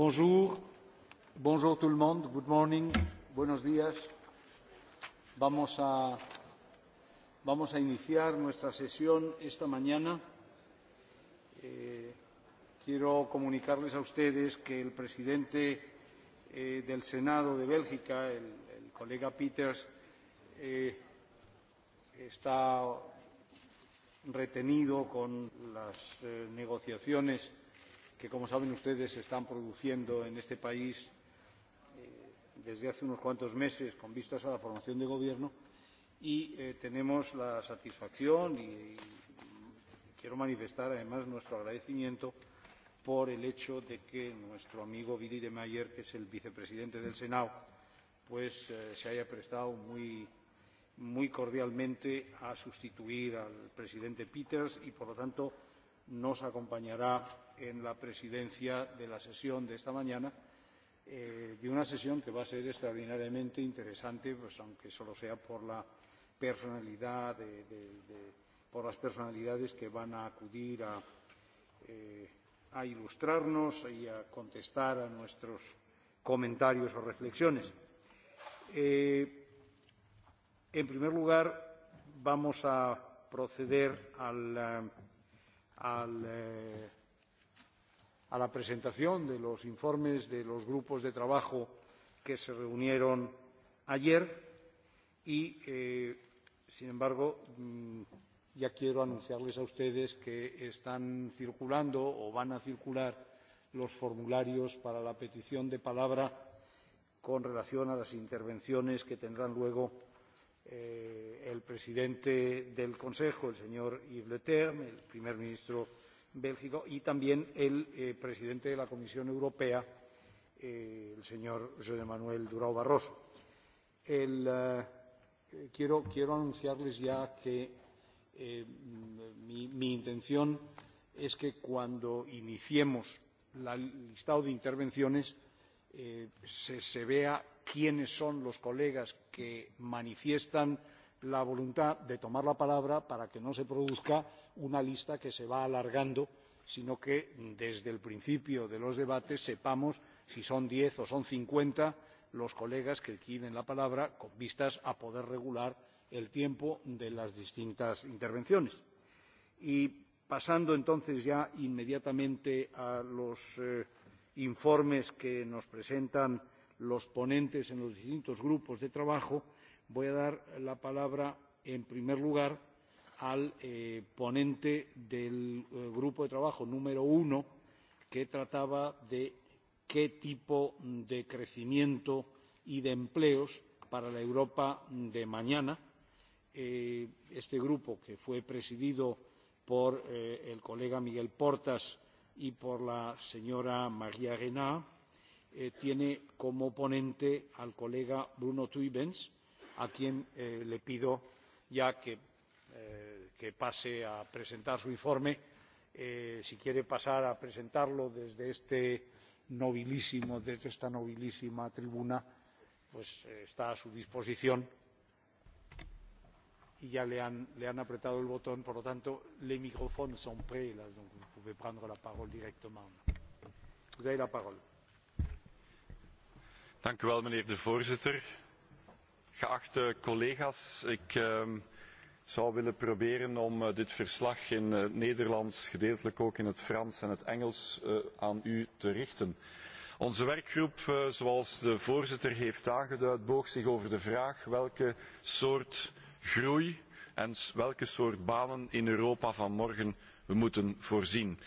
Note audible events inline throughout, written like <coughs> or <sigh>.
Bonjour, bonjour tout le monde, good morning, buenos días. Vamos a, vamos a iniciar nuestra sesión esta mañana. Eh, quiero comunicarles a ustedes que el presidente eh, del Senado de Bélgica, el, el colega Peters, eh, está retenido con las eh, negociaciones que, como saben ustedes, se están produciendo en este país eh, desde hace unos cuantos meses con vistas a la formación de gobierno y eh, tenemos la satisfacción y, y quiero manifestar además nuestro agradecimiento por el hecho de que nuestro amigo Billy de Mayer, que es el vicepresidente del Senado, pues eh, se haya prestado muy, muy cordialmente a sustituir al presidente Peters y, por lo tanto, nos acompañará en la presidencia de la sesión de esta mañana, eh, de una sesión que va a ser extraordinariamente interesante, pues aunque solo sea por la personalidad, de, de, de, por las personalidades que van a acudir a, eh, a ilustrarnos y a contestar a nuestros comentarios o reflexiones. Eh, en primer lugar, vamos a proceder al, al eh, a la presentación de los informes de los grupos de trabajo que se reunieron ayer y, eh, sin embargo, mm, ya quiero anunciarles a ustedes que están circulando o van a circular los formularios para la petición de palabra con relación a las intervenciones que tendrán luego eh, el presidente del Consejo, el señor Yves Leterme, el primer ministro bélgico y también el eh, presidente de la Comisión Europea, eh, el señor José Manuel Durao Barroso. El, eh, quiero, quiero anunciarles ya que eh, mi, mi intención es que cuando iniciemos el listado de intervenciones eh, se, se vea quiénes son los colegas que manifiestan la voluntad de tomar la palabra para que no se produzca una lista que se va alargando, sino que desde el principio de los debates sepamos si son diez o son cincuenta los colegas que tienen la palabra con vistas a poder regular el tiempo de las distintas intervenciones. Y pasando entonces ya inmediatamente a los eh, informes que nos presentan los ponentes en los distintos grupos de trabajo, voy a dar la palabra, en primer lugar, al eh, ponente del eh, grupo de trabajo número uno, que trataba de qué tipo de crecimiento y de empleos para la Europa de mañana. Eh, este grupo, que fue presidido por eh, el colega Miguel Portas y por la señora María Guená, eh, tiene como ponente al colega Bruno Tuibens, a quien eh, le pido ya que, eh, que, pase a presentar su informe, eh, si quiere pasar a presentarlo desde, este nobilísimo, desde esta nobilísima tribuna, pues eh, está a su disposición y ya le han, le han apretado el botón, por lo tanto, los micrófonos son prêts, donc vous pouvez prendre la parole directement. Vous avez la parole. Dank u wel, meneer de voorzitter geachte collega's. Ik um, zou willen proberen om uh, dit verslag in het eh, Nederlands, gedeeltelijk ook in het Frans en het Engels, eh, aan u te richten. Onze werkgroep, zoals de voorzitter heeft aangeduid, boog zich over de vraag welke soort groei en welke soort banen in Europa van morgen we moeten voorzien.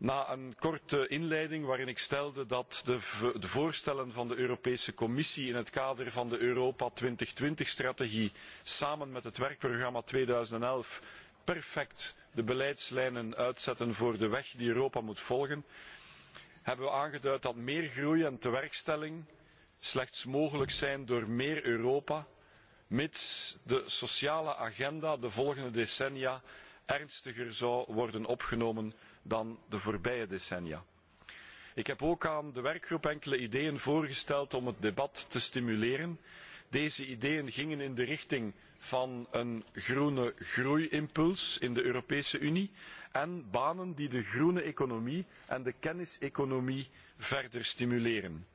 Na een korte inleiding waarin ik stelde dat de, de voorstellen van de Europese Commissie in het kader van de Europa 2020-strategie samen met het werkprogramma 2011 perfect de beleidslijnen uitzetten voor de weg die Europa moet volgen, hebben we aangeduid dat meer groei en tewerkstelling slechts mogelijk zijn door meer Europa, mits de sociale agenda de volgende decennia ernstiger zou worden opgenomen dan de voorbije decennia. Ik heb ook aan de werkgroep enkele ideeën voorgesteld om het debat te stimuleren. Deze ideeën gingen in de richting van een groene groeiimpuls in de Europese Unie en banen die de groene economie en de kenniseconomie verder stimuleren.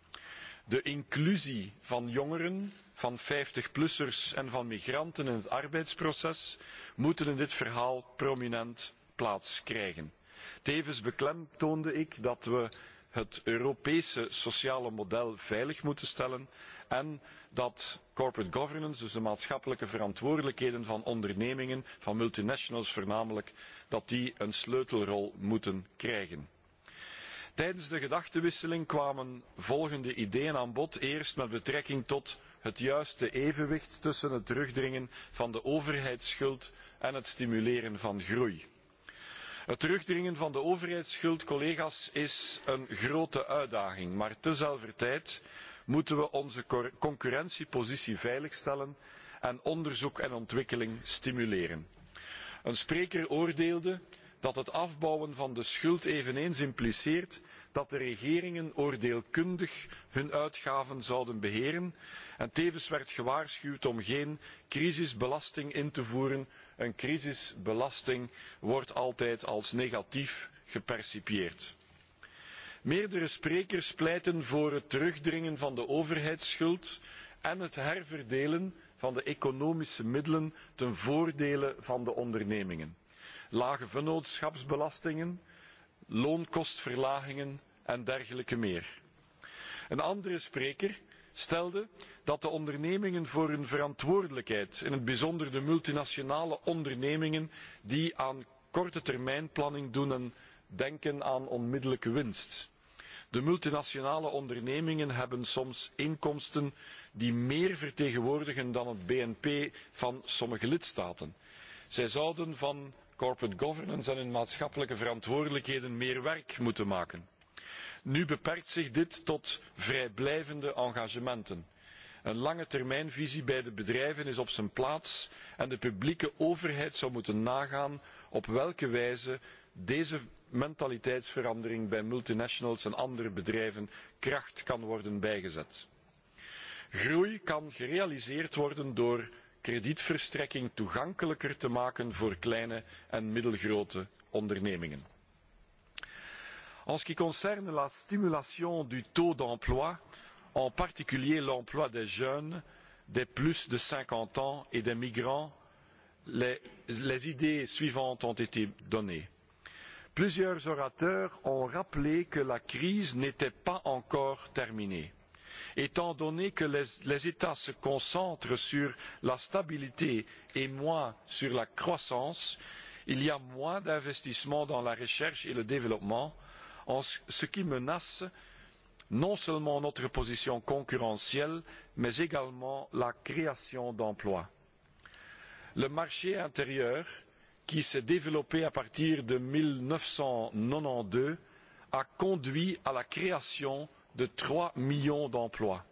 De inclusie van jongeren, van 50-plussers en van migranten in het arbeidsproces moeten in dit verhaal prominent plaats krijgen. Tevens beklemtoonde ik dat we het Europese sociale model veilig moeten stellen en dat corporate governance, dus de maatschappelijke verantwoordelijkheden van ondernemingen, van multinationals voornamelijk, dat die een sleutelrol moeten krijgen. Tijdens de gedachtenwisseling kwamen volgende ideeën aan bod. Eerst met betrekking tot het juiste evenwicht tussen het terugdringen van de overheidsschuld en het stimuleren van groei. Het terugdringen van de overheidsschuld, collega's, is een grote uitdaging. Maar tezelfde tijd moeten we onze concurrentiepositie veiligstellen en onderzoek en ontwikkeling stimuleren. Een spreker oordeelde dat het afbouwen van de schuld eveneens impliceert dat de regeringen oordeelkundig hun uitgaven zouden beheren en tevens werd gewaarschuwd om geen crisisbelasting in te voeren. Een crisisbelasting wordt altijd als negatief gepercipieerd. Meerdere sprekers pleiten voor het terugdringen van de overheidsschuld en het herverdelen van de economische middelen ten voordele van de ondernemingen. Lage vennootschapsbelastingen, loonkostverlagingen en dergelijke meer. Een andere spreker stelde dat de ondernemingen voor hun verantwoordelijkheid, in het bijzonder de multinationale ondernemingen die aan korte termijnplanning doen en denken aan onmiddellijke winst. De multinationale ondernemingen hebben soms inkomsten die meer vertegenwoordigen dan het BNP van sommige lidstaten. Zij zouden van corporate governance en in maatschappelijke verantwoordelijkheden meer werk moeten maken. Nu beperkt zich dit tot vrijblijvende engagementen. Een lange termijnvisie bij de bedrijven is op zijn plaats en de publieke overheid zou moeten nagaan op welke wijze deze mentaliteitsverandering bij multinationals en andere bedrijven kracht kan worden bijgezet. Groei kan gerealiseerd worden door kredietverstrekking toegankelijker te maken voor kleine en middelgrote ondernemingen. En ce qui concerne la stimulation du taux d'emploi, en particulier l'emploi des jeunes, des plus de cinquante ans et des migrants, les, les idées suivantes ont été données. Plusieurs orateurs ont rappelé que la crise n'était pas encore terminée étant donné que les, les États se concentrent sur la stabilité et moins sur la croissance, il y a moins d'investissements dans la recherche et le développement, en ce qui menace non seulement notre position concurrentielle, mais également la création d'emplois. Le marché intérieur, qui s'est développé à partir de mille neuf cent 1992, a conduit à la création de trois millions d'emplois.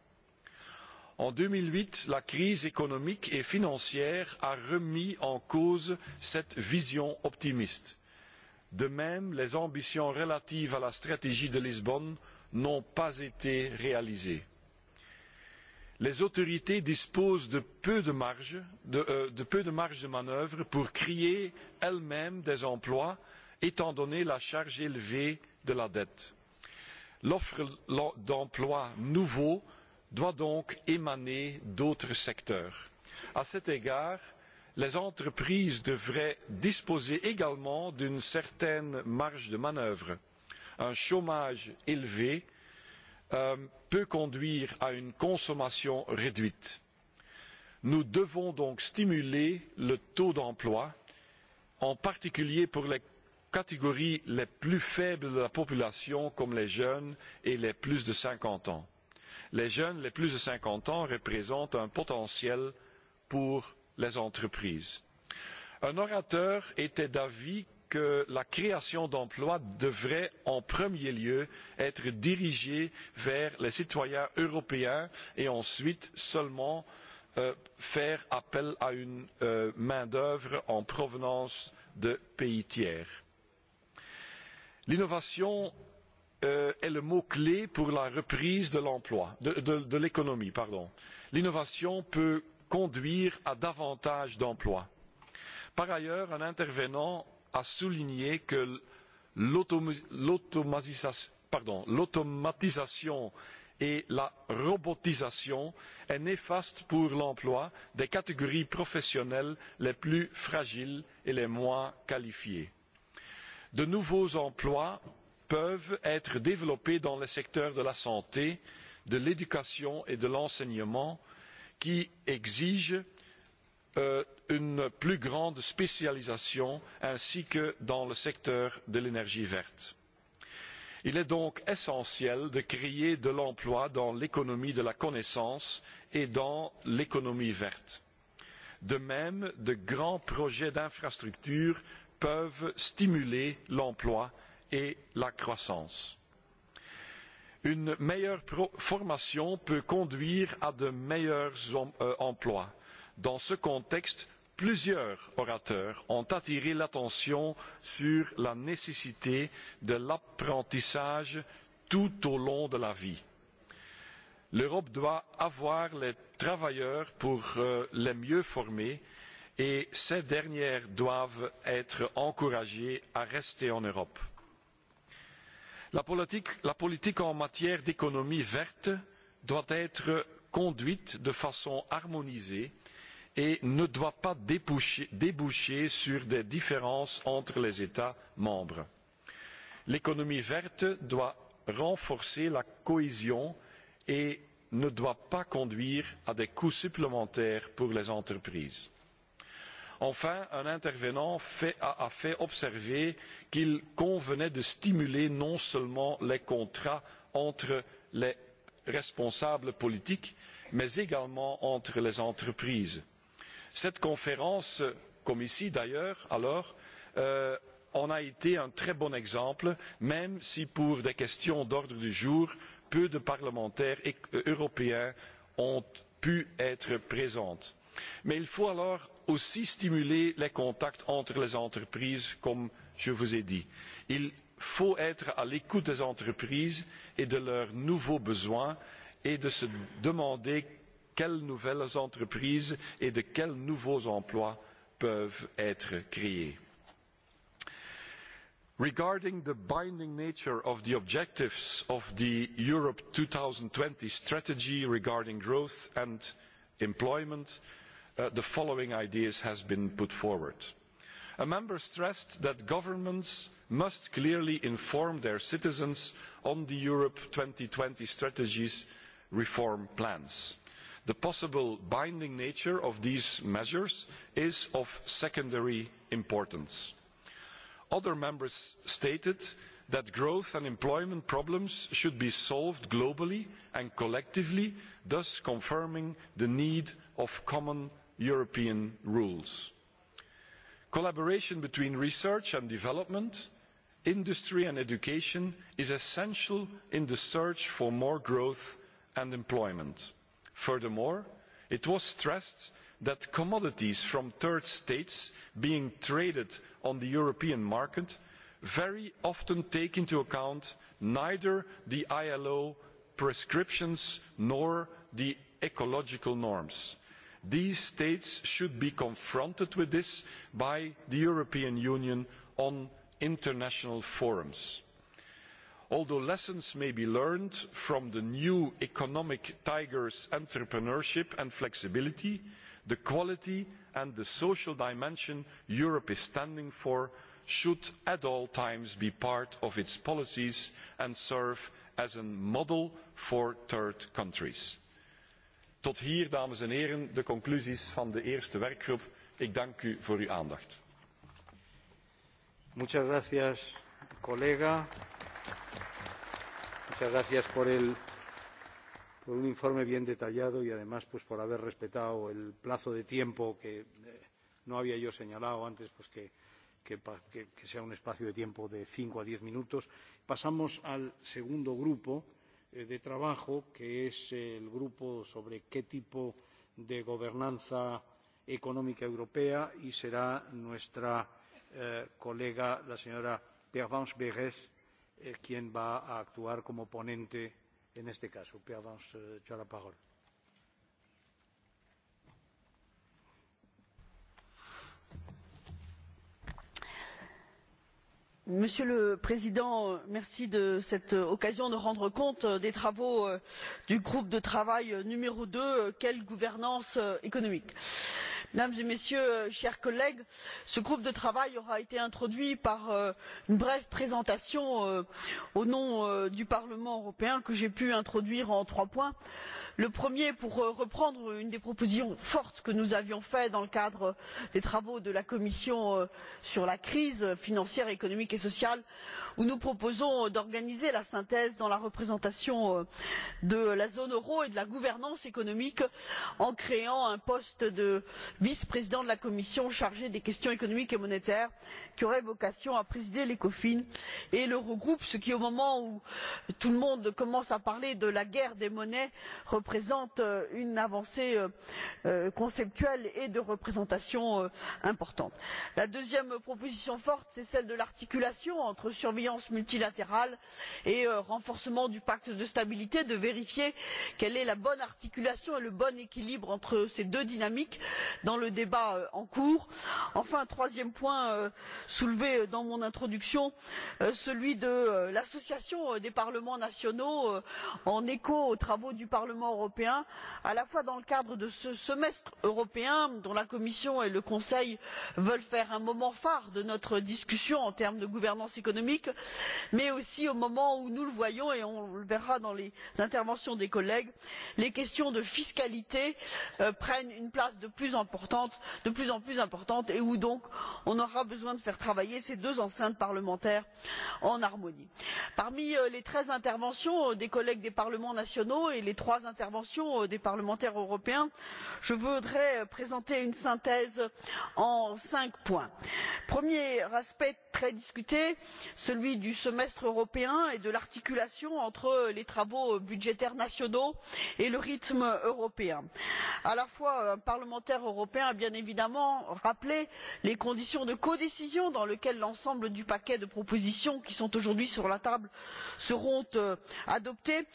En deux mille huit, la crise économique et financière a remis en cause cette vision optimiste. De même, les ambitions relatives à la stratégie de Lisbonne n'ont pas été réalisées. Les autorités disposent de peu de marge de, euh, de, peu de, marge de manœuvre pour créer elles-mêmes des emplois, étant donné la charge élevée de la dette. L'offre d'emplois nouveaux doit donc émaner d'autres secteurs. À cet égard, les entreprises devraient disposer également d'une certaine marge de manœuvre. Un chômage élevé euh, peut conduire à une consommation réduite. Nous devons donc stimuler le taux d'emploi, en particulier pour les catégories les plus faibles de la population, comme les jeunes et les plus de cinquante ans. Les jeunes les plus de cinquante ans représentent un potentiel pour les entreprises. Un orateur était d'avis que la création d'emplois devrait en premier lieu être dirigée vers les citoyens européens et ensuite seulement euh, faire appel à une euh, main-d'œuvre en provenance de pays tiers. L'innovation euh, est le mot-clé pour la reprise de l'emploi, de, de, de l'économie, pardon. L'innovation peut conduire à davantage d'emplois. Par ailleurs, un intervenant a souligné que l'automatisation et la robotisation est néfaste pour l'emploi des catégories professionnelles les plus fragiles et les moins qualifiées de nouveaux emplois peuvent être développés dans les secteurs de la santé, de l'éducation et de l'enseignement qui exigent euh, une plus grande spécialisation ainsi que dans le secteur de l'énergie verte. Il est donc essentiel de créer de l'emploi dans l'économie de la connaissance et dans l'économie verte. De même, de grands projets d'infrastructures peuvent stimuler l'emploi et la croissance. Une meilleure formation peut conduire à de meilleurs euh, emplois. Dans ce contexte, plusieurs orateurs ont attiré l'attention sur la nécessité de l'apprentissage tout au long de la vie. L'Europe doit avoir les travailleurs pour euh, les mieux former et ces dernières doivent être encouragées à rester en Europe. La politique, la politique en matière d'économie verte doit être conduite de façon harmonisée et ne doit pas déboucher, déboucher sur des différences entre les États membres. L'économie verte doit renforcer la cohésion et ne doit pas conduire à des coûts supplémentaires pour les entreprises. Enfin, un intervenant fait, a, a fait observer qu'il convenait de stimuler non seulement les contrats entre les responsables politiques, mais également entre les entreprises. Cette conférence, comme ici d'ailleurs, alors, euh, en a été un très bon exemple, même si pour des questions d'ordre du jour, peu de parlementaires e, euh, européens ont pu être présentes. Mais il faut alors aussi stimuler les contacts entre les entreprises, comme je vous ai dit. Il faut être à l'écoute des entreprises et de leurs nouveaux besoins et de se demander quelles nouvelles entreprises et de quels nouveaux emplois peuvent être créés. Regarding the binding nature of the objectives of the Europe twenty strategy regarding growth and employment, uh, the following ideas has been put forward. A member stressed that governments must clearly inform their citizens on the Europe twenty strategy's reform plans. The possible binding nature of these measures is of secondary importance. Other members stated that growth and employment problems should be solved globally and collectively, thus confirming the need of common European rules. Collaboration between research and development, industry and education is essential in the search for more growth and employment. Furthermore, it was stressed that commodities from third states being traded on the European market very often take into account neither the ILO prescriptions nor the ecological norms. These states should be confronted with this by the European Union on international forums. Although lessons may be learned from the new economic tiger's entrepreneurship and flexibility, the quality and the social dimension Europe is standing for should at all times be part of its policies and serve as a model for third countries. Tot hier, dames en heren, de conclusies van de eerste werkgroep. Ik dank u voor uw aandacht. Muchas gracias, colega. Muchas gracias por, el, por un informe bien detallado y además pues, por haber respetado el plazo de tiempo que eh, no había yo señalado antes, pues que, que, que, que sea un espacio de tiempo de cinco a diez minutos. Pasamos al segundo grupo Eh, de trabajo, que es el grupo sobre qué tipo de gobernanza económica europea, y será nuestra eh, colega, la señora Pervance Beres, eh, quien va a actuar como ponente en este caso. Pervance, eh, la palabra. Monsieur le Président, merci de cette euh, occasion de rendre compte euh, des travaux euh, du groupe de travail numéro deux Quelle gouvernance économique Mesdames et Messieurs, chers collègues, ce groupe de travail aura été introduit par une brève présentation au nom du Parlement européen que j'ai pu introduire en trois points. Le premier, pour euh, reprendre une des propositions fortes que nous avions faites dans le cadre euh, des travaux de la Commission euh, sur la crise financière, économique et sociale, où nous proposons d'organiser la synthèse dans la représentation de la zone euro et de la gouvernance économique en créant un poste de vice-président de la Commission chargé des questions économiques et monétaires qui aurait vocation à présider l'ECOFIN et l'Eurogroupe, ce qui, au moment où tout le monde commence à parler de la guerre des monnaies, représente représente euh, une avancée euh, euh, conceptuelle et de représentation importante. la deuxième proposition forte c'est celle de l'articulation entre surveillance multilatérale et renforcement du pacte de stabilité de vérifier quelle est la bonne articulation et le bon équilibre entre ces deux dynamiques dans le débat en cours. enfin troisième point soulevé dans mon introduction celui de l'association des parlements nationaux en écho aux travaux du parlement parlement européen à la fois dans le cadre de ce semestre européen dont la commission et le conseil veulent faire un moment phare de notre discussion en termes de gouvernance économique mais aussi au moment où nous le voyons et on le verra dans les interventions des collègues les questions de fiscalité euh, prennent une place de plus, de plus en plus importante et où donc on aura besoin de faire travailler ces deux enceintes parlementaires en harmonie. parmi euh, les treize interventions euh, des collègues des parlements nationaux et les trois Intervention euh, des parlementaires européens je voudrais euh, présenter une synthèse en cinq points. premier aspect très discuté celui du semestre européen et de l'articulation entre euh, les travaux budgétaires nationaux et le rythme européen. à la fois un parlementaire européen a bien évidemment rappelé les conditions de codécision dans lesquelles l'ensemble du paquet de propositions qui sont aujourd'hui sur la table seront adoptées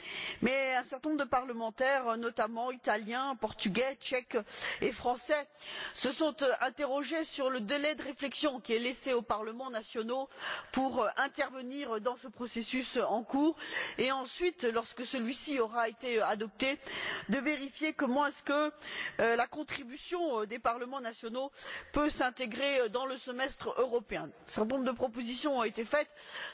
mais un certain nombre de parlementaires parlementaires notamment italiens portugais tchèques et français se sont euh, interrogés sur le délai de réflexion qui est laissé aux parlements nationaux pour euh, intervenir dans ce processus en cours et ensuite lorsque celui ci aura été euh, adopté de vérifier comment la contribution des parlements nationaux peut s'intégrer dans le semestre européen. un certain nombre de propositions ont été faites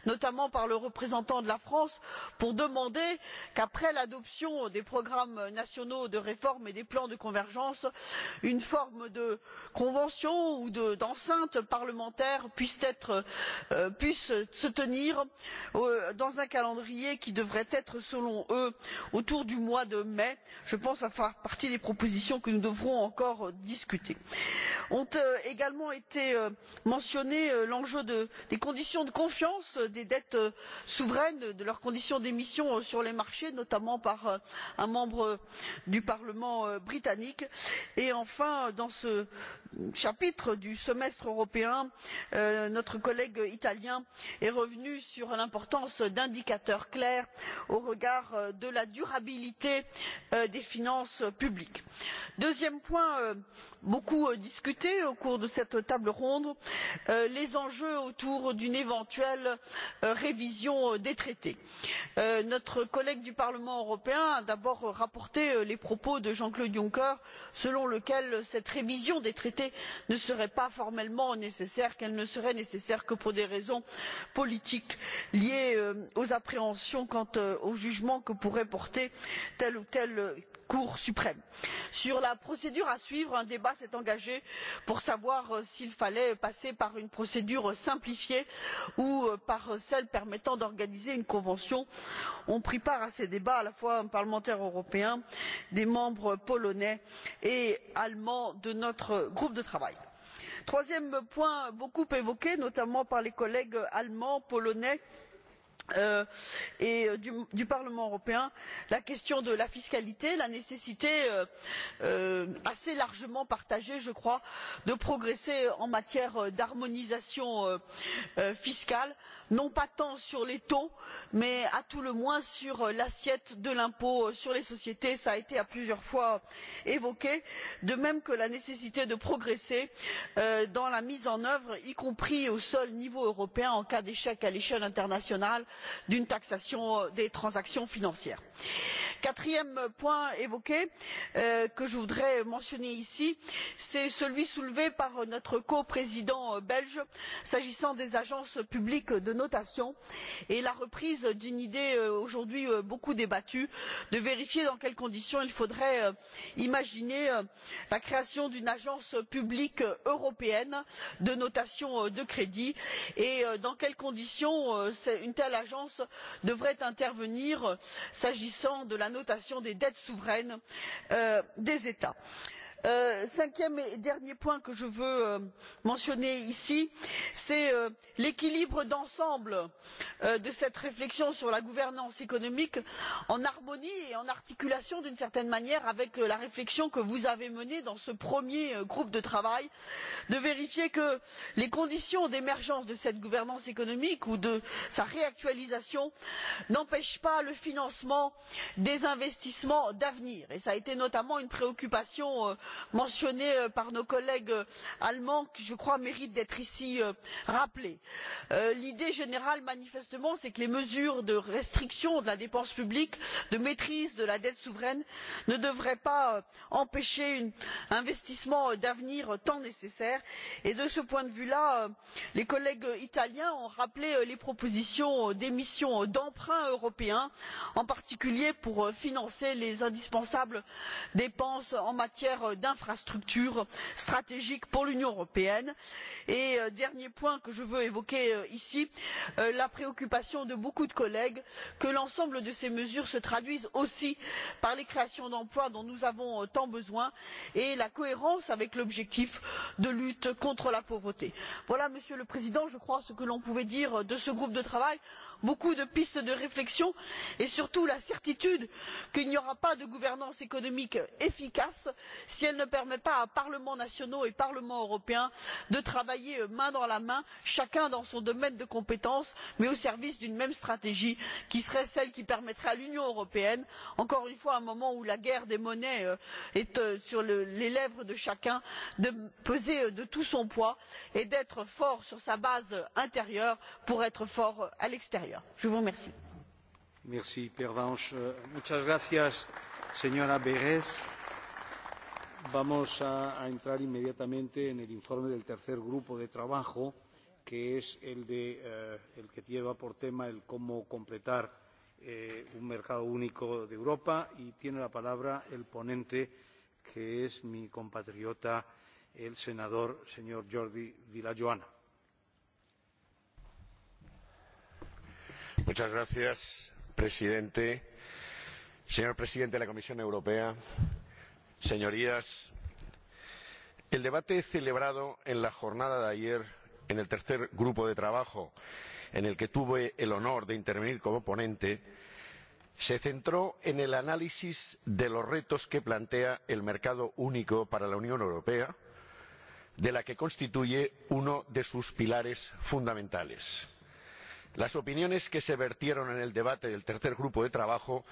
notamment par le représentant de la france pour demander qu'après l'adoption des programmes nationaux de réforme et des plans de convergence une forme de convention ou d'enceinte parlementaire puisse, être, euh, se tenir euh, dans un calendrier qui devrait être selon eux autour du mois de mai. je pense que cela fera partie des propositions que nous devrons encore discuter. ont euh, également été mentionnés l'enjeu des conditions de confiance des dettes souveraines de leurs conditions d'émission sur les marchés notamment par un membres du parlement euh, britannique et enfin dans ce chapitre du semestre européen euh, notre collègue italien est revenu sur l'importance d'indicateurs clairs au regard euh, de la durabilité des finances publiques. deuxième point beaucoup discuté au cours de cette table ronde les enjeux autour d'une éventuelle révision des traités. notre collègue du parlement européen a d'abord rapporter euh, les propos de Jean Claude Juncker selon lequel euh, cette révision des traités ne serait pas formellement nécessaire, qu'elle ne serait nécessaire que pour des raisons politiques liées euh, aux appréhensions quant au jugement que pourrait porter telle ou telle cour suprême. sur la procédure à suivre un débat s'est engagé pour savoir euh, s'il fallait passer par une procédure simplifiée ou euh, par celle permettant d'organiser une convention. ont pris part à ces débats à la fois un parlementaire européen des membres polonais et allemands de notre groupe de travail troisième point beaucoup évoqué notamment par les collègues allemands polonais Euh, et euh, du, du parlement européen la question de la fiscalité la nécessité euh, euh assez largement partagée je crois de progresser en matière d'harmonisation euh, fiscale non pas tant sur les taux mais à tout le moins sur euh, l'assiette de l'impôt euh, sur les sociétés cela a été à plusieurs fois évoqué de même que la nécessité de progresser euh, dans la mise en œuvre y compris au seul niveau européen en cas d'échec à l'échelle internationale d'une taxation des transactions financières. quatrième point évoqué que je voudrais mentionner ici c'est celui soulevé par notre coprésident belge s'agissant des agences publiques de notation et la reprise reprise d'une idée euh, aujourd'hui euh, beaucoup débattue de vérifier dans quelles conditions il faudrait euh, imaginer la création d'une agence publique européenne de notation de crédit et dans quelles conditions une telle agence devrait intervenir s'agissant de la notation des dettes souveraines des états. Euh, cinquième et dernier point que je veux euh, mentionner ici c'est euh, l'équilibre d'ensemble de cette réflexion sur la gouvernance économique en harmonie et en articulation d'une certaine manière avec la réflexion que vous avez menée dans ce premier groupe de travail de vérifier que les conditions d'émergence de cette gouvernance économique ou de sa réactualisation n'empêchent pas le financement des investissements d'avenir et cela a été notamment une préoccupation mentionnés euh, par nos collègues euh, allemands qui je crois méritent d'être ici euh, rappelés. l'idée générale manifestement c'est que les mesures de restriction de la dépense publique de maîtrise de la dette souveraine ne devraient pas empêcher un investissement d'avenir tant nécessaire et de ce point de vue là les collègues italiens ont rappelé les propositions d'émission d'emprunts européens en particulier pour financer les indispensables dépenses en matière d'infrastructures stratégiques pour l'union européenne. et euh, dernier point que je veux évoquer euh, ici euh, la préoccupation de beaucoup de collègues que l'ensemble de ces mesures se traduisent aussi par les créations d'emplois dont nous avons tant besoin et la cohérence avec l'objectif de lutte contre la pauvreté. voilà monsieur le président je crois ce que l'on pouvait dire de ce groupe de travail beaucoup de pistes de réflexion et surtout la certitude qu'il n'y aura pas de gouvernance économique efficace si Elle ne permet pas aux parlements nationaux et aux parlements européens de travailler euh, main dans la main chacun dans son domaine de compétence mais au service d'une même stratégie qui serait celle qui permettrait à l'union européenne encore une fois à un moment où la guerre des monnaies euh, est euh, sur les lèvres de chacun de peser de tout son poids et d'être fort sur sa base intérieure pour être fort à l'extérieur. je vous remercie. Merci, Pierre Vanche. Muchas gracias, señora Beres. Vamos a, a entrar inmediatamente en el informe del tercer grupo de trabajo, que es el, de, eh, el que lleva por tema el cómo completar eh, un mercado único de Europa y tiene la palabra el ponente, que es mi compatriota, el senador señor Jordi Villajoana. Muchas gracias, presidente. Señor presidente de la Comisión Europea, señorías, el debate celebrado en la jornada de ayer en el tercer grupo de trabajo en el que tuve el honor de intervenir como ponente se centró en el análisis de los retos que plantea el mercado único para la Unión Europea, de la que constituye uno de sus pilares fundamentales. Las opiniones que se vertieron en el debate del tercer grupo de trabajo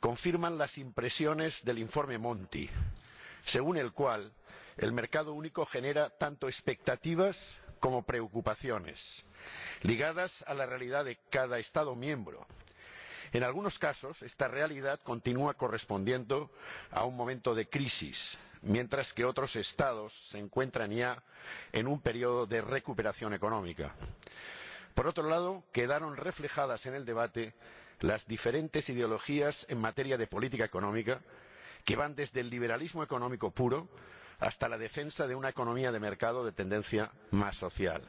confirman las impresiones del informe Monti, según el cual el mercado único genera tanto expectativas como preocupaciones, ligadas a la realidad de cada Estado miembro. En algunos casos, esta realidad continúa correspondiendo a un momento de crisis, mientras que otros Estados se encuentran ya en un periodo de recuperación económica. Por otro lado, quedaron reflejadas en el debate las diferentes ideologías en materia de política económica, que van desde el liberalismo económico puro hasta la defensa de una economía de mercado de tendencia más social.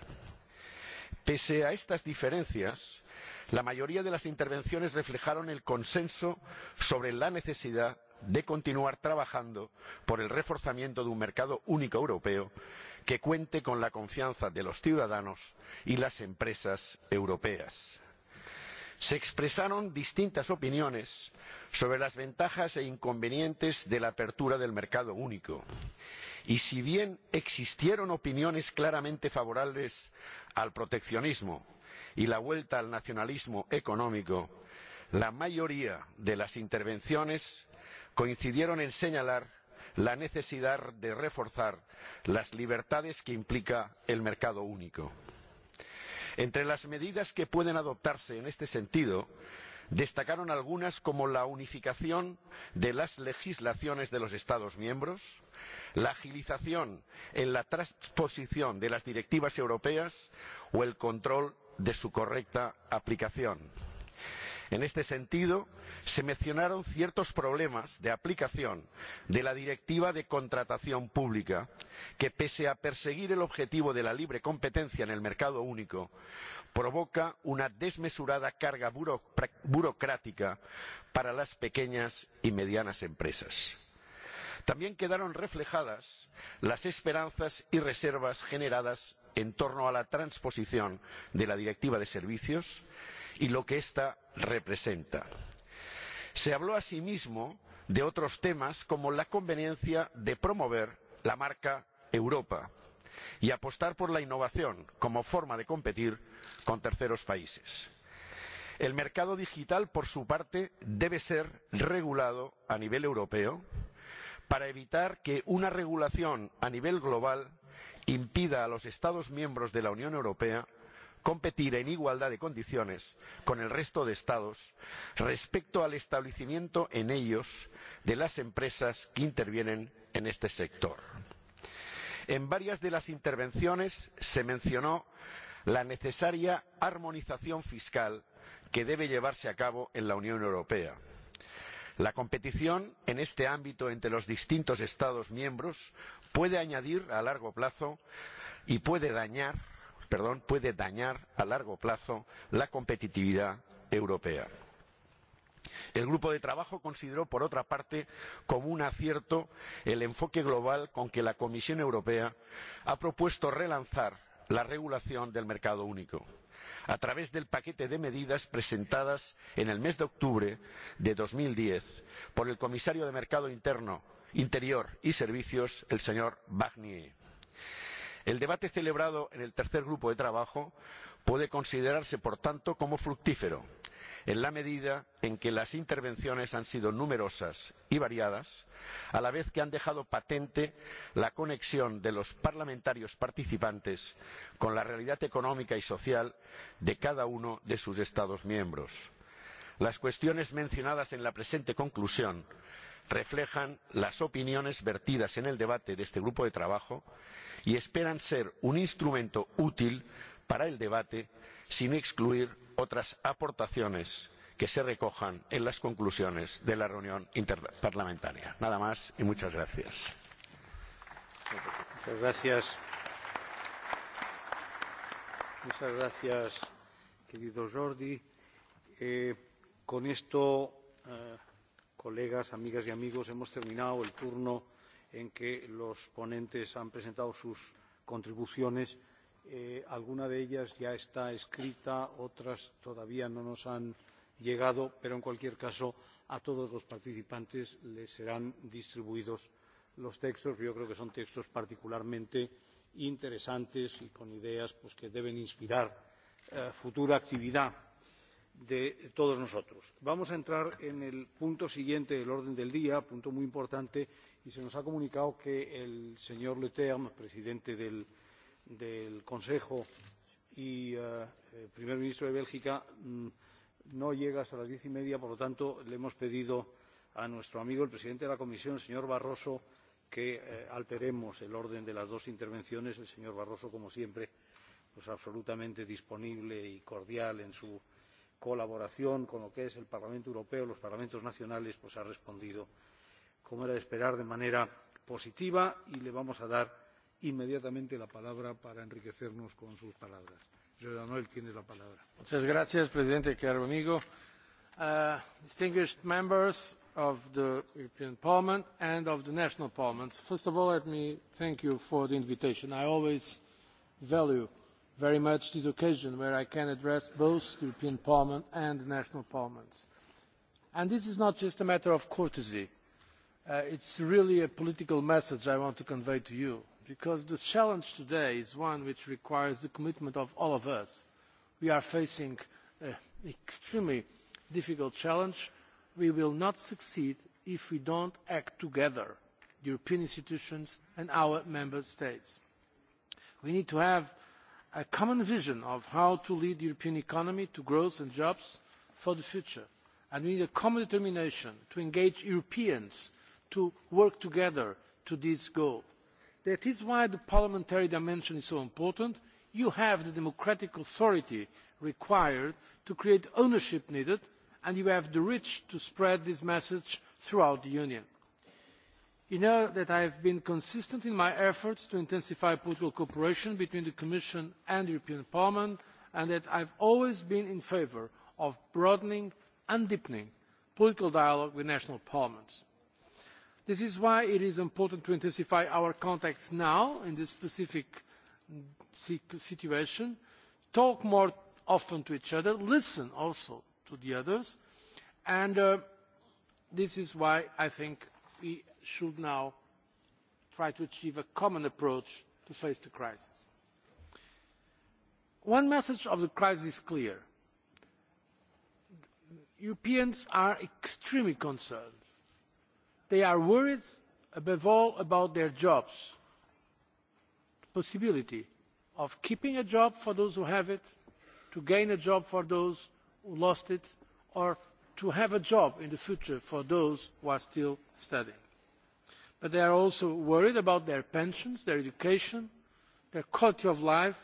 Pese a estas diferencias, la mayoría de las intervenciones reflejaron el consenso sobre la necesidad de continuar trabajando por el reforzamiento de un mercado único europeo que cuente con la confianza de los ciudadanos y las empresas europeas se expresaron distintas opiniones sobre las ventajas e inconvenientes de la apertura del mercado único. Y si bien existieron opiniones claramente favorables al proteccionismo y la vuelta al nacionalismo económico, la mayoría de las intervenciones coincidieron en señalar la necesidad de reforzar las libertades que implica el mercado único. Entre las medidas que pueden adoptarse en este sentido, destacaron algunas como la unificación de las legislaciones de los Estados miembros, la agilización en la transposición de las directivas europeas o el control de su correcta aplicación. En este sentido, se mencionaron ciertos problemas de aplicación de la Directiva de Contratación Pública, que pese a perseguir el objetivo de la libre competencia en el mercado único, provoca una desmesurada carga buro burocrática para las pequeñas y medianas empresas. También quedaron reflejadas las esperanzas y reservas generadas en torno a la transposición de la Directiva de Servicios, y lo que ésta representa. Se habló asimismo de otros temas como la conveniencia de promover la marca Europa y apostar por la innovación como forma de competir con terceros países. El mercado digital, por su parte, debe ser regulado a nivel europeo para evitar que una regulación a nivel global impida a los Estados miembros de la Unión Europea competir en igualdad de condiciones con el resto de Estados respecto al establecimiento en ellos de las empresas que intervienen en este sector. En varias de las intervenciones se mencionó la necesaria armonización fiscal que debe llevarse a cabo en la Unión Europea. La competición en este ámbito entre los distintos Estados miembros puede añadir a largo plazo y puede dañar perdón, puede dañar a largo plazo la competitividad europea. El grupo de trabajo consideró, por otra parte, como un acierto el enfoque global con que la Comisión Europea ha propuesto relanzar la regulación del mercado único a través del paquete de medidas presentadas en el mes de octubre de dos mil diez por el comisario de Mercado Interno, Interior y Servicios, el señor Barnier. El debate celebrado en el tercer grupo de trabajo puede considerarse, por tanto, como fructífero, en la medida en que las intervenciones han sido numerosas y variadas, a la vez que han dejado patente la conexión de los parlamentarios participantes con la realidad económica y social de cada uno de sus Estados miembros. Las cuestiones mencionadas en la presente conclusión reflejan las opiniones vertidas en el debate de este grupo de trabajo y esperan ser un instrumento útil para el debate sin excluir otras aportaciones que se recojan en las conclusiones de la reunión interparlamentaria. Nada más y muchas gracias. Muchas gracias. Muchas gracias, querido Jordi. Eh... Con esto, eh, colegas, amigas y amigos, hemos terminado el turno en que los ponentes han presentado sus contribuciones. Eh, alguna de ellas ya está escrita, otras todavía no nos han llegado, pero en cualquier caso a todos los participantes les serán distribuidos los textos. Yo creo que son textos particularmente interesantes y con ideas pues, que deben inspirar eh, futura actividad de todos nosotros. Vamos a entrar en el punto siguiente del orden del día, punto muy importante, y se nos ha comunicado que el señor Leterme, presidente del, del Consejo y uh, primer ministro de Bélgica, mm, no llega hasta las diez y media, por lo tanto, le hemos pedido a nuestro amigo el presidente de la Comisión, el señor Barroso, que eh, alteremos el orden de las dos intervenciones. El señor Barroso, como siempre, pues absolutamente disponible y cordial en su colaboración con lo que es el Parlamento Europeo, los parlamentos nacionales, pues ha respondido, como era de esperar, de manera positiva y le vamos a dar inmediatamente la palabra para enriquecernos con sus palabras. Señor Manuel, tienes la palabra. Muchas gracias, presidente, caro amigo. Uh, distinguished members of the European Parliament and of the national parliaments, first of all, let me thank you for the invitation. I always value very much this occasion where I can address both the European Parliament and the national parliaments. And this is not just a matter of courtesy. Uh, it's really a political message I want to convey to you because the challenge today is one which requires the commitment of all of us. We are facing an extremely difficult challenge. We will not succeed if we don't act together, the European institutions and our member states. We need to have a common vision of how to lead the European economy to growth and jobs for the future. And we need a common determination to engage Europeans to work together to this goal. That is why the parliamentary dimension is so important. You have the democratic authority required to create ownership needed, and you have the reach to spread this message throughout the Union. You know that I have been consistent in my efforts to intensify political cooperation between the Commission and the European Parliament and that I have always been in favour of broadening and deepening political dialogue with national parliaments. This is why it is important to intensify our contacts now in this specific situation, talk more often to each other, listen also to the others, and uh, this is why I think we should now try to achieve a common approach to face the crisis. One message of the crisis is clear. Europeans are extremely concerned. They are worried, above all, about their jobs, the possibility of keeping a job for those who have it, to gain a job for those who lost it, or to have a job in the future for those who are still studying but they are also worried about their pensions, their education, their quality of life,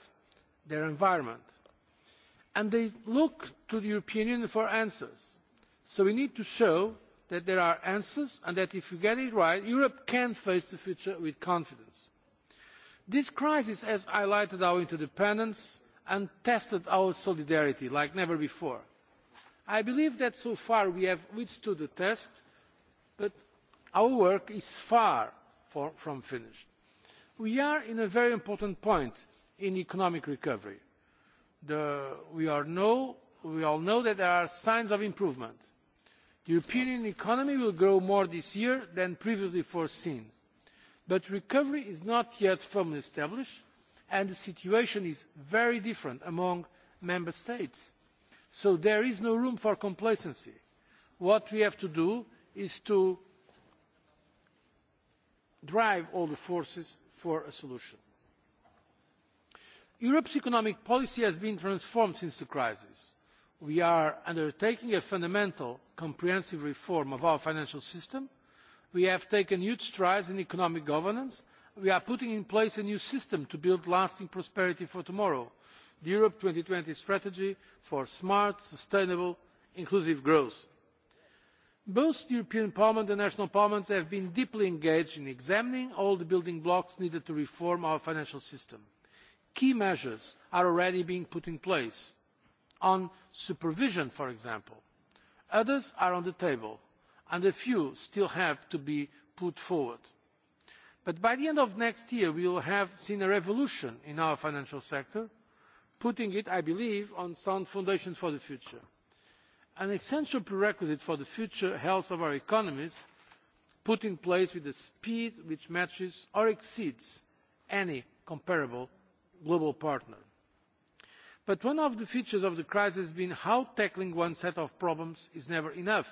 their environment. And they look to the European Union for answers. So we need to show that there are answers and that if we get it right, Europe can face the future with confidence. This crisis has highlighted our interdependence and tested our solidarity like never before. I believe that so far we have withstood the test, but our work is far from finished. We are in a very important point in economic recovery. The, we, are know, we all know that there are signs of improvement. The European economy will grow more this year than previously foreseen. But recovery is not yet firmly established and the situation is very different among member states. So there is no room for complacency. What we have to do is to drive all the forces for a solution. Europe's economic policy has been transformed since the crisis. We are undertaking a fundamental, comprehensive reform of our financial system. We have taken huge strides in economic governance. We are putting in place a new system to build lasting prosperity for tomorrow, the Europe twenty strategy for smart, sustainable, inclusive growth Both the European Parliament and national parliaments have been deeply engaged in examining all the building blocks needed to reform our financial system. Key measures are already being put in place on supervision, for example. Others are on the table, and a few still have to be put forward. But by the end of next year, we will have seen a revolution in our financial sector, putting it, I believe, on sound foundations for the future an essential prerequisite for the future health of our economies put in place with a speed which matches or exceeds any comparable global partner. But one of the features of the crisis has been how tackling one set of problems is never enough.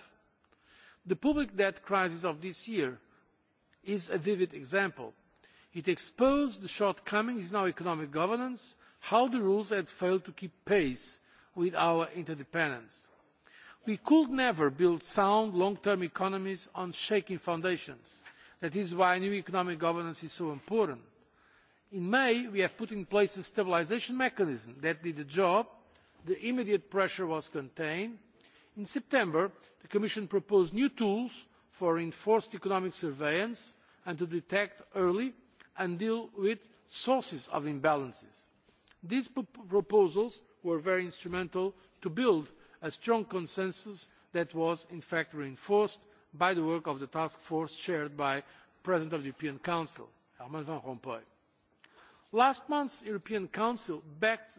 The public debt crisis of this year is a vivid example. It exposed the shortcomings in our economic governance, how the rules had failed to keep pace with our interdependence. We could never build sound long-term economies on shaky foundations. That is why new economic governance is so important. In May, we have put in place a stabilisation mechanism that did the job. The immediate pressure was contained. In September, the Commission proposed new tools for enforced economic surveillance and to detect early and deal with sources of imbalances. These proposals were very instrumental to build a strong consensus that was in fact reinforced by the work of the task force chaired by the President of the European Council, Herman Van Rompuy. Last month's European Council backed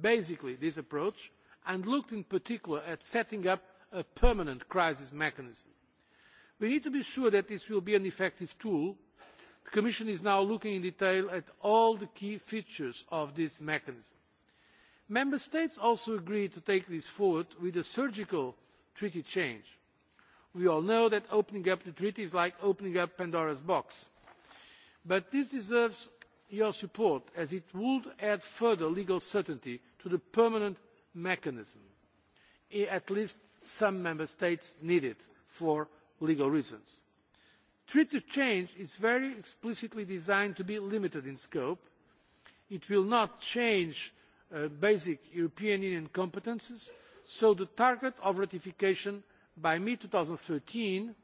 basically this approach and looked in particular at setting up a permanent crisis mechanism. We need to be sure that this will be an effective tool. The Commission is now looking in detail at all the key features of this mechanism. Member States also agreed to take this forward with a surgical treaty change. We all know that opening up the treaty is like opening up Pandora's box. But this deserves your support as it would add further legal certainty to the permanent mechanism. At least some member states need it for legal reasons. Treaty change is very explicitly designed to be limited in scope. It will not change Uh, basic European Union competences, so the target of ratification by mid thirteen,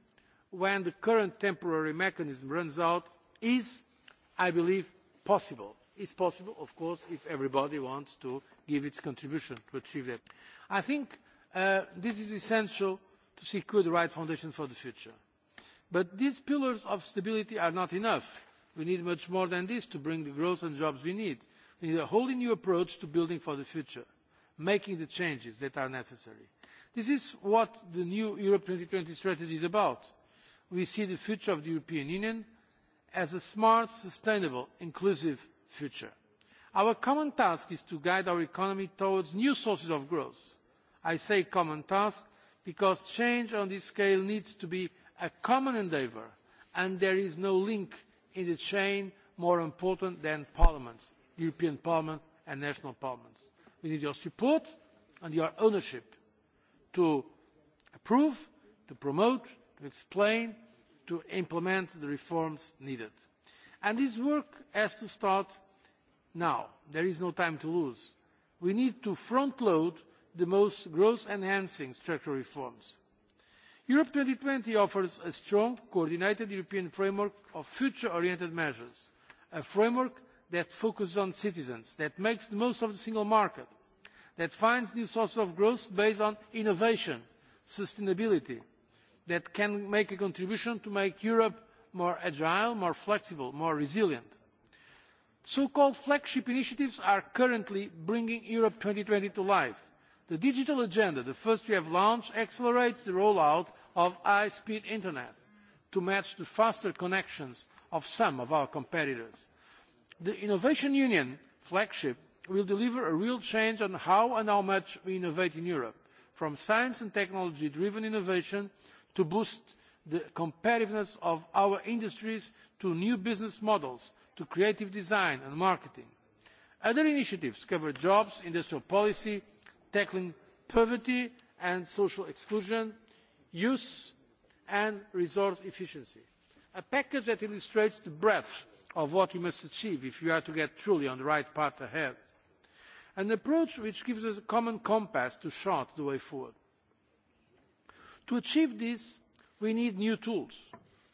when the current temporary mechanism runs out, is, I believe, possible. It is possible, of course, if everybody wants to give its contribution to achieve that. I think uh, this is essential to secure the right foundation for the future. But these pillars of stability are not enough. We need much more than this to bring the growth and jobs we need need a wholly new approach to building for the future, making the changes that are necessary. This is what the new Europe twenty strategy is about. We see the future of the European Union as a smart, sustainable, inclusive future. Our common task is to guide our economy towards new sources of growth. I say common task because change on this scale needs to be a common endeavour and there is no link in the chain more important than parliaments. European Parliament and national parliaments. We need your support and your ownership to approve, to promote, to explain, to implement the reforms needed. And this work has to start now. There is no time to lose. We need to front-load the most growth-enhancing structural reforms. Europe twenty offers a strong, coordinated European framework of future-oriented measures, a framework that focuses on citizens, that makes the most of the single market, that finds new sources of growth based on innovation, sustainability, that can make a contribution to make Europe more agile, more flexible, more resilient. So-called flagship initiatives are currently bringing Europe twenty to life. The digital agenda, the first we have launched, accelerates the rollout of high-speed internet to match the faster connections of some of our competitors. The Innovation Union flagship will deliver a real change on how and how much we innovate in Europe, from science and technology driven innovation to boost the competitiveness of our industries to new business models, to creative design and marketing. Other initiatives cover jobs, industrial policy, tackling poverty and social exclusion, use and resource efficiency. A package that illustrates the breadth of what we must achieve if we are to get truly on the right path ahead. An approach which gives us a common compass to chart the way forward. To achieve this, we need new tools,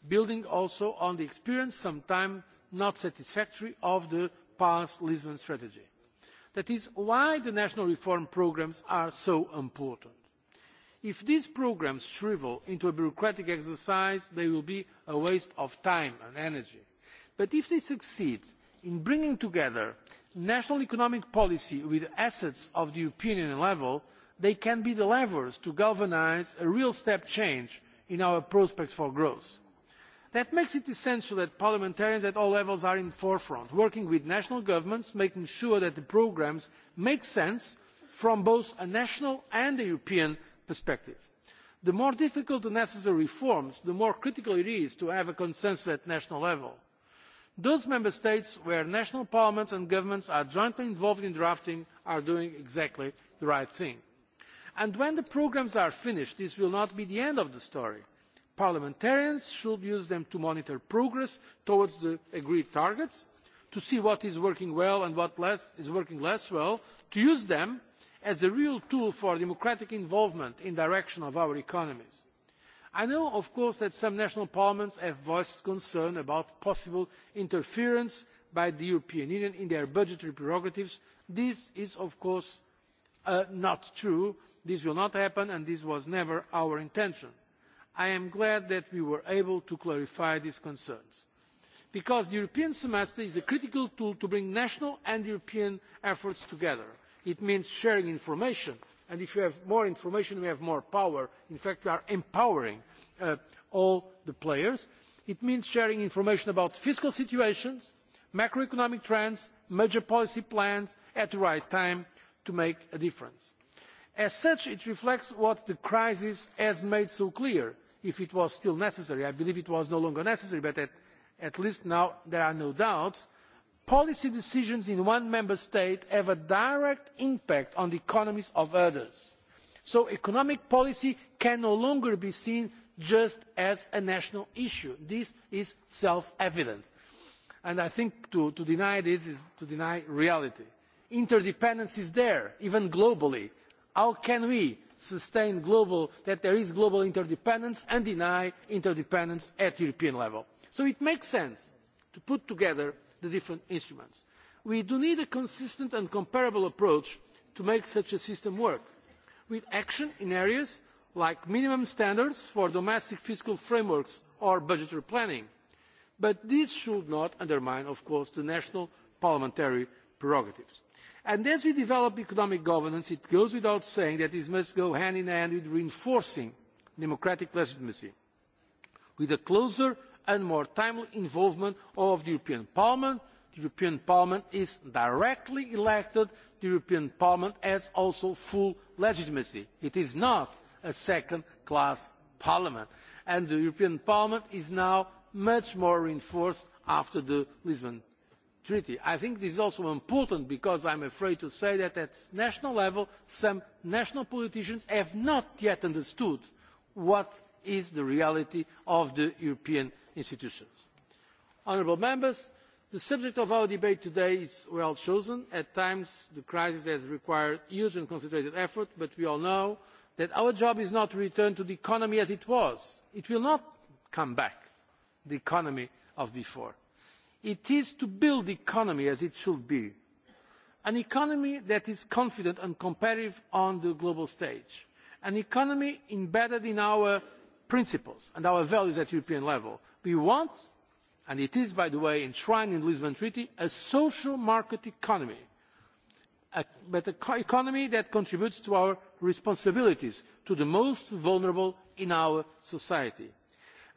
building also on the experience, sometimes not satisfactory, of the past Lisbon strategy. That is why the national reform programmes are so important. If these programmes shrivel into a bureaucratic exercise, they will be a waste of time and energy. But if they succeed in bringing together national economic policy with assets of the European Union level, they can be the levers to galvanise a real step change in our prospects for growth. That makes it essential that parliamentarians at all levels are in the forefront, working with national governments, making sure that the programmes make sense from both a national and a European perspective. The more difficult the necessary reforms, the more critical it is to have a consensus at national level. Those member states where national parliaments and governments are jointly involved in drafting are doing exactly the right thing. And when the programmes are finished, this will not be the end of the story. Parliamentarians should use them to monitor progress towards the agreed targets, to see what is working well and what less, is working less well, to use them as a real tool for democratic involvement in the direction of our economies. I know, of course, that some national parliaments have voiced concern about possible interference by the European Union in their budgetary prerogatives. This is, of course, uh, not true. This will not happen, and this was never our intention. I am glad that we were able to clarify these concerns. Because the European semester is a critical tool to bring national and European efforts together. It means sharing information, and if you have more information we have more power in fact we are empowering uh, all the players it means sharing information about fiscal situations macroeconomic trends major policy plans at the right time to make a difference as such it reflects what the crisis has made so clear if it was still necessary i believe it was no longer necessary but at, at least now there are no doubts policy decisions in one member state have a direct impact on the economies of others. So economic policy can no longer be seen just as a national issue. This is self-evident. And I think to, deny this is to deny reality. Interdependence is there, even globally. How can we sustain global, that there is global interdependence and deny interdependence at European level? So it makes sense to put together the different instruments. We do need a consistent and comparable approach to make such a system work, with action in areas like minimum standards for domestic fiscal frameworks or budgetary planning. But this should not undermine, of course, the national parliamentary prerogatives. And as we develop economic governance, it goes without saying that this must go hand in hand with reinforcing democratic legitimacy, with a closer and more timely involvement of the European Parliament. The European Parliament is directly elected. The European Parliament has also full legitimacy. It is not a second-class parliament. And the European Parliament is now much more reinforced after the Lisbon Treaty. I think this is also important because I am afraid to say that at national level, some national politicians have not yet understood what is the reality of the European institutions. Honourable members, the subject of our debate today is well chosen. At times, the crisis has required huge and concentrated effort, but we all know that our job is not to return to the economy as it was. It will not come back, the economy of before. It is to build the economy as it should be, an economy that is confident and competitive on the global stage, an economy embedded in our principles and our values at European level. We want, and it is, by the way, enshrined in the Lisbon Treaty, a social market economy, but an economy that contributes to our responsibilities to the most vulnerable in our society.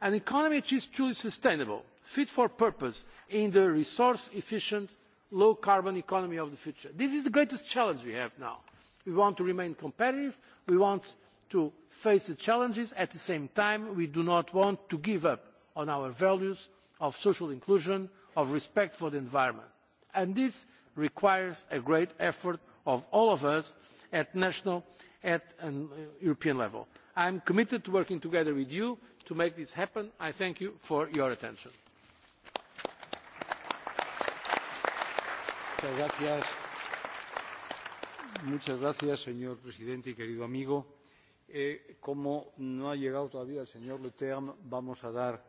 An economy which is truly sustainable, fit for purpose in the resource-efficient, low-carbon economy of the future. This is the greatest challenge we have now. We want to remain competitive, we want to face the challenges. At the same time, we do not want to give up on our values of social inclusion, of respect for the environment. And this requires a great effort of all of us at national, and uh, European level. I am committed to working together with you to make this happen. I thank you for your attention eh, como no ha llegado todavía el señor Leterme, vamos a dar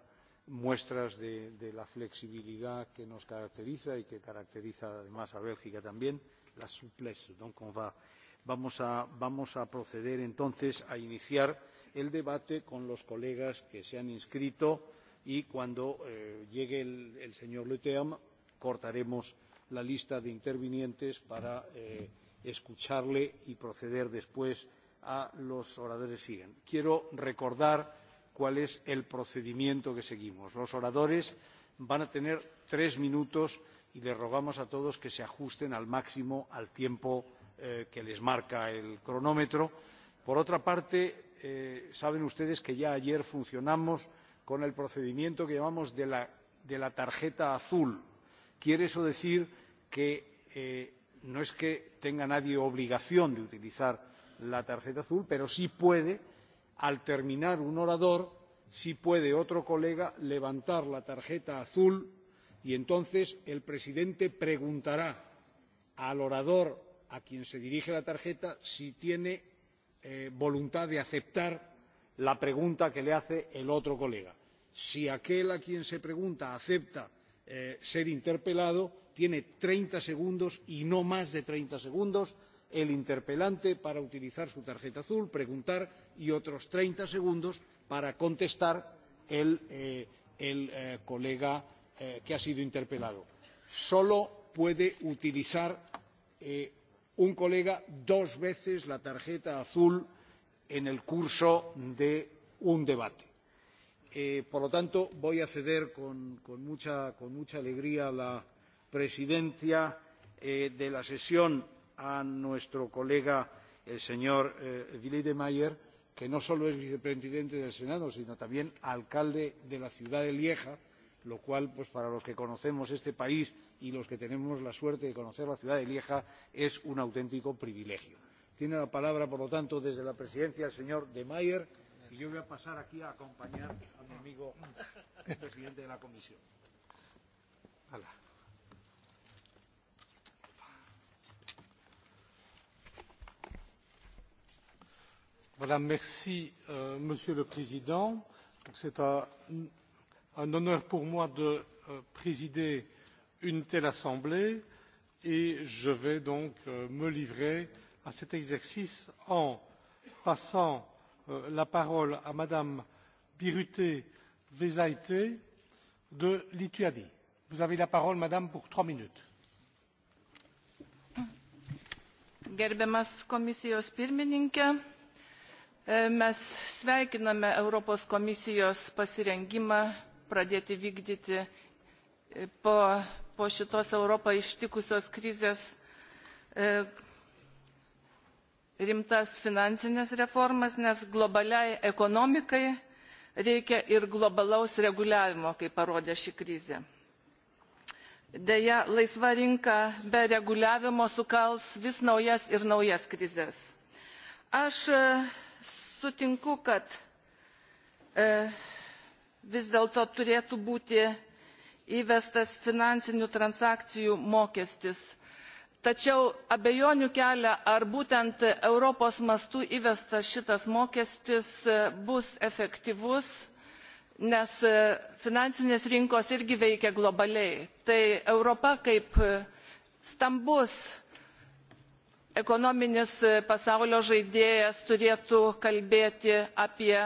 muestras de, de la flexibilidad que nos caracteriza y que caracteriza además a Bélgica también, la souplesse. Donc on va, vamos, a, vamos a proceder entonces a iniciar el debate con los colegas que se han inscrito y cuando eh, llegue el, el señor Leterme cortaremos la lista de intervinientes para eh, escucharle y proceder después a los oradores siguen. Quiero recordar cuál es el procedimiento que seguimos. Los oradores van a tener tres minutos y les rogamos a todos que se ajusten al máximo al tiempo eh, que les marca el cronómetro. Por otra parte, eh, saben ustedes que ya ayer funcionamos con el procedimiento que llamamos de la, de la tarjeta azul. Quiere eso decir que eh, no es que tenga nadie obligación de utilizar la tarjeta azul, pero sí puede, al terminar un orador, sí puede otro colega levantar la tarjeta azul y entonces el presidente preguntará al orador a quien se dirige la tarjeta si tiene eh, voluntad de aceptar la pregunta que le hace el otro colega. Si aquel a quien se pregunta acepta eh, ser interpelado, tiene treinta segundos y no más de treinta segundos el interpelante para utilizar su tarjeta azul, preguntar y otros treinta segundos para contestar el, eh, el eh, colega eh, que ha sido interpelado. Solo puede utilizar eh, un colega dos veces la tarjeta azul en el curso de un debate. Eh, por lo tanto, voy a ceder con, con, mucha, con mucha alegría la presidencia eh, de la sesión a nuestro colega el señor eh, Willy de Mayer, que no solo es vicepresidente del Senado, sino también alcalde de la ciudad de Lieja, lo cual, pues para los que conocemos este país y los que tenemos la suerte de conocer la ciudad de Lieja, es un auténtico privilegio. Tiene la palabra, por lo tanto, desde la presidencia el señor de Mayer, y yo voy a pasar aquí a acompañar a mi amigo el presidente de la comisión. Hola. Euh, Monsieur le Président. C'est un, honneur pour moi de euh, présider une telle assemblée et je vais donc euh, me livrer à cet exercice en passant la parole à mme birutė vėsaitė de Lituanie. Vous avez la parole, Madame, pour trois minutes. Gerbiamas komisijos pirmininke E, mes sveikiname Europos komisijos pasirengimą pradėti vykdyti e, po, po šitos Europą ištikusios krizės e, rimtas finansinės reformas, nes globaliai ekonomikai reikia ir globalaus reguliavimo, kaip parodė ši krizė. Deja, laisva rinka be reguliavimo sukals vis naujas ir naujas krizės. Aš sutinku, kad e, vis dėlto turėtų būti įvestas finansinių transakcijų mokestis. Tačiau abejonių kelia, ar būtent Europos mastu įvestas šitas mokestis e, bus efektyvus, nes e, finansinės rinkos irgi veikia globaliai. Tai Europa kaip e, stambus ekonominis e, pasaulio žaidėjas turėtų kalbėti apie,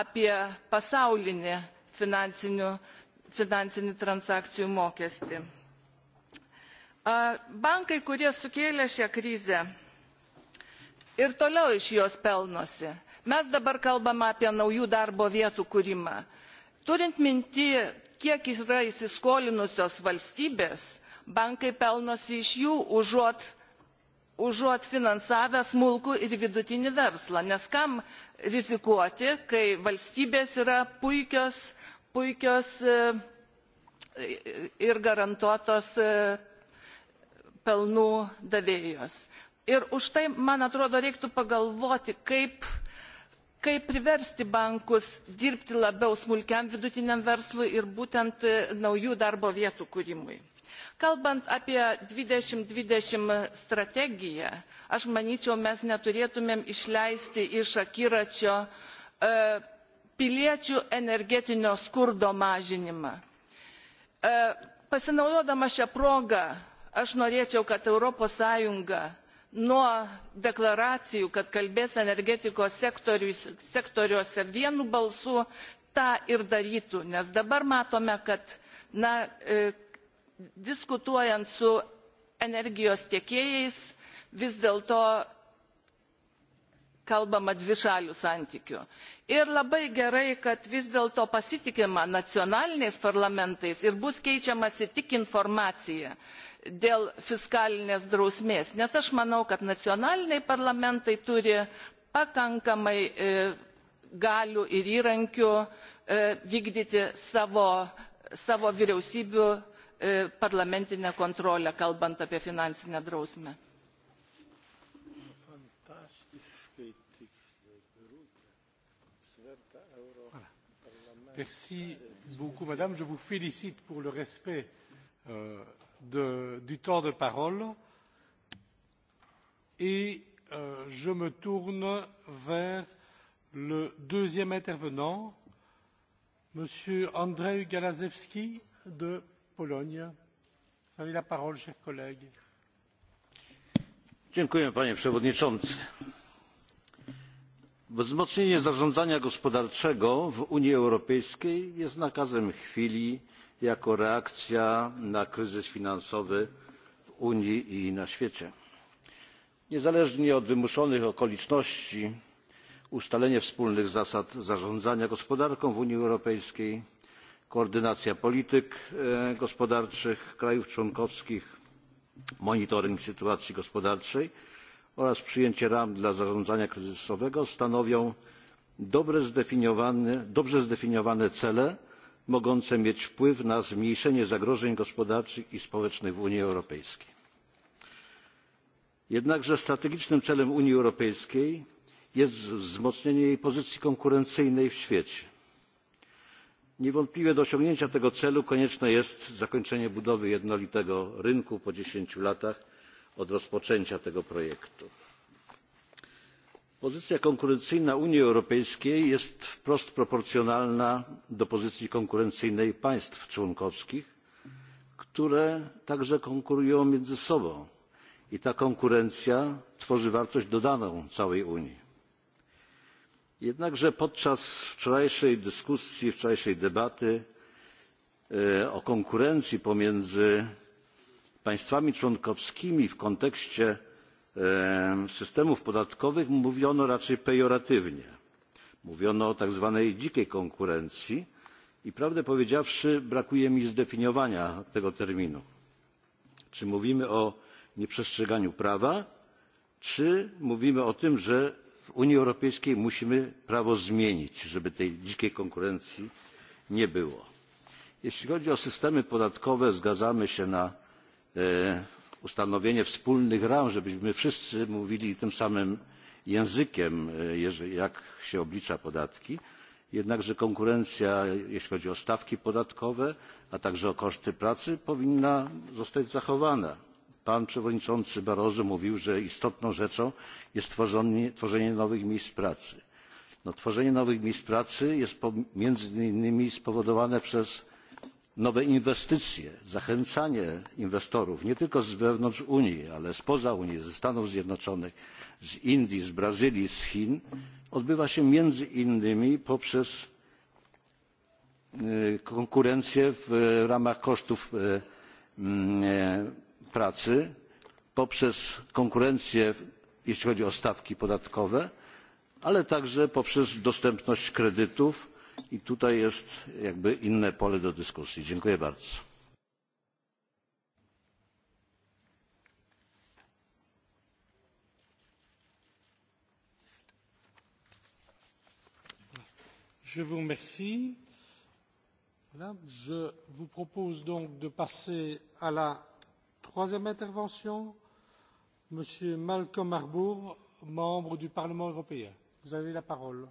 apie pasaulinį finansinį transakcijų mokestį. Bankai, kurie sukėlė šią krizę ir toliau iš jos pelnosi. Mes dabar kalbame apie naujų darbo vietų kūrimą. Turint minti, kiek yra įsiskolinusios valstybės, bankai pelnosi iš jų, užuot užuot finansavę smulkų ir vidutinį verslą. Nes kam rizikuoti, kai valstybės yra puikios, puikios e, ir garantuotos e, pelnų davėjos. Ir už tai, man atrodo, reiktų pagalvoti, kaip, kaip priversti bankus dirbti labiau smulkiam vidutiniam verslui ir būtent e, naujų darbo vietų kūrimui. Kalbant apie 2020 e, strategiją, aš manyčiau, mes neturėtumėm išleisti iš akiračio e, piliečių energetinio skurdo mažinimą. E, pasinaudodama šią proga aš norėčiau, kad Europos Sąjunga nuo deklaracijų, kad kalbės energetikos sektoriuose vienu balsu, tą ir darytų, nes dabar matome, kad na, diskutuojant su energijos tiekėjais vis dėlto kalbama dvišalių santykių. Ir labai gerai, kad vis dėlto pasitikima nacionaliniais parlamentais ir bus keičiamasi tik informacija dėl fiskalinės drausmės, nes aš manau, kad nacionaliniai parlamentai turi pakankamai e, galių ir įrankių e, vykdyti savo, savo vyriausybių E, parlamentinę kontrolę, kalbant apie finansinę drausmę. Merci beaucoup, Madame. Je vous félicite pour le respect euh, de, du temps de parole. Et euh, je me tourne vers le deuxième intervenant, Monsieur Andrei Galazewski de Polonia. panie przewodniczący. Wzmocnienie zarządzania gospodarczego w Unii Europejskiej jest nakazem chwili jako reakcja na kryzys finansowy w Unii i na świecie. Niezależnie od wymuszonych okoliczności ustalenie wspólnych zasad zarządzania gospodarką w Unii Europejskiej koordynacja polityk e, gospodarczych krajów członkowskich, monitoring sytuacji gospodarczej oraz przyjęcie ram dla zarządzania kryzysowego stanowią zdefiniowane, dobrze zdefiniowane cele mogące mieć wpływ na zmniejszenie zagrożeń gospodarczych i społecznych w Unii Europejskiej. Jednakże strategicznym celem Unii Europejskiej jest wzmocnienie jej pozycji konkurencyjnej w świecie Niewątpliwie do osiągnięcia tego celu konieczne jest zakończenie budowy jednolitego rynku po dziesięciu latach od rozpoczęcia tego projektu. Pozycja konkurencyjna Unii Europejskiej jest wprost proporcjonalna do pozycji konkurencyjnej państw członkowskich, które także konkurują między sobą i ta konkurencja tworzy wartość dodaną całej Unii. Jednakże podczas wczorajszej dyskusji, wczorajszej debaty e, o konkurencji pomiędzy państwami członkowskimi w kontekście e, systemów podatkowych mówiono raczej pejoratywnie. Mówiono o tak zwanej dzikiej konkurencji i prawdę powiedziawszy brakuje mi zdefiniowania tego terminu. Czy mówimy o nieprzestrzeganiu prawa, czy mówimy o tym, że w Unii Europejskiej musimy prawo zmienić, żeby tej dzikiej konkurencji nie było. Jeśli chodzi o systemy podatkowe, zgadzamy się na e, ustanowienie wspólnych ram, żebyśmy wszyscy mówili tym samym językiem, e, jak się oblicza podatki. Jednakże konkurencja, jeśli chodzi o stawki podatkowe, a także o koszty pracy, powinna zostać zachowana. Pan przewodniczący Barroso mówił, że istotną rzeczą jest tworzenie, tworzenie nowych miejsc pracy. No, tworzenie nowych miejsc pracy jest po, między innymi spowodowane przez nowe inwestycje, zachęcanie inwestorów nie tylko z wewnątrz Unii, ale spoza Unii, ze Stanów Zjednoczonych, z Indii, z Brazylii, z Chin, odbywa się między innymi poprzez konkurencję w ramach kosztów pracy poprzez konkurencję, jeśli chodzi o stawki podatkowe, ale także poprzez dostępność kredytów i tutaj jest jakby inne pole do dyskusji. Dziękuję bardzo. Je vous remercie. Voilà, je vous propose donc de passer à la troisième intervention, Monsieur Malcolm Harbour, membre du Parlement européen. Vous avez la parole.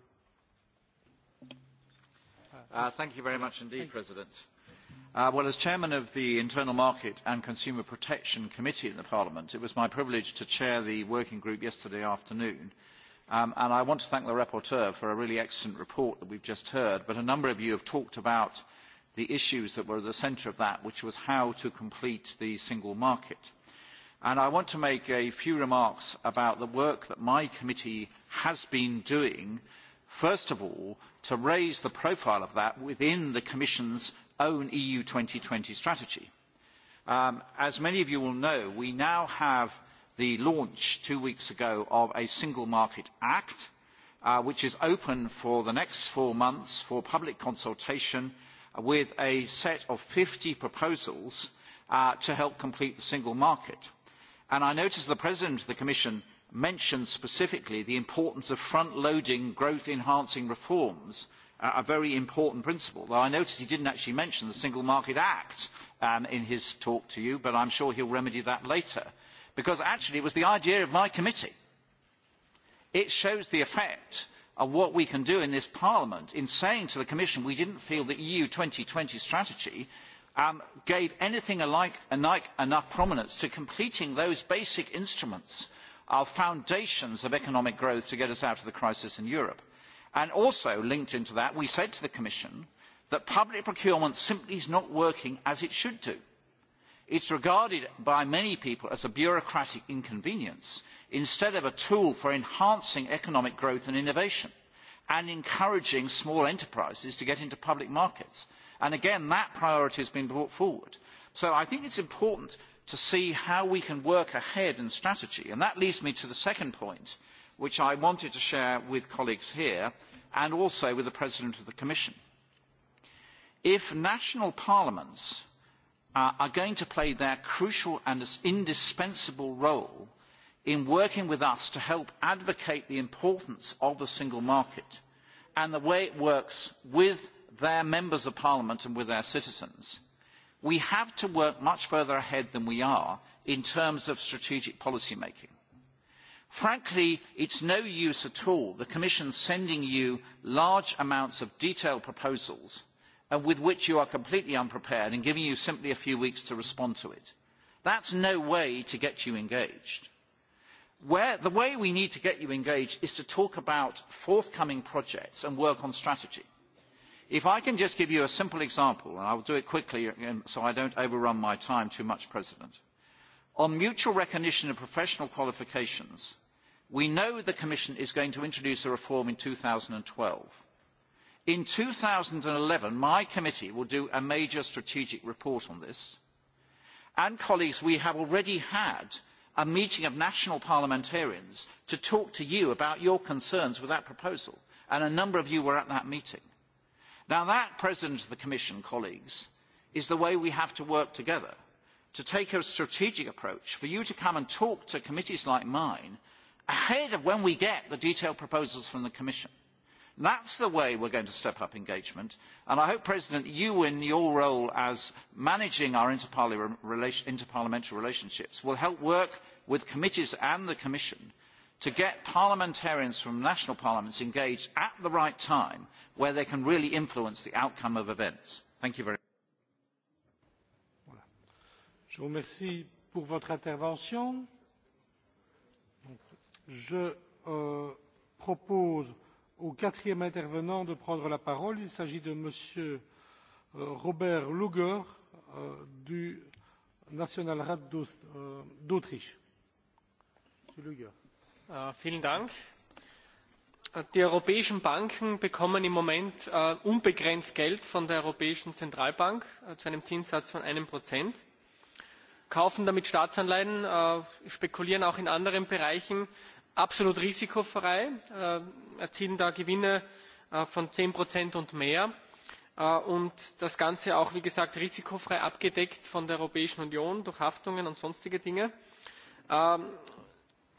Uh, thank you very much indeed, President. Uh, well, as chairman of the Internal Market and Consumer Protection Committee in the Parliament, it was my privilege to chair the working group yesterday afternoon. Um, and I want to thank the rapporteur for a really excellent report that we've just heard. But a number of you have talked about the issues that were at the centre of that, which was how to complete the single market. And I want to make a few remarks about the work that my committee has been doing, first of all, to raise the profile of that within the Commission's own EU twenty strategy. Um, as many of you will know, we now have the launch two weeks ago of a Single Market Act, uh, which is open for the next four months for public consultation with a set of 50 proposals uh, to help complete the single market. And I noticed the President of the Commission mentioned specifically the importance of front-loading growth-enhancing reforms, uh, a very important principle. Though I noticed he didn't actually mention the Single Market Act um, in his talk to you, but I'm sure he'll remedy that later. Because actually it was the idea of my committee. It shows the effect and what we can do in this Parliament in saying to the Commission we didn't feel the EU twenty strategy um, gave anything alike, alike enough prominence to completing those basic instruments, our foundations of economic growth to get us out of the crisis in Europe. And also linked into that, we said to the Commission that public procurement simply is not working as it should do. It is regarded by many people as a bureaucratic inconvenience instead of a tool for enhancing economic growth and innovation and encouraging small enterprises to get into public markets. And again, that priority has been brought forward. So I think it is important to see how we can work ahead in strategy. And that leads me to the second point, which I wanted to share with colleagues here and also with the President of the Commission. If national parliaments uh, are going to play their crucial and indispensable role in working with us to help advocate the importance of the single market and the way it works with their members of parliament and with their citizens, we have to work much further ahead than we are in terms of strategic policy making. Frankly, it is no use at all the Commission sending you large amounts of detailed proposals and with which you are completely unprepared and giving you simply a few weeks to respond to it. That is no way to get you engaged. Where, the way we need to get you engaged is to talk about forthcoming projects and work on strategy. If I can just give you a simple example, and I will do it quickly um, so I don't overrun my time too much, President. On mutual recognition of professional qualifications, we know the Commission is going to introduce a reform in twelve. In eleven my committee will do a major strategic report on this. And colleagues, we have already had a meeting of national parliamentarians to talk to you about your concerns with that proposal. And a number of you were at that meeting. Now that, President of the Commission, colleagues, is the way we have to work together, to take a strategic approach, for you to come and talk to committees like mine ahead of when we get the detailed proposals from the Commission. That is the way we are going to step up engagement. And I hope, President, you in your role as managing our interparliamentary relationships will help work with committees and the Commission to get parliamentarians from national parliaments engaged at the right time where they can really influence the outcome of events. Thank you very much. Je vous remercie pour votre intervention. Je euh, propose au quatrième intervenant de prendre la parole. Il s'agit de Monsieur euh, Robert Luger euh, du Nationalrat euh, d'Autriche. Monsieur Luger. Uh, vielen Dank. Äh, die europäischen Banken bekommen im Moment uh, unbegrenzt Geld von der Europäischen Zentralbank uh, zu einem Zinssatz von einem Prozent, kaufen damit Staatsanleihen, spekulieren auch in anderen Bereichen absolut risikofrei, äh, erzielen da Gewinne äh, von 10 Prozent und mehr äh, und das Ganze auch, wie gesagt, risikofrei abgedeckt von der Europäischen Union durch Haftungen und sonstige Dinge. Ähm,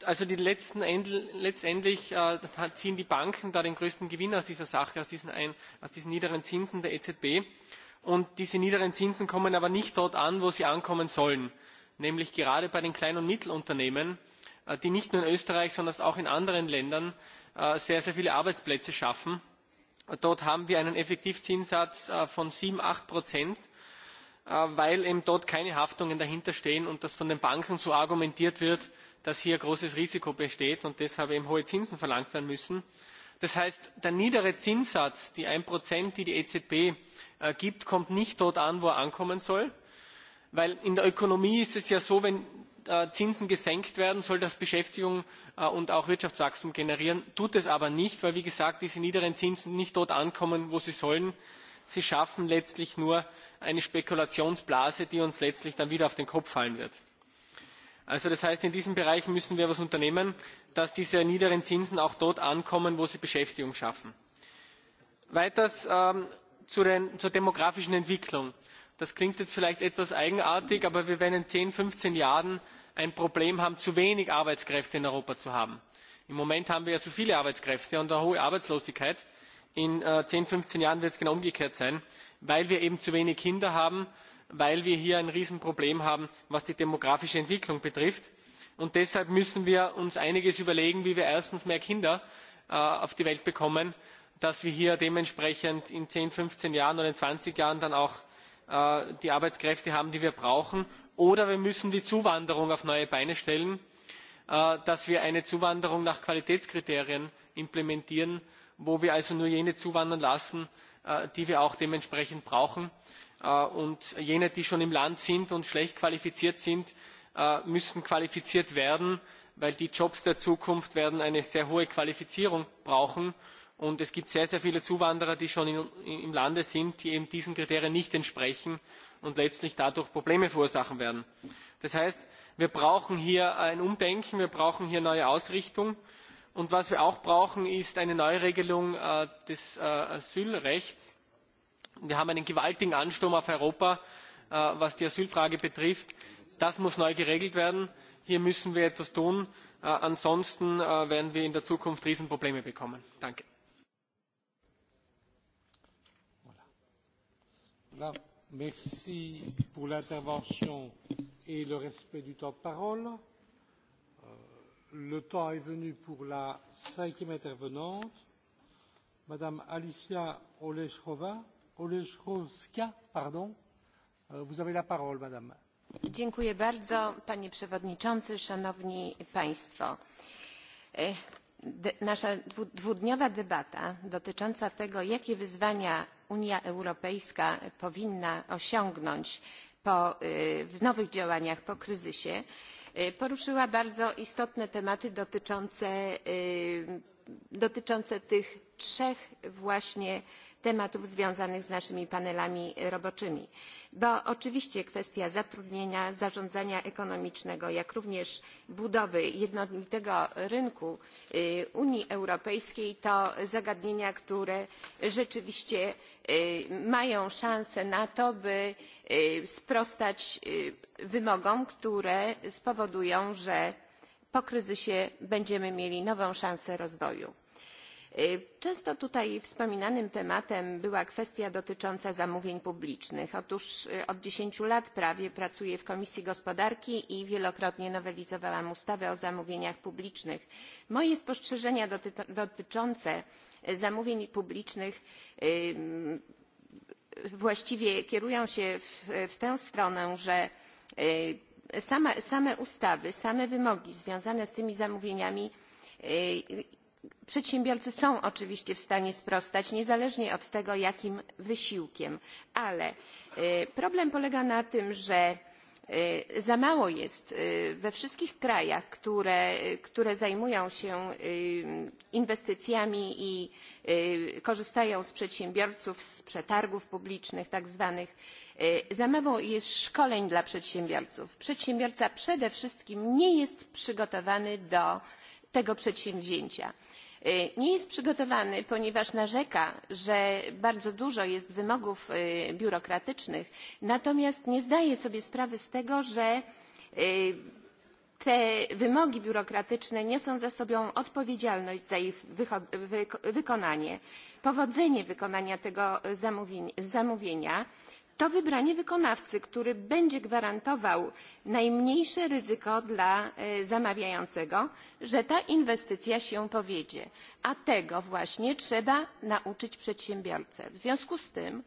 also die letzten End letztendlich äh, ziehen die Banken da den größten Gewinn aus dieser Sache, aus diesen, ein, aus diesen niederen Zinsen der EZB. Und diese niederen Zinsen kommen aber nicht dort an, wo sie ankommen sollen, nämlich gerade bei den Klein- und Mittelunternehmen, Äh, die nicht nur in Österreich, sondern auch in anderen Ländern äh, sehr, sehr viele Arbeitsplätze schaffen. Dort haben wir einen Effektivzinssatz äh, von sieben, acht Prozent, weil eben dort keine Haftungen dahinter stehen und das von den Banken so argumentiert wird, dass hier großes Risiko besteht und deshalb eben hohe Zinsen verlangt werden müssen. Das heißt, der niedere Zinssatz, die ein Prozent, die die EZB gibt, kommt nicht dort an, wo er ankommen soll. Weil in der Ökonomie ist es ja so, wenn Äh, Zinsen gesenkt werden, soll das Beschäftigung äh, und auch Wirtschaftswachstum generieren, tut es aber nicht, weil, wie gesagt, diese niederen Zinsen nicht dort ankommen, wo sie sollen. Sie schaffen letztlich nur eine Spekulationsblase, die uns letztlich dann wieder auf den Kopf fallen wird. Also das heißt, in diesem Bereich müssen wir etwas unternehmen, dass diese niederen Zinsen auch dort ankommen, wo sie Beschäftigung schaffen. Weiters ähm, zu den, zur demografischen Entwicklung. Das klingt jetzt vielleicht etwas eigenartig, aber wir werden in 10, 15 Jahren ein Problem haben, zu wenig Arbeitskräfte in Europa zu haben. Im Moment haben wir ja zu viele Arbeitskräfte und eine hohe Arbeitslosigkeit. In äh, 10, 15 Jahren wird es genau umgekehrt sein, weil wir eben zu wenig Kinder haben, weil wir hier ein Riesenproblem haben, was die demografische Entwicklung betrifft. Und deshalb müssen wir uns einiges überlegen, wie wir erstens mehr Kinder äh, auf die Welt bekommen, dass wir hier dementsprechend in 10, 15 Jahren oder in 20 Jahren dann auch Äh, die Arbeitskräfte haben, die wir brauchen, oder wir müssen die Zuwanderung auf neue Beine stellen, äh, dass wir eine Zuwanderung nach Qualitätskriterien implementieren, wo wir also nur jene zuwandern lassen, äh, die wir auch dementsprechend brauchen. Und jene, die schon im Land sind und schlecht qualifiziert sind, müssen qualifiziert werden, weil die Jobs der Zukunft werden eine sehr hohe Qualifizierung brauchen Und es gibt sehr, sehr viele Zuwanderer, die schon in, im Lande sind, die eben diesen Kriterien nicht entsprechen und letztlich dadurch Probleme verursachen werden. Das heißt, wir brauchen hier ein Umdenken, wir brauchen hier neue Ausrichtung. Und was wir auch brauchen, ist eine Neuregelung äh, des äh, Asylrechts. Wir haben einen gewaltigen Ansturm auf Europa, äh, was die Asylfrage betrifft. Das muss neu geregelt werden. Hier müssen wir etwas tun. Äh, ansonsten äh, werden wir in der Zukunft Riesenprobleme bekommen. Danke. Voilà. merci pour l'intervention et le respect du temps de parole. Euh, le temps est venu pour la cinquième intervenante, Madame Alicia Oleszkova, Oleszkowska, pardon. Euh, vous avez la parole, Madame. Dziękuję bardzo, Panie Przewodniczący, Szanowni Państwo. E, nasza dwudniowa debata dotycząca tego, jakie wyzwania Unia Europejska powinna osiągnąć w nowych działaniach po kryzysie, poruszyła bardzo istotne tematy dotyczące dotyczące tych trzech właśnie tematów związanych z naszymi panelami roboczymi bo oczywiście kwestia zatrudnienia zarządzania ekonomicznego jak również budowy jednolitego rynku unii europejskiej to zagadnienia które rzeczywiście mają szansę na to by sprostać wymogom które spowodują że po kryzysie będziemy mieli nową szansę rozwoju. Często tutaj wspominanym tematem była kwestia dotycząca zamówień publicznych. Otóż od 10 lat prawie pracuję w Komisji Gospodarki i wielokrotnie nowelizowałam ustawę o zamówieniach publicznych. Moje spostrzeżenia doty dotyczące zamówień publicznych właściwie kierują się w, w tę stronę, że same ustawy, same wymogi związane z tymi zamówieniami e, przedsiębiorcy są oczywiście w stanie sprostać niezależnie od tego jakim wysiłkiem ale e, problem polega na tym że E, za mało jest e, we wszystkich krajach, które, e, które zajmują się inwestycjami i korzystają z przedsiębiorców, z przetargów publicznych tak zwanych, za mało jest szkoleń dla przedsiębiorców. Przedsiębiorca przede wszystkim nie jest przygotowany do tego przedsięwzięcia. E, nie jest przygotowany, ponieważ narzeka, że bardzo dużo jest wymogów e, biurokratycznych, natomiast nie zdaje sobie sprawy z tego, że e, te wymogi biurokratyczne niosą za sobą odpowiedzialność za ich wykonanie, powodzenie wykonania tego zamówienia, to wybranie wykonawcy, który będzie gwarantował najmniejsze ryzyko dla e, zamawiającego, że ta inwestycja się powiedzie. A tego właśnie trzeba nauczyć przedsiębiorcę. W związku z tym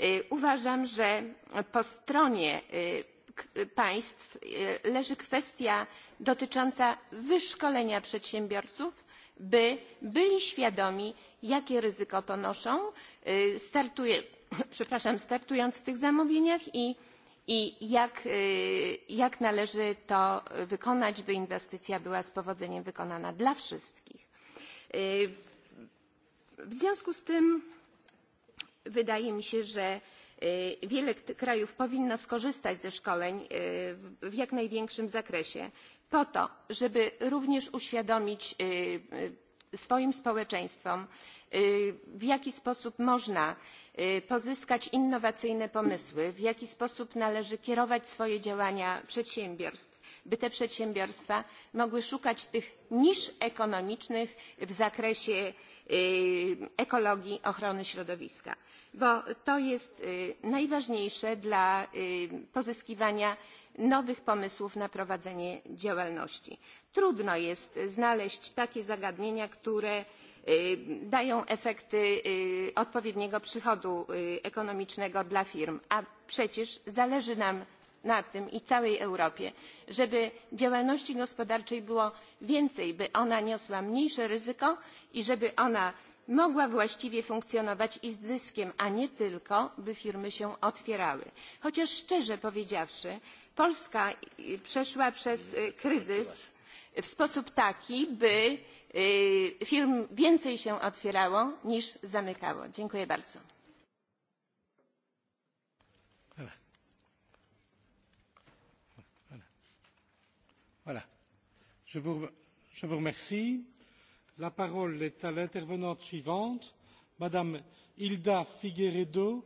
e, uważam, że po stronie e, państw leży kwestia dotycząca wyszkolenia przedsiębiorców, by byli świadomi, jakie ryzyko ponoszą, startuje, <coughs> przepraszam, startując w tych zamówieniach i, i jak, jak należy to wykonać, by inwestycja była z powodzeniem wykonana dla wszystkich. W związku z tym wydaje mi się, że wiele krajów powinno skorzystać ze szkoleń w jak największym zakresie po to, żeby również uświadomić swoim społeczeństwom, w jaki sposób można pozyskać innowacyjne pomysły, w jaki sposób należy kierować swoje działania przedsiębiorstw, by te przedsiębiorstwa mogły szukać tych nisz ekonomicznych w zakresie ekologii, ochrony środowiska, bo to jest najważniejsze dla pozyskiwania nowych pomysłów na prowadzenie działalności. Trudno jest znaleźć takie zagadnienia, które dają efekty odpowiedniego przychodu ekonomicznego dla firm, a przecież zależy nam na tym i całej Europie, żeby działalności gospodarczej było więcej, by ona niosła mniejsze ryzyko i żeby ona mogła właściwie funkcjonować i z zyskiem, a nie tylko, by firmy się otwierały. Chociaż szczerze powiedziawszy, Polska przeszła przez kryzys w sposób taki, by firm więcej się otwierało niż zamykało. Dziękuję bardzo. je vous remercie. La parole est à l'intervenante suivante, Madame Hilda Figueredo,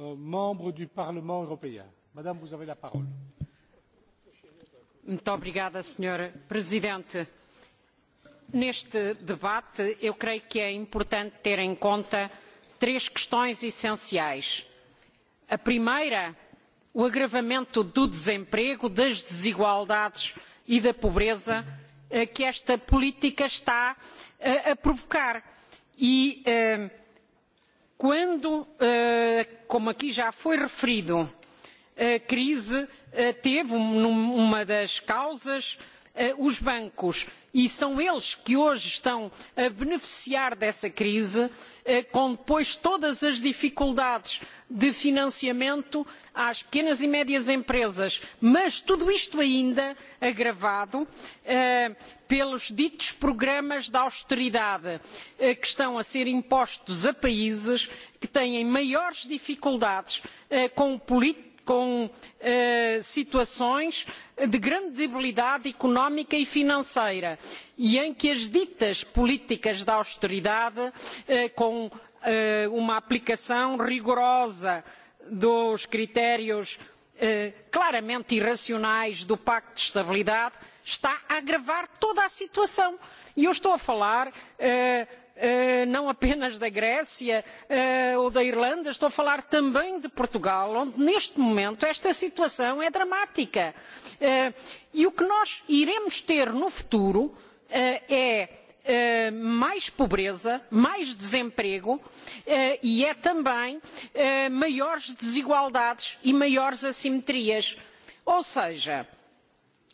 euh, membre du Parlement européen. Madame, vous avez la parole. Muito obrigada, Sr. Presidente. Neste debate, eu creio que é importante ter em conta três questões essenciais. A primeira, o agravamento do desemprego, das desigualdades e da pobreza Eh, que esta política está eh, a provocar. E eh, quando, como aqui já foi referido, a crise teve um, uma das causas Eh, os bancos e são eles que hoje estão a beneficiar dessa crise, eh, com depois todas as dificuldades de financiamento às pequenas e médias empresas, mas tudo isto ainda agravado eh, pelos ditos programas de austeridade que estão a ser impostos a países que têm maiores dificuldades com com eh, situações de grande debilidade económica e financeira e em que as ditas políticas de austeridade, eh, com eh, uma aplicação rigorosa dos critérios eh, claramente irracionais do Pacto de Estabilidade, está a agravar toda a situação. E eu estou a falar eh, Eh, não apenas da Grécia eh, ou da Irlanda, estou a falar também de Portugal, onde neste momento esta situação é dramática. Eh, e o que nós iremos ter no futuro é mais pobreza, mais desemprego e é também maiores desigualdades e maiores assimetrias. Ou seja,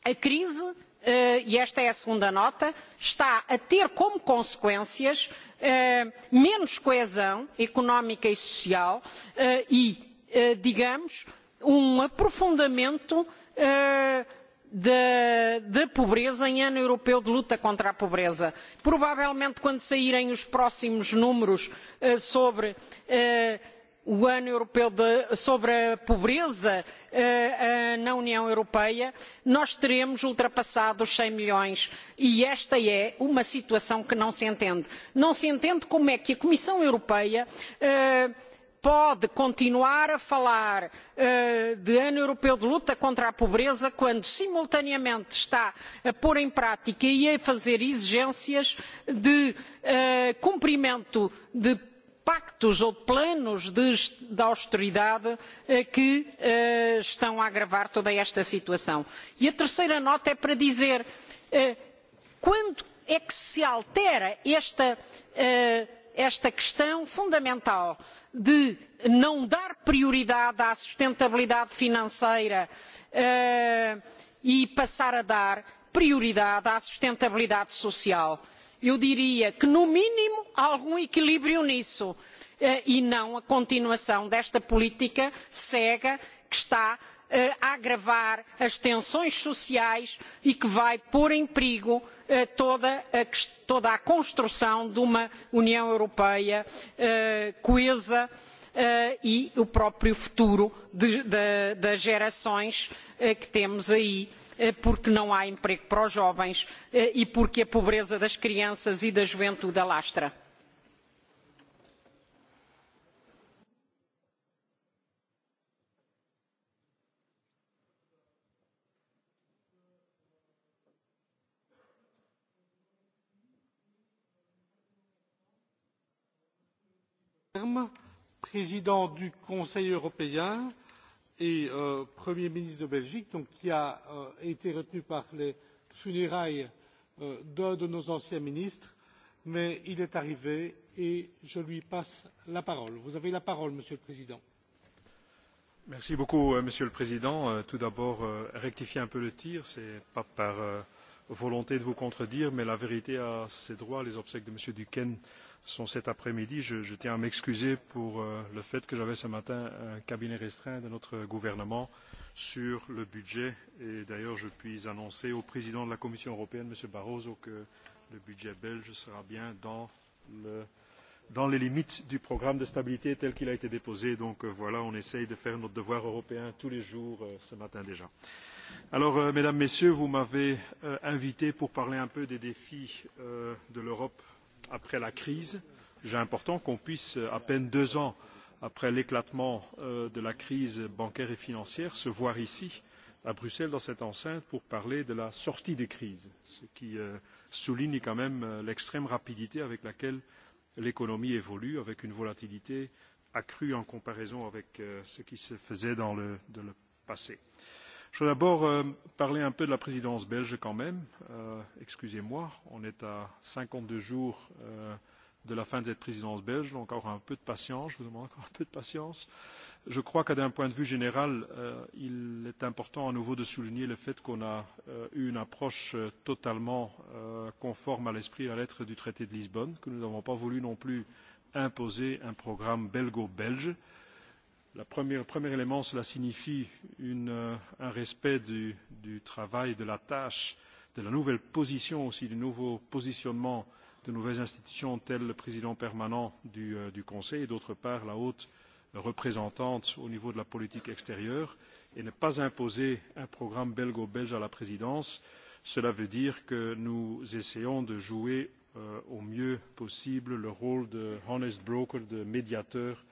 a crise Eh, e esta é a segunda nota, está a ter como consequências eh, menos coesão económica e social eh, e, digamos, um aprofundamento da pobreza em ano europeu de luta contra a pobreza. Provavelmente, quando saírem os próximos números sobre o ano europeu de, sobre a pobreza uh, uh, na União Europeia, nós teremos ultrapassado os 100 milhões. E esta é uma situação que não se entende. Não se entende como é que a Comissão Europeia. Uh, pode continuar a falar uh, de ano europeu de luta contra a pobreza quando simultaneamente está a pôr em prática e a fazer exigências de uh, cumprimento de pactos ou planos de, de austeridade eh, que eh, estão a agravar toda esta situação. E a terceira nota é para dizer eh, quando é que se altera esta, eh, esta questão fundamental de não dar prioridade à sustentabilidade financeira eh, e passar a dar prioridade à sustentabilidade social eu diria que no mínimo há algum equilíbrio nisso eh, e não a continuação desta política cega que está eh, a agravar as tensões sociais e que vai pôr em perigo eh, toda a, toda a construção de uma União Europeia coesa e o próprio futuro das gerações que temos aí Eh, porque não há emprego para os jovens eh, e porque a pobreza das crianças e da juventude alastra. président du Conseil européen, et euh, Premier ministre de Belgique, donc, qui a euh, été retenu par les funérailles euh, d'un de nos anciens ministres, mais il est arrivé et je lui passe la parole. Vous avez la parole, Monsieur le Président. Merci beaucoup, euh, Monsieur le Président. Euh, tout d'abord, euh, rectifier un peu le tir, c'est pas par volonté de vous contredire, mais la vérité a ses droits. Les obsèques de M. Duquesne sont cet après-midi. Je, je tiens à m'excuser pour euh, le fait que j'avais ce matin un cabinet restreint de notre gouvernement sur le budget. Et d'ailleurs, je puis annoncer au président de la Commission européenne, M. Barroso, que le budget belge sera bien dans le dans les limites du programme de stabilité tel qu'il a été déposé. Donc euh, voilà, on essaye de faire notre devoir européen tous les jours euh, ce matin déjà. Alors, euh, mesdames, messieurs, vous m'avez invité pour parler un peu des défis de l'Europe après la crise. J'ai important qu'on puisse, à peine deux ans après l'éclatement de la crise bancaire et financière, se voir ici à Bruxelles, dans cette enceinte, pour parler de la sortie des crises, ce qui souligne quand même l'extrême rapidité avec laquelle l'économie évolue avec une volatilité accrue en comparaison avec euh, ce qui se faisait dans le, de le passé. Je vais d'abord euh, parler un peu de la présidence belge quand même. Euh, Excusez-moi, on est à 52 jours euh, de la fin de cette présidence belge, donc encore un peu de patience, je vous demande encore un peu de patience. Je crois que d'un point de vue général, euh, il est important à nouveau de souligner le fait qu'on a euh, eu une approche euh, totalement euh, conforme à l'esprit et à la lettre du traité de Lisbonne, que nous n'avons pas voulu non plus imposer un programme belgo-belge. Le premier, premier élément, cela signifie une, euh, un respect du, du travail, de la tâche, de la nouvelle position aussi, du nouveau positionnement euh, de nouvelles institutions telles le président permanent du, euh, du Conseil et d'autre part la haute représentante au niveau de la politique extérieure et ne pas imposer un programme belgo-belge à la présidence, cela veut dire que nous essayons de jouer euh, au mieux possible le rôle de honest broker, de médiateur,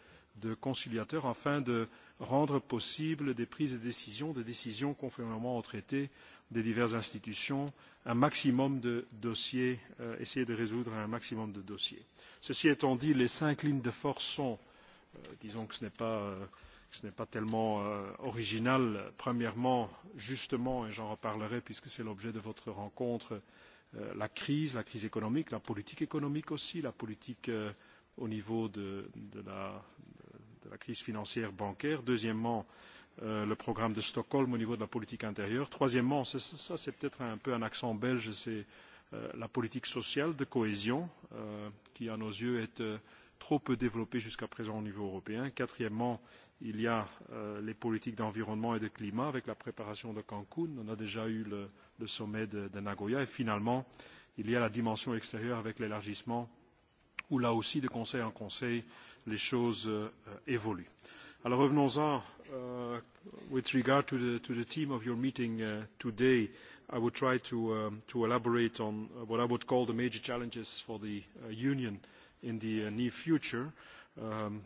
de conciliateur, afin de rendre possible des prises de décision, des décisions conformément au traité des diverses institutions un maximum de dossiers, euh, essayer de résoudre un maximum de dossiers. Ceci étant dit, les cinq lignes de force sont, euh, disons que ce n'est pas, euh, ce pas tellement euh, original, premièrement, justement, et j'en reparlerai puisque c'est l'objet de votre rencontre, euh, la crise, la crise économique, la politique économique aussi, la politique euh, au niveau de, de, la, de la crise financière bancaire. Deuxièmement, euh, Euh, le programme de Stockholm au niveau de la politique intérieure. Troisièmement, ça, ça c'est peut-être un peu un accent belge, c'est euh, la politique sociale de cohésion euh, qui, à nos yeux, est euh, trop peu développée jusqu'à présent au niveau européen. Quatrièmement, il y a euh, les politiques d'environnement et de climat avec la préparation de Cancun. On a déjà eu le, le sommet de, de Nagoya. Et finalement, il y a la dimension extérieure avec l'élargissement où là aussi, de conseil en conseil, les choses euh, évoluent. Alors revenons-en uh, with regard to the, to the theme of your meeting uh, today, I would try to, um, to elaborate on uh, what I would call the major challenges for the uh, Union in the uh, near future. Um,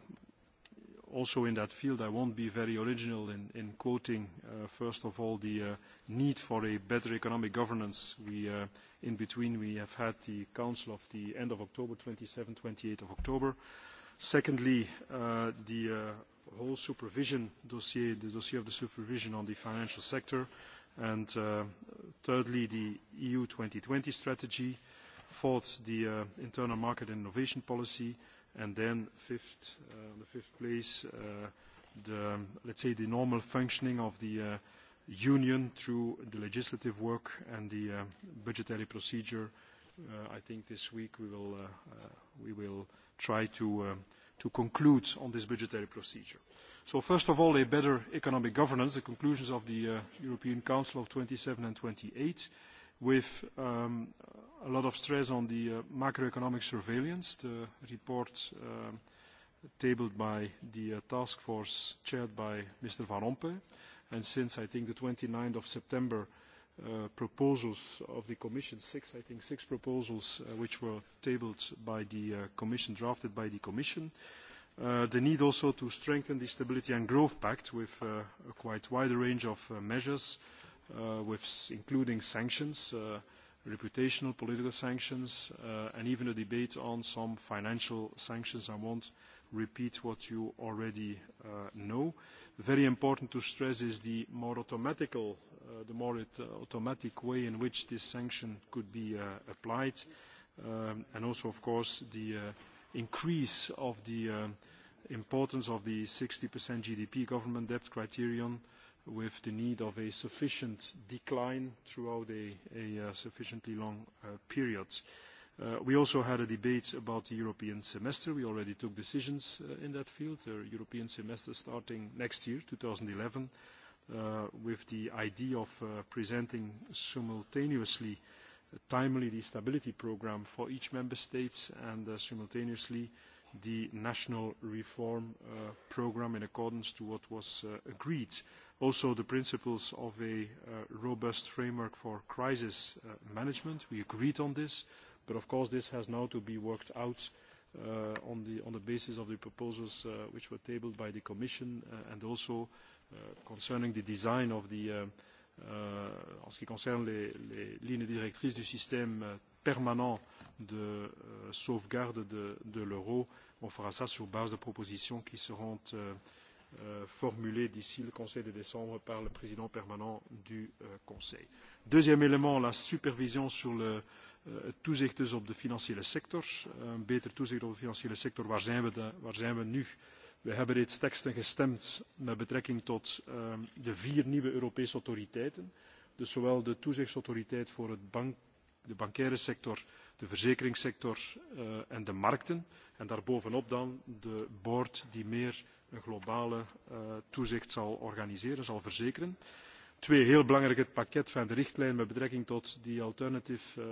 also in that field, I won't be very original in, in quoting, uh, first of all, the uh, need for a better economic governance. We, uh, in between, we have had the Council of the end of October, 27, 28 of October. Secondly, uh, the uh, whole supervision dossier, the dossier of the supervision on the financial sector, and uh, thirdly, the EU 2020 strategy, fourth, the uh, internal market and innovation policy, and then fifth, uh, on the fifth place, uh, the, let's say, the normal functioning of the uh, union through the legislative work and the uh, budgetary procedure. Uh, I think this week we will, uh, uh, we will try to uh, to conclude on this budgetary procedure. So first of all, a better economic governance, the conclusions of the uh, European Council of 27 and 28, with um, a lot of stress on the uh, macroeconomic surveillance, the report uh, um, tabled by the uh, task force chaired by Mr. Van Rompuy. And since, I think, the 29th of September, uh, uh, proposals of the Commission, six, I think, six proposals uh, which were tabled by the uh, Commission, drafted by the Commission. Uh, the need also to strengthen the Stability and Growth Pact with uh, a quite wide range of uh, measures, uh, with including sanctions, uh, reputational, political sanctions, uh, and even a debate on some financial sanctions. I won't repeat what you already uh, know. Very important to stress is the more automatical uh, Uh, the more it, uh, automatic way in which this sanction could be uh, applied, um, and also, of course, the uh, increase of the uh, importance of the 60% GDP government debt criterion with the need of a sufficient decline throughout a, a uh, sufficiently long uh, period. Uh, we also had a debate about the European semester. We already took decisions uh, in that field, the European semester starting next year, 2011. eleven uh, with the idea of uh, presenting simultaneously timely the stability program for each member state and uh, simultaneously the national reform uh, program in accordance to what was uh, agreed. Also the principles of a uh, robust framework for crisis uh, management, we agreed on this, but of course this has now to be worked out uh, on, the, on the basis of the proposals uh, which were tabled by the Commission uh, and also uh, Euh, concerning the design of the, uh, en ce qui concerne les, les lignes directrices du système euh, permanent de euh, sauvegarde de, de l'euro, on fera ça sur base de propositions qui seront euh, euh, formulées d'ici le Conseil de décembre par le président permanent du euh, Conseil. Deuxième élément, la supervision sur le uh, toezicht dus op de financiële sectors. Un uh, beter toezicht op de financiële sector, waar zijn we, de, waar zijn we nu uh, We hebben reeds teksten gestemd met betrekking tot um, de vier nieuwe Europese autoriteiten. Dus zowel de toezichtsautoriteit voor het bank, de bankaire sector, de verzekeringssector uh, en de markten. En daarbovenop dan de board die meer een globale uh, toezicht zal organiseren, zal verzekeren. Twee, heel belangrijke pakket van de richtlijn met betrekking tot die Alternative uh,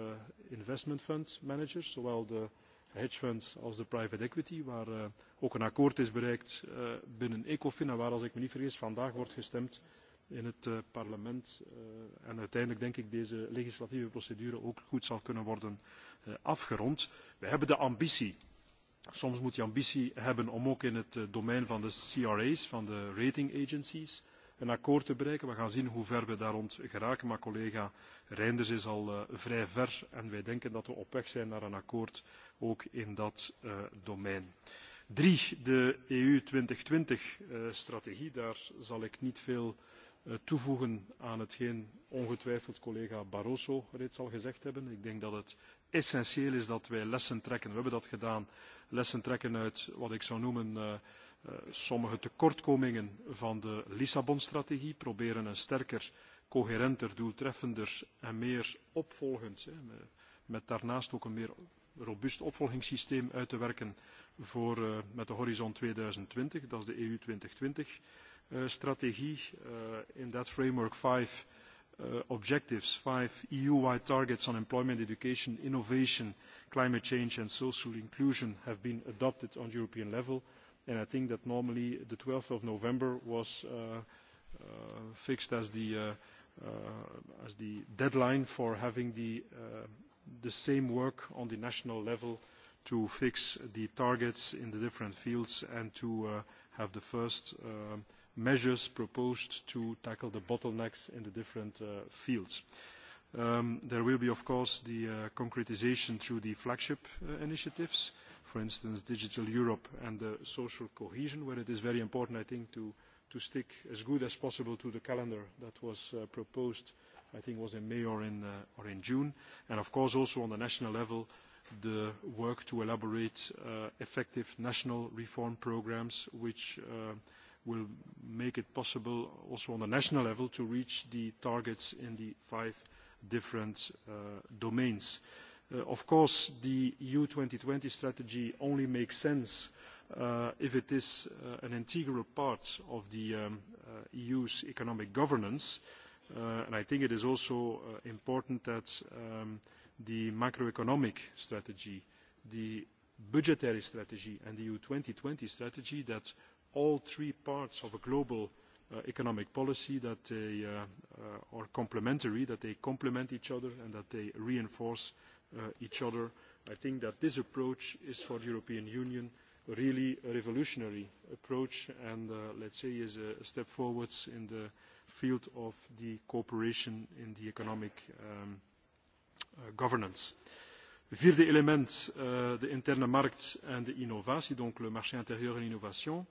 Investment Fund Managers, zowel de hedge funds als de private equity, waar uh, ook een akkoord is bereikt uh, binnen ECOFIN en waar, als ik me niet vergis, vandaag wordt gestemd in het uh, parlement. Uh, en uiteindelijk denk ik deze legislatieve procedure ook goed zal kunnen worden uh, afgerond. We hebben de ambitie, soms moet je ambitie hebben om ook in het uh, domein van de CRA's, van de rating agencies, een akkoord te bereiken. We gaan zien hoe ver we daar rond geraken. Maar collega Reinders is al uh, vrij ver en wij denken dat we op weg zijn naar een akkoord ook in dat uh, domein. Drie, de EU 2020-strategie. Eh, uh, daar zal ik niet veel uh, toevoegen aan hetgeen ongetwijfeld collega Barroso reeds al gezegd hebben. Ik denk dat het essentieel is dat wij lessen trekken. We hebben dat gedaan, lessen trekken uit wat ik zou noemen... Uh, Eh, sommige tekortkomingen van de Lissabon-strategie proberen een sterker, coherenter, doeltreffender en meer opvolgend, met daarnaast ook een meer robuust opvolgingssysteem uit te werken voor, uh, met de horizon 2020, dat is de EU 2020-strategie. Eh, uh, uh, in that framework, five uh, objectives, five EU-wide targets on employment, education, innovation, climate change and social inclusion have been adopted on European level. And I think that normally the 12th of November was uh, uh, fixed as the, uh, uh, as the deadline for having the, uh, the same work on the national level to fix the targets in the different fields and to uh, have the first uh, measures proposed to tackle the bottlenecks in the different uh, fields. Um, there will be, of course, the uh, concretization through the flagship uh, initiatives. Uh, for instance, Digital Europe and the social cohesion, where it is very important, I think, to, to stick as good as possible to the calendar that was uh, proposed, I think was in May or in, uh, or in June. And of course also on the national level, the work to elaborate uh, effective national reform programs which uh, will make it possible also on the national level to reach the targets in the five different uh, domains. Uh, of course, the EU twenty strategy only makes sense uh, if it is uh, an integral part of the um, uh, EU's economic governance. Uh, and I think it is also uh, important that um, the macroeconomic strategy, the budgetary strategy and the EU twenty strategy that all three parts of a global economic policy that they, are complementary, that they complement each other and that they reinforce Uh, each other. I think that this approach is for the European Union really a revolutionary approach and uh, let's say is a, step forwards in the field of the cooperation in the economic um, uh, governance. Vierde element, uh, de interne markt en de innovatie, donc le marché intérieur et l'innovation,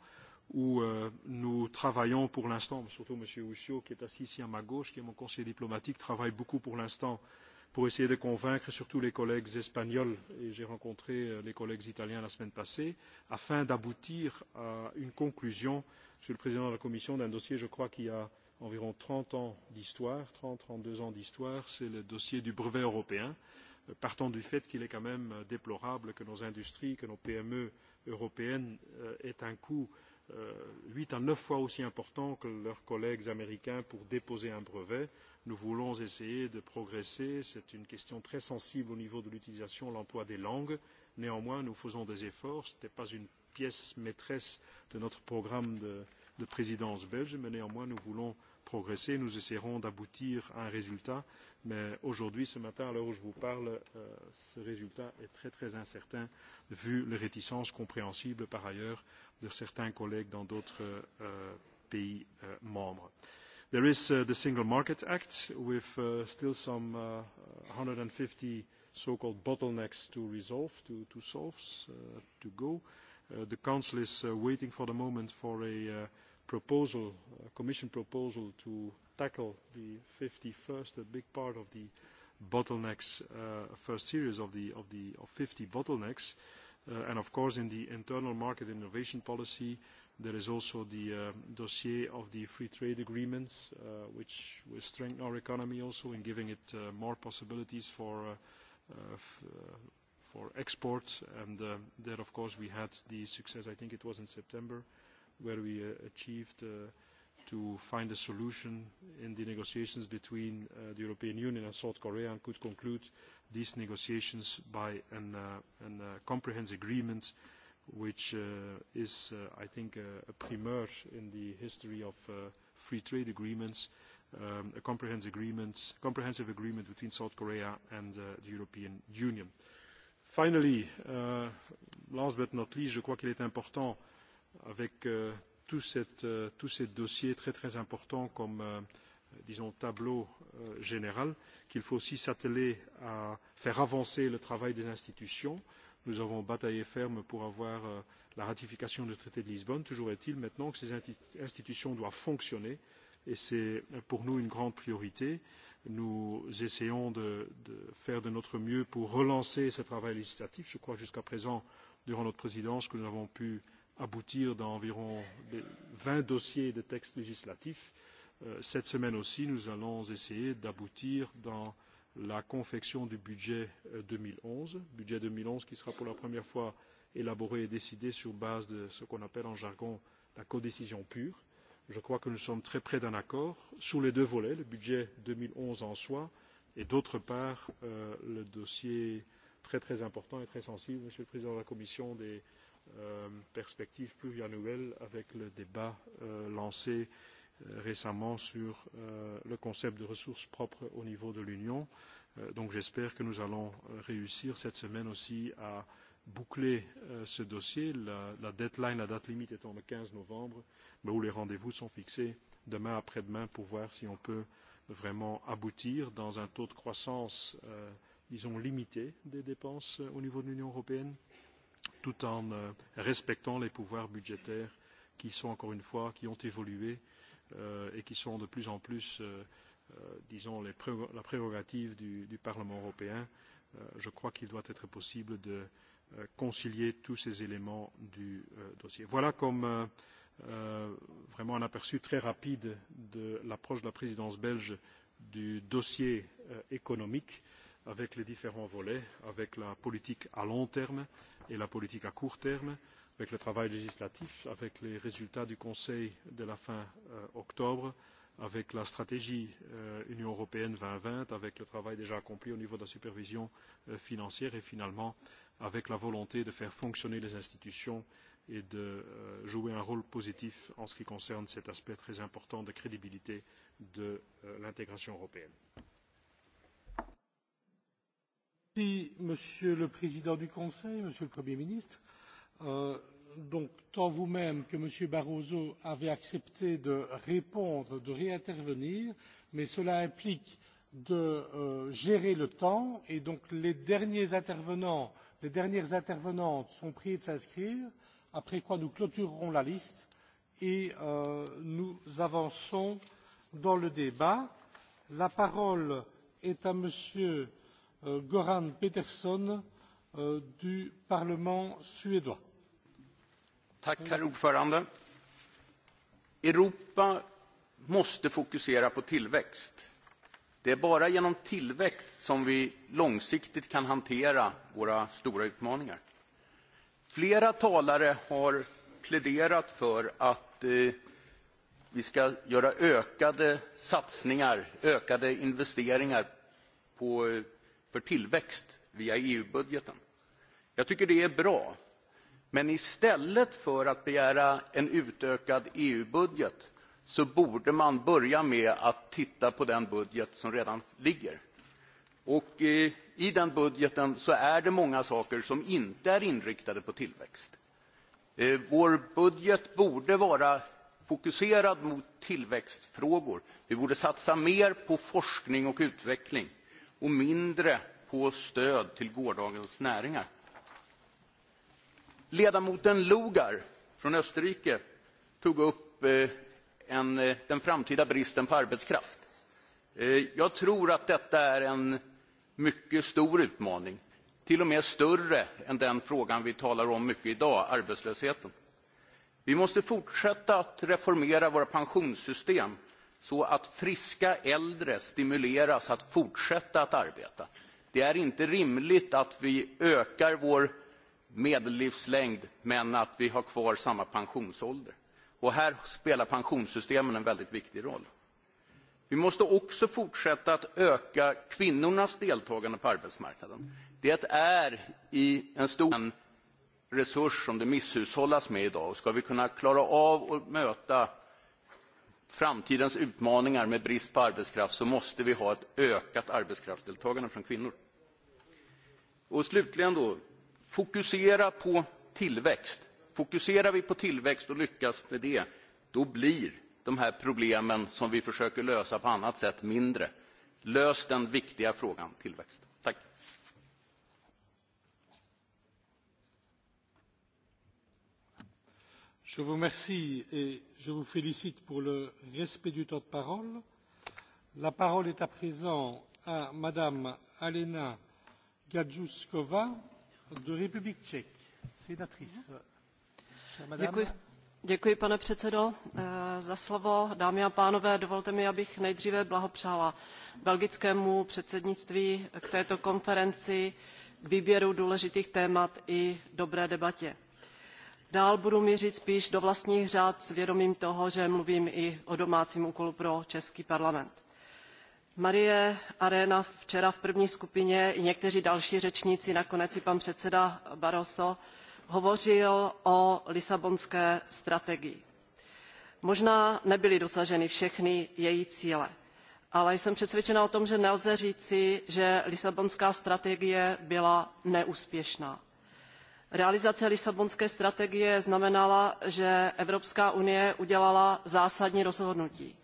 où euh, nous travaillons pour l'instant, surtout M. Oussio qui est assis ici à ma gauche, qui est mon conseiller diplomatique, travaille beaucoup pour l'instant euh, pour essayer de convaincre surtout les collègues espagnols, et j'ai rencontré euh, les collègues italiens la semaine passée, afin d'aboutir à une conclusion, Monsieur le Président de la Commission, d'un dossier, je crois, qui a environ 30 ans d'histoire, 30-32 ans d'histoire, c'est le dossier du brevet européen, euh, partant du fait qu'il est quand même euh, déplorable que nos industries, que nos PME européennes aient un coût euh, Euh, huit à neuf fois aussi important que leurs collègues américains pour déposer un brevet. Nous voulons essayer de progresser. C'est une question très sensible au niveau de l'utilisation et l'emploi des langues. Néanmoins, nous faisons des efforts. Ce n'était pas une pièce maîtresse de notre programme de, de présidence belge, mais néanmoins, nous voulons progresser. Nous essaierons d'aboutir à un résultat Mais aujourd'hui, ce matin, à l'heure où je vous parle, euh, ce résultat est très très incertain vu les réticences compréhensibles par ailleurs de certains collègues dans d'autres euh, pays euh, membres. There is uh, the Single Market Act with uh, still some uh, 150 so-called bottlenecks to resolve, to, to solve, uh, to go. Uh, the Council is uh, waiting for the moment for a uh, proposal, a Commission proposal to tackle the 51st, a big part of the bottlenecks, uh, first series of the, of the of 50 bottlenecks. Uh, and of course, in the internal market innovation policy, there is also the uh, dossier of the free trade agreements, uh, which will strengthen our economy also in giving it uh, more possibilities for, uh, uh, uh for export. And uh, there, of course, we had the success, I think it was in September, where we uh, achieved uh, to find a solution in the negotiations between uh, the European Union and South Korea and could conclude these negotiations by a uh, uh, comprehensive agreement which uh, is, uh, I think, uh, a primeur in the history of free trade agreements, um, a comprehensive agreement, comprehensive agreement between South Korea and the European Union. Finally, last but not least, je crois qu'il est important avec Tous cette, euh, tous ces dossiers très très importants comme euh, disons tableau euh, général qu'il faut aussi s'atteler à faire avancer le travail des institutions. Nous avons bataillé ferme pour avoir euh, la ratification du traité de Lisbonne. Toujours est-il maintenant que ces institutions doivent fonctionner et c'est pour nous une grande priorité. Nous essayons de, de faire de notre mieux pour relancer ce travail législatif. Je crois jusqu'à présent, durant notre présidence, que nous avons pu euh, aboutir dans environ 20 dossiers de textes législatifs. Euh, cette semaine aussi, nous allons essayer d'aboutir dans la confection du budget 2011, euh, budget 2011 qui sera pour la première fois élaboré et décidé sur base de ce qu'on appelle en jargon la codécision pure. Je crois que nous sommes très près d'un accord sur les deux volets, le budget 2011 en soi et d'autre part euh, le dossier très très important et très sensible, Monsieur le Président de la Commission, des, Euh, perspective pluriannuelle avec le débat euh, lancé euh, récemment sur euh, le concept de ressources propres au niveau de l'Union. Euh, donc j'espère que nous allons euh, réussir cette semaine aussi à boucler ce dossier. La, la, deadline, la date limite étant le quinze novembre, mais où les rendez-vous sont fixés demain après-demain pour voir si on peut vraiment aboutir dans un taux de croissance, disons, limité des dépenses au niveau de l'Union européenne tout en euh, respectant les pouvoirs budgétaires qui sont encore une fois, qui ont évolué euh, et qui sont de plus en plus, euh, euh, disons, les pré la prérogative du, du Parlement européen. Euh, je crois qu'il doit être possible de euh, concilier tous ces éléments du euh, dossier. Voilà comme euh, euh, vraiment un aperçu très rapide de l'approche de la présidence belge du dossier euh, économique avec les différents volets, avec la politique à long terme et la politique à court terme, avec le travail législatif, avec les résultats du Conseil de la fin euh, octobre, avec la stratégie euh, Union européenne 2020, avec le travail déjà accompli au niveau de la supervision euh, financière et finalement avec la volonté de faire fonctionner les institutions et de euh, jouer un rôle positif en ce qui concerne cet aspect très important de crédibilité de euh, l'intégration européenne. Merci, Monsieur le Président du Conseil, Monsieur le Premier ministre. Euh, donc, tant vous-même que Monsieur Barroso avez accepté de répondre, de réintervenir, mais cela implique de euh, gérer le temps et donc les derniers intervenants, les dernières intervenantes sont priées de s'inscrire, après quoi nous clôturerons la liste et euh, nous avançons dans le débat. La parole est à Monsieur Euh, Goran Peterson euh, du Parlement suédois. Tack, herr ordförande. Europa måste fokusera på tillväxt. Det är bara genom tillväxt som vi långsiktigt kan hantera våra stora utmaningar. Flera talare har pläderat för att eh, vi ska göra ökade satsningar, ökade investeringar på eh, för tillväxt via EU-budgeten. Jag tycker det är bra. Men istället för att begära en utökad EU-budget så borde man börja med att titta på den budget som redan ligger. Och eh, i den budgeten så är det många saker som inte är inriktade på tillväxt. Eh, vår budget borde vara fokuserad mot tillväxtfrågor. Vi borde satsa mer på forskning och utveckling och mindre på stöd till gårdagens näringar. Ledamoten Logar från Österrike tog upp eh, en, eh, den framtida bristen på arbetskraft. Eh, jag tror att detta är en mycket stor utmaning, till och med större än den frågan vi talar om mycket idag, arbetslösheten. Vi måste fortsätta att reformera våra pensionssystem så att friska äldre stimuleras att fortsätta att arbeta. Det är inte rimligt att vi ökar vår medellivslängd men att vi har kvar samma pensionsålder. Och här spelar pensionssystemen en väldigt viktig roll. Vi måste också fortsätta att öka kvinnornas deltagande på arbetsmarknaden. Det är i en stor resurs som det misshushållas med idag. Ska vi kunna klara av att möta framtidens utmaningar med brist på arbetskraft så måste vi ha ett ökat arbetskraftsdeltagande från kvinnor. Och slutligen då, fokusera på tillväxt. Fokuserar vi på tillväxt och lyckas med det, då blir de här problemen som vi försöker lösa på annat sätt mindre. Lös den viktiga frågan tillväxt. Je vous remercie et je vous félicite pour le respect du temps de parole. La parole est à présent à Madame Alena Gadjuskova de République tchèque, sénatrice. Mhm. Děkuji, děkuji, pane předsedo, eh, za slovo. Dámy a pánové, dovolte mi, abych nejdříve blahopřála belgickému předsednictví k této konferenci, k výběru důležitých témat i dobré debatě. Dál budu měřit spíš do vlastních řád s vědomím toho, že mluvím i o domácím úkolu pro Český parlament. Marie Arena včera v první skupině i někteří další řečníci, nakonec i pan předseda Barroso, hovořil o Lisabonské strategii. Možná nebyly dosaženy všechny její cíle, ale jsem přesvědčena o tom, že nelze říci, že Lisabonská strategie byla neúspěšná. Realizace Lisabonské strategie znamenala, že Evropská unie udělala zásadní rozhodnutí.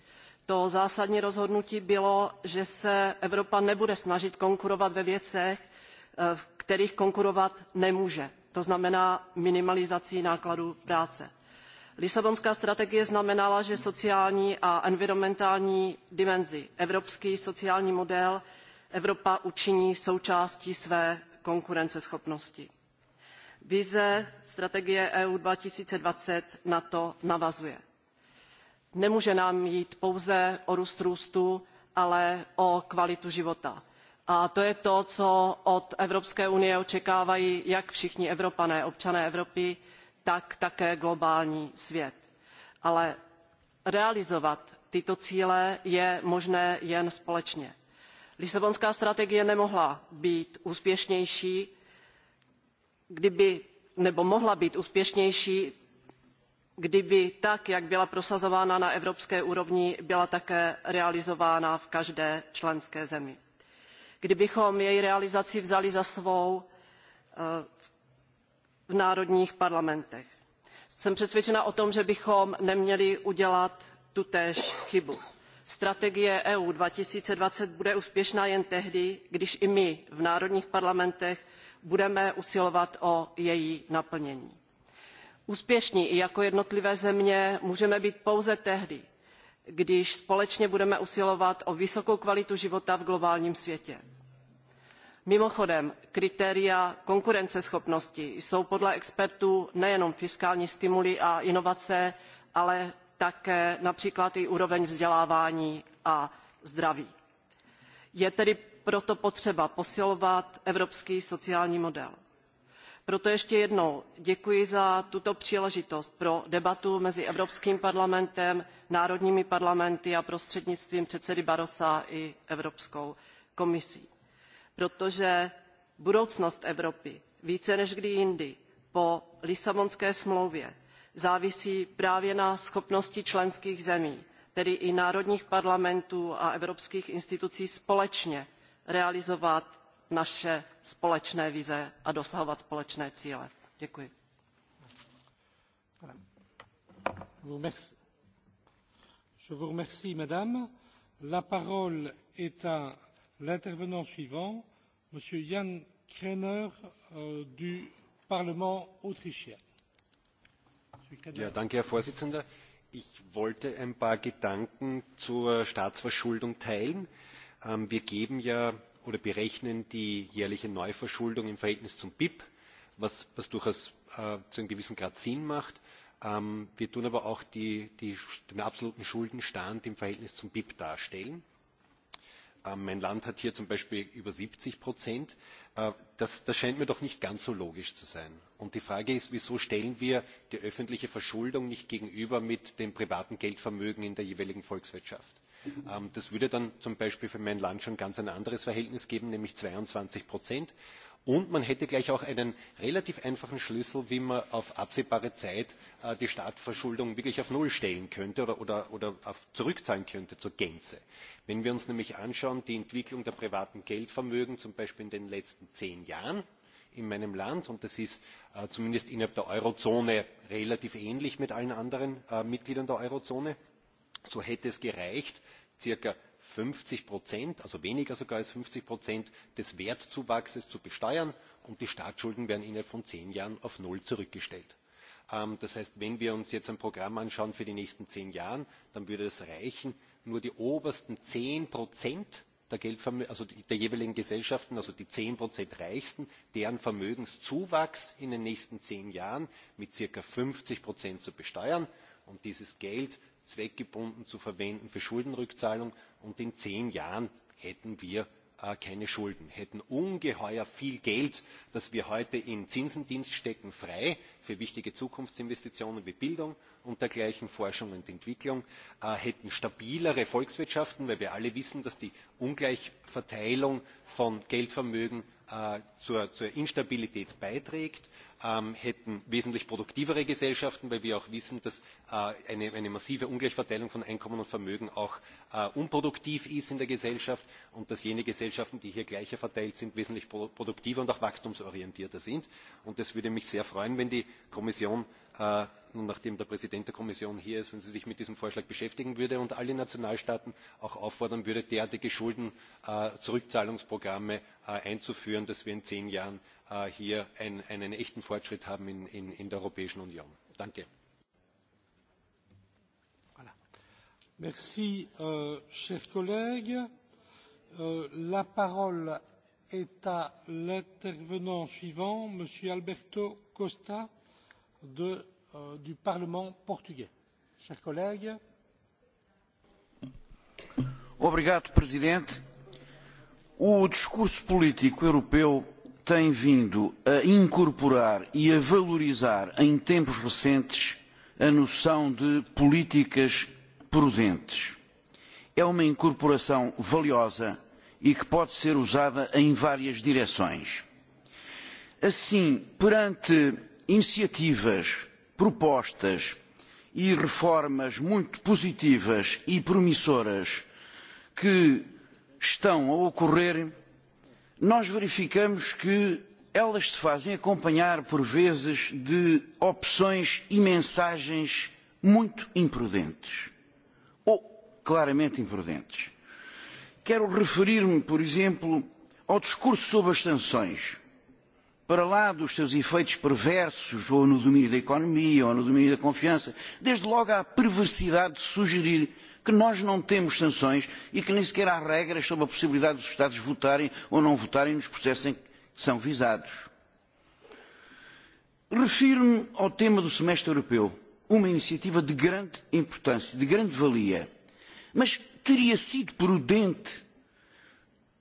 To zásadní rozhodnutí bylo, že se Evropa nebude snažit konkurovat ve věcech, eh, v kterých konkurovat nemůže. To znamená minimalizací nákladů práce. Lisabonská strategie znamenala, že sociální a environmentální dimenzi, evropský sociální model Evropa učiní součástí své konkurenceschopnosti. Vize strategie EU 2020 na to navazuje. Nemůže nám jít pouze o růst růstu, ale o kvalitu života. A to je to, co od Evropské unie očekávají jak všichni Evropané, občané Evropy, tak také globální svět. Ale realizovat tyto cíle je možné jen společně. Lisabonská strategie nemohla být úspěšnější, kdyby, nebo mohla být úspěšnější, kdyby tak, jak byla prosazována na evropské úrovni, byla také realizována v každé členské zemi. Kdybychom její realizaci vzali za svou eh, v národních parlamentech. Jsem přesvědčena o tom, že bychom neměli udělat tutéž chybu. Strategie EU 2020 bude úspěšná jen tehdy, když i my v národních parlamentech budeme usilovat o její naplnění. Úspěšní i jako jednotlivé země můžeme být pouze tehdy, když společně budeme usilovat o vysokou kvalitu života v globálním světě. Mimochodem, kritéria konkurenceschopnosti jsou podle expertů nejenom fiskální stimuly a inovace, ale také například i úroveň vzdělávání a zdraví. Je tedy proto potřeba posilovat evropský sociální model. Proto ještě jednou děkuji za tuto příležitost pro debatu mezi Evropským parlamentem, národními parlamenty a prostřednictvím předsedy Barosa i Evropskou komisí. Protože budoucnost Evropy více než kdy jindy po Lisabonské smlouvě závisí právě na schopnosti členských zemí, tedy i národních parlamentů a evropských institucí společně realizovat naše společné vize a dosahovat společné cíle. Děkuji. Je vous remercie, madame. La parole est à l'intervenant suivant, monsieur Jan euh, du Parlement autrichien. Ja, danke, Herr Vorsitzender. Ich wollte ein paar Gedanken zur Staatsverschuldung teilen. Äh, Ähm, wir geben ja oder berechnen die jährliche Neuverschuldung im Verhältnis zum BIP, was, was durchaus äh, zu einem gewissen Grad Sinn macht. Ähm, wir tun aber auch die, die, den absoluten Schuldenstand im Verhältnis zum BIP darstellen. Ähm, mein Land hat hier zum Beispiel über 70 Prozent. Äh, das, das scheint mir doch nicht ganz so logisch zu sein. Und die Frage ist, wieso stellen wir die öffentliche Verschuldung nicht gegenüber mit dem privaten Geldvermögen in der jeweiligen Volkswirtschaft? Ähm, das würde dann zum Beispiel für mein Land schon ganz ein anderes Verhältnis geben, nämlich 22 Prozent. Und man hätte gleich auch einen relativ einfachen Schlüssel, wie man auf absehbare Zeit äh, die Staatsverschuldung wirklich auf Null stellen könnte oder, oder, oder auf zurückzahlen könnte zur Gänze. Wenn wir uns nämlich anschauen, die Entwicklung der privaten Geldvermögen zum Beispiel in den letzten zehn Jahren in meinem Land, und das ist äh, zumindest innerhalb der Eurozone relativ ähnlich mit allen anderen äh, Mitgliedern der Eurozone, so hätte es gereicht, circa 50 Prozent, also weniger sogar als 50 Prozent des Wertzuwachses zu besteuern und die Staatsschulden werden innerhalb von zehn Jahren auf Null zurückgestellt. Ähm, das heißt, wenn wir uns jetzt ein Programm anschauen für die nächsten zehn Jahre, dann würde es reichen, nur die obersten zehn Prozent der, also der jeweiligen Gesellschaften, also die zehn Prozent Reichsten, deren Vermögenszuwachs in den nächsten zehn Jahren mit circa 50 Prozent zu besteuern. Und dieses Geld zweckgebunden zu verwenden für Schuldenrückzahlung. Und in zehn Jahren hätten wir äh, keine Schulden, hätten ungeheuer viel Geld, das wir heute in Zinsendienst stecken, frei für wichtige Zukunftsinvestitionen wie Bildung und dergleichen, Forschung und Entwicklung, äh, hätten stabilere Volkswirtschaften, weil wir alle wissen, dass die Ungleichverteilung von Geldvermögen äh, zur, zur Instabilität beiträgt, ähm, hätten wesentlich produktivere Gesellschaften, weil wir auch wissen, dass äh, eine, eine massive Ungleichverteilung von Einkommen und Vermögen auch äh, unproduktiv ist in der Gesellschaft und dass jene Gesellschaften, die hier gleicher verteilt sind, wesentlich produktiver und auch wachstumsorientierter sind. Und das würde mich sehr freuen, wenn die Kommission Äh, nun nachdem der Präsident der Kommission hier ist, wenn sie sich mit diesem Vorschlag beschäftigen würde und alle Nationalstaaten auch auffordern würde, derartige Schulden, äh, Zurückzahlungsprogramme äh, einzuführen, dass wir in zehn Jahren äh, hier ein, einen echten Fortschritt haben in, in, in der Europäischen Union. Danke. Voilà. Merci, euh, chers collègues. Euh, la parole est à l'intervenant suivant, Monsieur Alberto Costa de, euh, du Parlement portugais. Chers collègues. Obrigado, Presidente. O discurso político europeu tem vindo a incorporar e a valorizar em tempos recentes a noção de políticas prudentes. É uma incorporação valiosa e que pode ser usada em várias direções. Assim, perante iniciativas, propostas e reformas muito positivas e promissoras que estão a ocorrer, nós verificamos que elas se fazem acompanhar por vezes de opções e mensagens muito imprudentes ou claramente imprudentes. Quero referir-me, por exemplo, ao discurso sobre as sanções para lá dos seus efeitos perversos, ou no domínio da economia, ou no domínio da confiança, desde logo há a perversidade de sugerir que nós não temos sanções e que nem sequer há regras sobre a possibilidade dos Estados votarem ou não votarem nos processos em que são visados. Refiro-me ao tema do semestre europeu, uma iniciativa de grande importância, de grande valia, mas teria sido prudente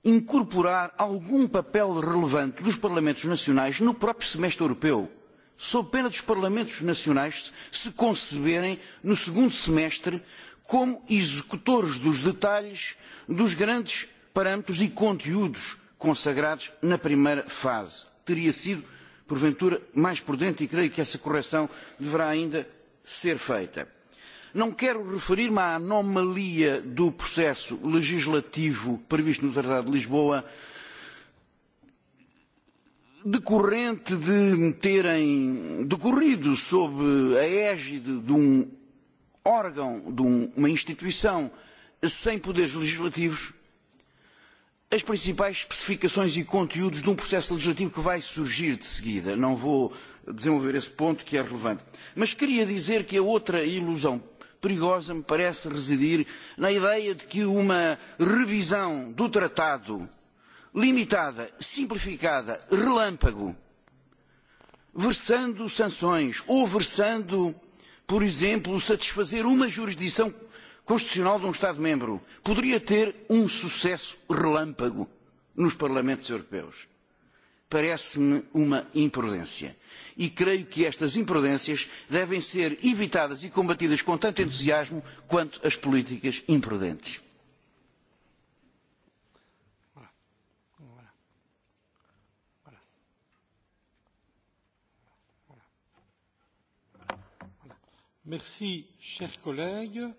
incorporar algum papel relevante dos Parlamentos Nacionais no próprio semestre europeu, sob pena dos Parlamentos Nacionais se conceberem no segundo semestre como executores dos detalhes dos grandes parâmetros e conteúdos consagrados na primeira fase. Teria sido, porventura, mais prudente e creio que essa correção deverá ainda ser feita. Não quero referir-me à anomalia do processo legislativo previsto no Tratado de Lisboa, decorrente de terem decorrido sob a égide de um órgão, de um, uma instituição sem poderes legislativos, as principais especificações e conteúdos de um processo legislativo que vai surgir de seguida. Não vou desenvolver esse ponto que é relevante. Mas queria dizer que a outra ilusão perigosa me parece residir na ideia de que uma revisão do tratado limitada, simplificada, relâmpago, versando sanções ou versando, por exemplo, satisfazer uma jurisdição constitucional de um Estado-membro, poderia ter um sucesso relâmpago nos parlamentos europeus parece-me uma imprudência. E creio que estas imprudências devem ser evitadas e combatidas com tanto entusiasmo quanto as políticas imprudentes. Merci, chers collègues.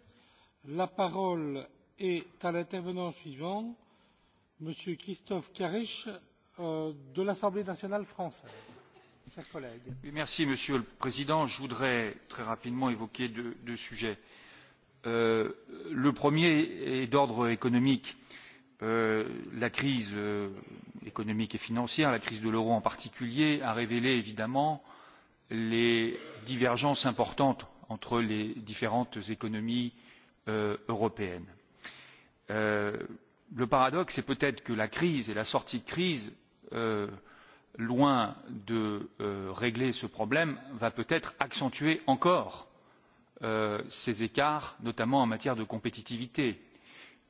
La parole est à l'intervenant suivant, Monsieur Christophe Cariche Euh, de l'Assemblée nationale française. chers collègues. Merci, Monsieur le Président. Je voudrais très rapidement évoquer deux, deux sujets. Euh, le premier est d'ordre économique. Euh, la crise euh, économique et financière, la crise de l'euro en particulier, a révélé évidemment les divergences importantes entre les différentes économies euh, européennes. Euh, le paradoxe, c'est peut-être que la crise et la sortie de crise Euh, loin de euh, régler ce problème, va peut-être accentuer encore euh, ces écarts, notamment en matière de compétitivité.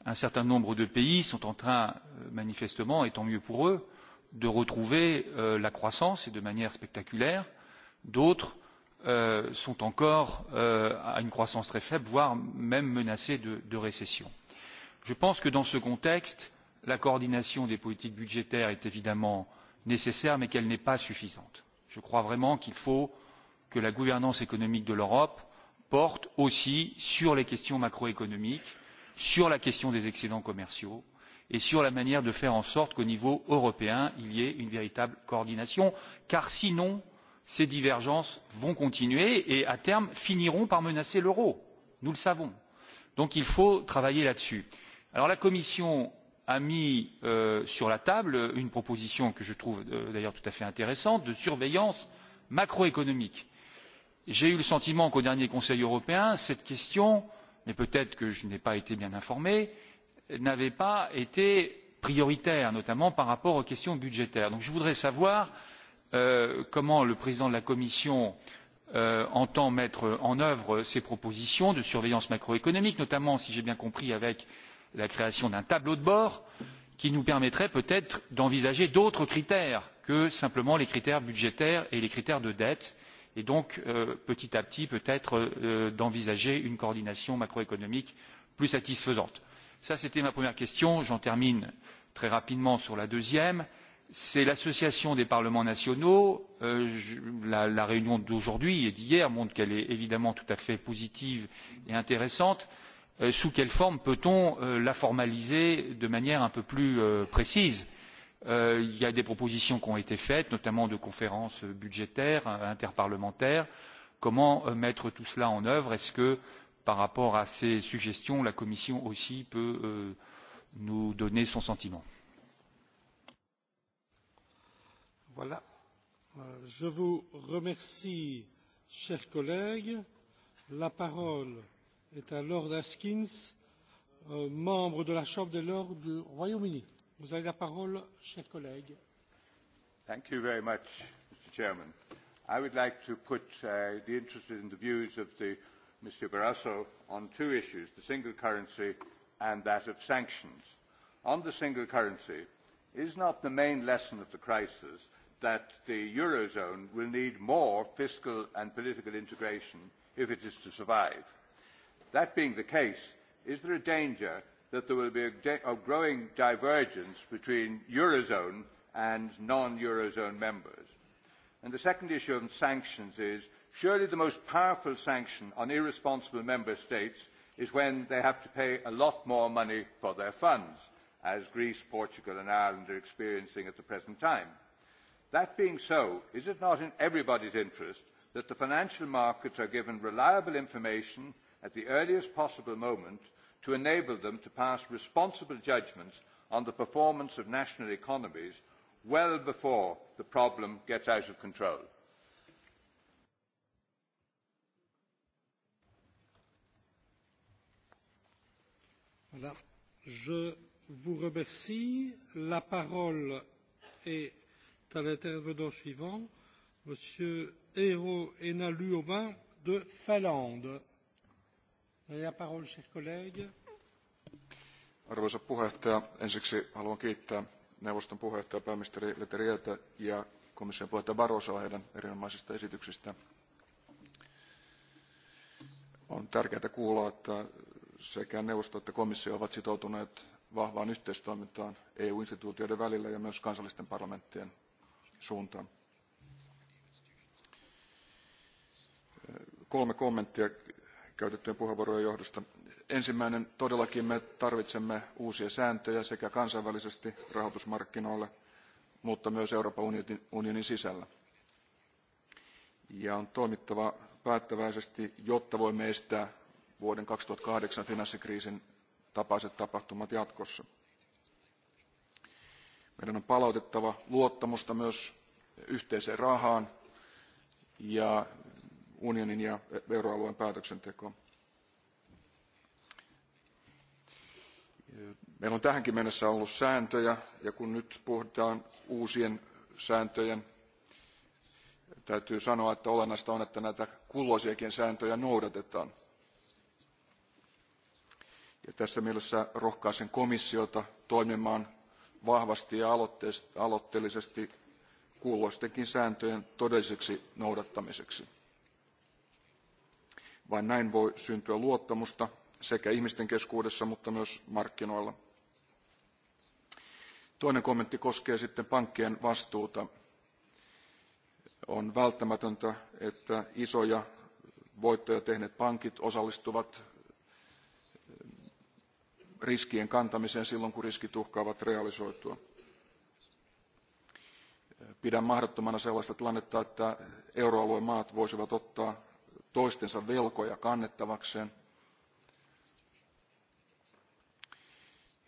Un certain nombre de pays sont en train, manifestement, et tant mieux pour eux, de retrouver la croissance et de manière spectaculaire. D'autres sont encore à une croissance très faible, voire même menacés de récession. Je pense que dans ce contexte, la coordination des politiques budgétaires est évidemment nécessaire, mais qu'elle n'est pas suffisante. Je crois vraiment qu'il faut que la gouvernance économique de l'Europe porte aussi sur les questions macroéconomiques, sur la question des excédents commerciaux et sur la manière de faire en sorte qu'au niveau européen, il y ait une véritable coordination, car sinon, ces divergences vont continuer et, à terme, finiront par menacer l'euro. Nous le savons. Donc, il faut travailler là-dessus. Alors, la Commission a mis euh, sur la table une proposition que je trouve euh, d'ailleurs tout à fait intéressante de surveillance macroéconomique. J'ai eu le sentiment qu'au dernier Conseil européen, cette question, mais peut-être que je n'ai pas été bien informé, n'avait pas été prioritaire, notamment par rapport aux questions budgétaires. Donc je voudrais savoir euh, comment le président de la Commission euh, entend mettre en œuvre ces propositions de surveillance macroéconomique, notamment, si j'ai bien compris, avec euh, la création d'un tableau de bord qui nous permettrait peut-être d'envisager d'autres critères que simplement les critères budgétaires et les critères de dette et donc euh, petit à petit peut-être euh, d'envisager une coordination macroéconomique plus satisfaisante. Ça, c'était ma première question. J'en termine très rapidement sur la deuxième. C'est l'association des parlements nationaux. Euh, je, la, la réunion d'aujourd'hui et d'hier montre qu'elle est évidemment tout à fait positive et intéressante. Euh, Euh, sous quelle forme peut-on euh, la formaliser de manière un peu plus euh, précise Il y a des propositions qui ont été faites, notamment de conférences budgétaires, interparlementaires. Comment mettre tout cela en œuvre Est-ce que, par rapport à ces suggestions, la Commission aussi peut nous donner son sentiment Voilà. Je vous remercie, chers collègues. La parole est à Lord Haskins, euh, membre de la Chambre de l'ordre du Royaume-Uni. Vous avez la parole, cher collègue. Thank you very much, Mr. Chairman. I would like to put uh, the interest in the views of the, Mr. Barroso on two issues, the single currency and that of sanctions. On the single currency, is not the main lesson of the crisis that the Eurozone will need more fiscal and political integration if it is to survive? That being the case, is there a danger that there will be a, a growing divergence between Eurozone and non-Eurozone members? And the second issue on sanctions is, surely the most powerful sanction on irresponsible member states is when they have to pay a lot more money for their funds, as Greece, Portugal and Ireland are experiencing at the present time. That being so, is it not in everybody's interest that the financial markets are given reliable information at the earliest possible moment to enable them to pass responsible judgments on the performance of national economies well before the problem gets out of control. Voilà. Je vous remercie. La parole est à l'intervenant suivant, Monsieur Eero Enaluoma de Finlande. Arvoisa puheenjohtaja, ensiksi haluan kiittää neuvoston puheenjohtaja pääministeri Leterieltä ja komission puheenjohtaja Barrosoa heidän erinomaisista esityksistä. On tärkeää kuulla, että sekä neuvosto että komissio ovat sitoutuneet vahvaan yhteistoimintaan EU-instituutioiden välillä ja myös kansallisten parlamenttien suuntaan. Kolme kommenttia käytettyjen puheenvuorojen johdosta. Ensimmäinen, todellakin me tarvitsemme uusia sääntöjä sekä kansainvälisesti rahoitusmarkkinoille, mutta myös Euroopan unionin sisällä. Ja on toimittava päättäväisesti, jotta voimme estää vuoden 2008 finanssikriisin tapaiset tapahtumat jatkossa. Meidän on palautettava luottamusta myös yhteiseen rahaan ja unionin ja euroalueen päätöksentekoon. Meillä on tähänkin mennessä ollut sääntöjä, ja kun nyt puhutaan uusien sääntöjen, täytyy sanoa, että olennaista on, että näitä kulloisiakin sääntöjä noudatetaan. Ja tässä mielessä rohkaisen komissiota toimimaan vahvasti ja aloitteellisesti kulloistenkin sääntöjen todelliseksi noudattamiseksi. Vain näin voi syntyä luottamusta sekä ihmisten keskuudessa, mutta myös markkinoilla. Toinen kommentti koskee sitten pankkien vastuuta. On välttämätöntä, että isoja voittoja tehneet pankit osallistuvat riskien kantamiseen silloin, kun riskit uhkaavat realisoitua. Pidän mahdottomana sellaista tilannetta, että euroalueen maat voisivat ottaa toistensa velkoja kannettavakseen.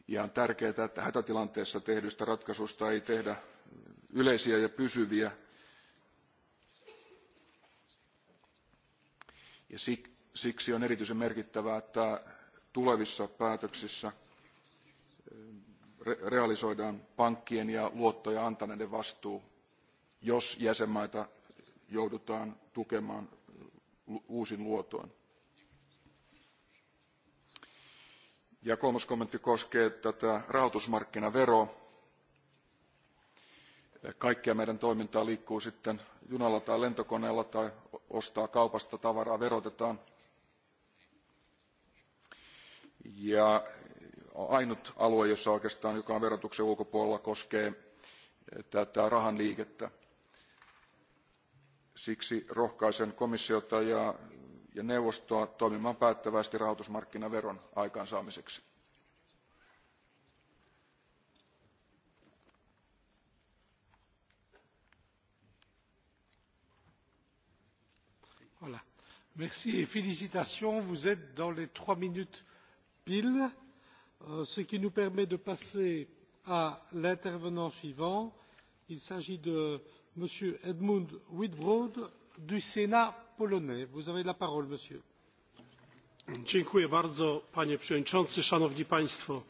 Ja on tärkeää, että hätätilanteessa tehdystä ratkaisusta ei tehdä yleisiä ja pysyviä. Ja siksi on erityisen merkittävää, että tulevissa päätöksissä eh, realisoidaan pankkien ja luottoja antaneiden vastuu, jos jäsenmaita joudutaan tukemaan uusinluotoon. Ja kolmas kommentti koskee tätä rahoitusmarkkinaveroa. Kaikkia meidän toimintaa liikkuu sitten junalla tai lentokoneella tai ostaa kaupasta tavaraa verotetaan. Ja ainut alue, jossa oikeastaan joka on verotuksen ulkopuolella koskee tätä rahan liikettä. Siksi rohkaisen komissiota ja, ja neuvostoa toimimaan päättävästi rahoitusmarkkinaveron aikaansaamiseksi. Voilà. Merci et félicitations. Vous êtes dans les trois minutes pile, euh, ce qui nous permet de passer à l'intervenant suivant. Il s'agit de Monsieur Edmund du Sénat polonais. Vous avez la parole, monsieur. Dziękuję bardzo, panie przewodniczący, szanowni państwo.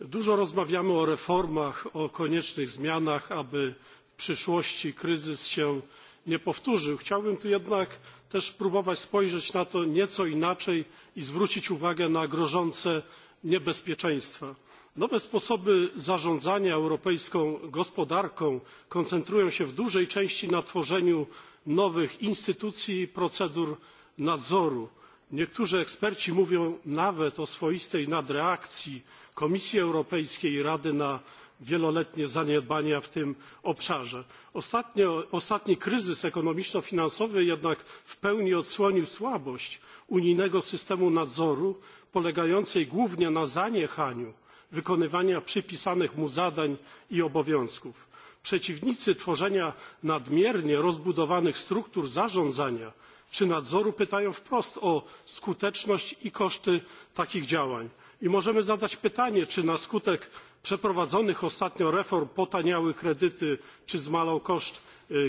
Dużo rozmawiamy o reformach, o koniecznych zmianach, aby w przyszłości kryzys się nie powtórzył. Chciałbym tu jednak też próbować spojrzeć na to nieco inaczej i zwrócić uwagę na grożące niebezpieczeństwa. Nowe sposoby zarządzania europejską gospodarką koncentrują się w dużej części na tworzeniu nowych instytucji i procedur nadzoru. Niektórzy eksperci mówią nawet o swoistej nadreakcji Komisji Europejskiej i Rady na wieloletnie zaniedbania w tym obszarze. Ostatnio, ostatni kryzys ekonomiczno-finansowy jednak w pełni odsłonił słabość unijnego systemu nadzoru polegającej głównie na zaniechaniu wykonywania przypisanych mu zadań i obowiązków. Przeciwnicy tworzenia nadmiernie rozbudowanych struktur zarządzania czy nadzoru pytają wprost o skuteczność i koszty takich działań. I możemy zadać pytanie, czy na skutek przeprowadzonych ostatnio reform potaniały kredyty, czy zmalał koszt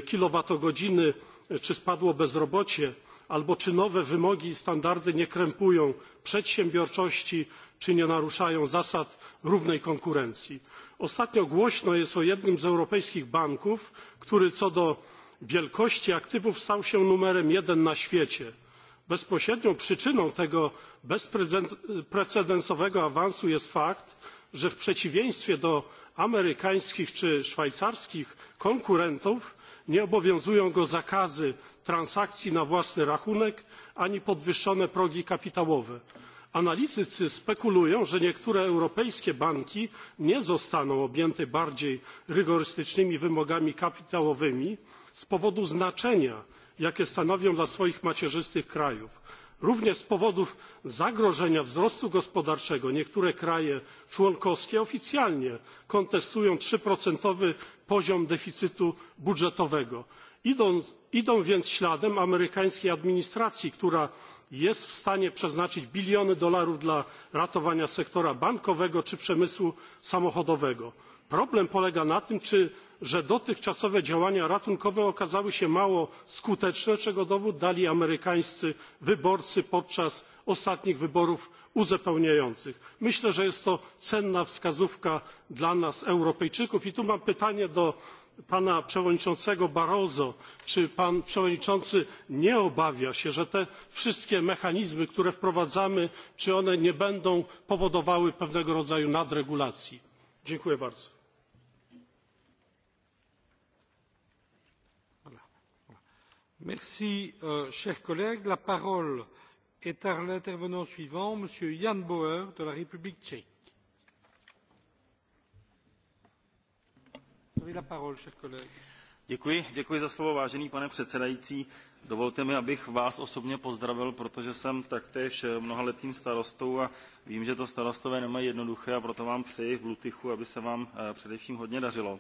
kilowatogodziny E, czy spadło bezrobocie, albo czy nowe wymogi i standardy nie krępują przedsiębiorczości, czy nie naruszają zasad równej konkurencji. Ostatnio głośno jest o jednym z europejskich banków, który co do wielkości aktywów stał się numerem jeden na świecie. Bezpośrednią przyczyną tego bezprecedensowego awansu jest fakt, że w przeciwieństwie do amerykańskich czy szwajcarskich konkurentów Nie obowiązują go zakazy transakcji na własny rachunek ani podwyższone progi kapitałowe. Analitycy spekulują, że niektóre europejskie banki nie zostaną objęte bardziej rygorystycznymi wymogami kapitałowymi z powodu znaczenia, jakie stanowią dla swoich macierzystych krajów Również z powodów zagrożenia wzrostu gospodarczego niektóre kraje członkowskie oficjalnie kontestują trzyprocentowy poziom deficytu budżetowego. Idą, idą więc śladem amerykańskiej administracji, która jest w stanie przeznaczyć biliony dolarów dla ratowania sektora bankowego czy przemysłu samochodowego. Problem polega na tym, czy że dotychczasowe działania ratunkowe okazały się mało skuteczne czego dowód dali amerykańscy wyborcy podczas ostatnich wyborów uzupełniających. myślę że jest to cenna wskazówka dla nas europejczyków i tu mam pytanie do pana przewodniczącego barroso czy pan przewodniczący nie obawia się że te wszystkie mechanizmy które wprowadzamy czy one nie będą powodowały pewnego rodzaju nadregulacji? dziękuję bardzo. Merci, euh, chers collègues. La parole est à l'intervenant suivant, Jan Bauer de la République tchèque. Vous avez la parole, chers collègues. Děkuji, děkuji za slovo, vážený pane předsedající. Dovolte mi, abych vás osobně pozdravil, protože jsem taktéž mnohaletým starostou a vím, že to starostové nemají jednoduché a proto vám přeji v Lutychu, aby se vám eh, především hodně dařilo.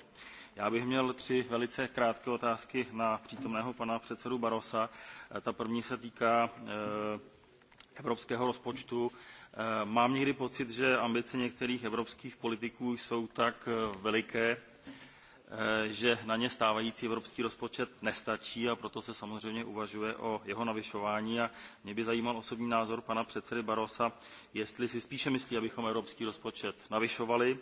Já bych měl tři velice krátké otázky na přítomného pana předsedu Barosa. Eh, ta první se týká eh, evropského rozpočtu. Eh, mám někdy pocit, že ambice některých evropských politiků jsou tak veliké, že na ně stávající evropský rozpočet nestačí a proto se samozřejmě uvažuje o jeho navyšování a mě by zajímal osobní názor pana předsedy Barosa, jestli si spíše myslí, abychom evropský rozpočet navyšovali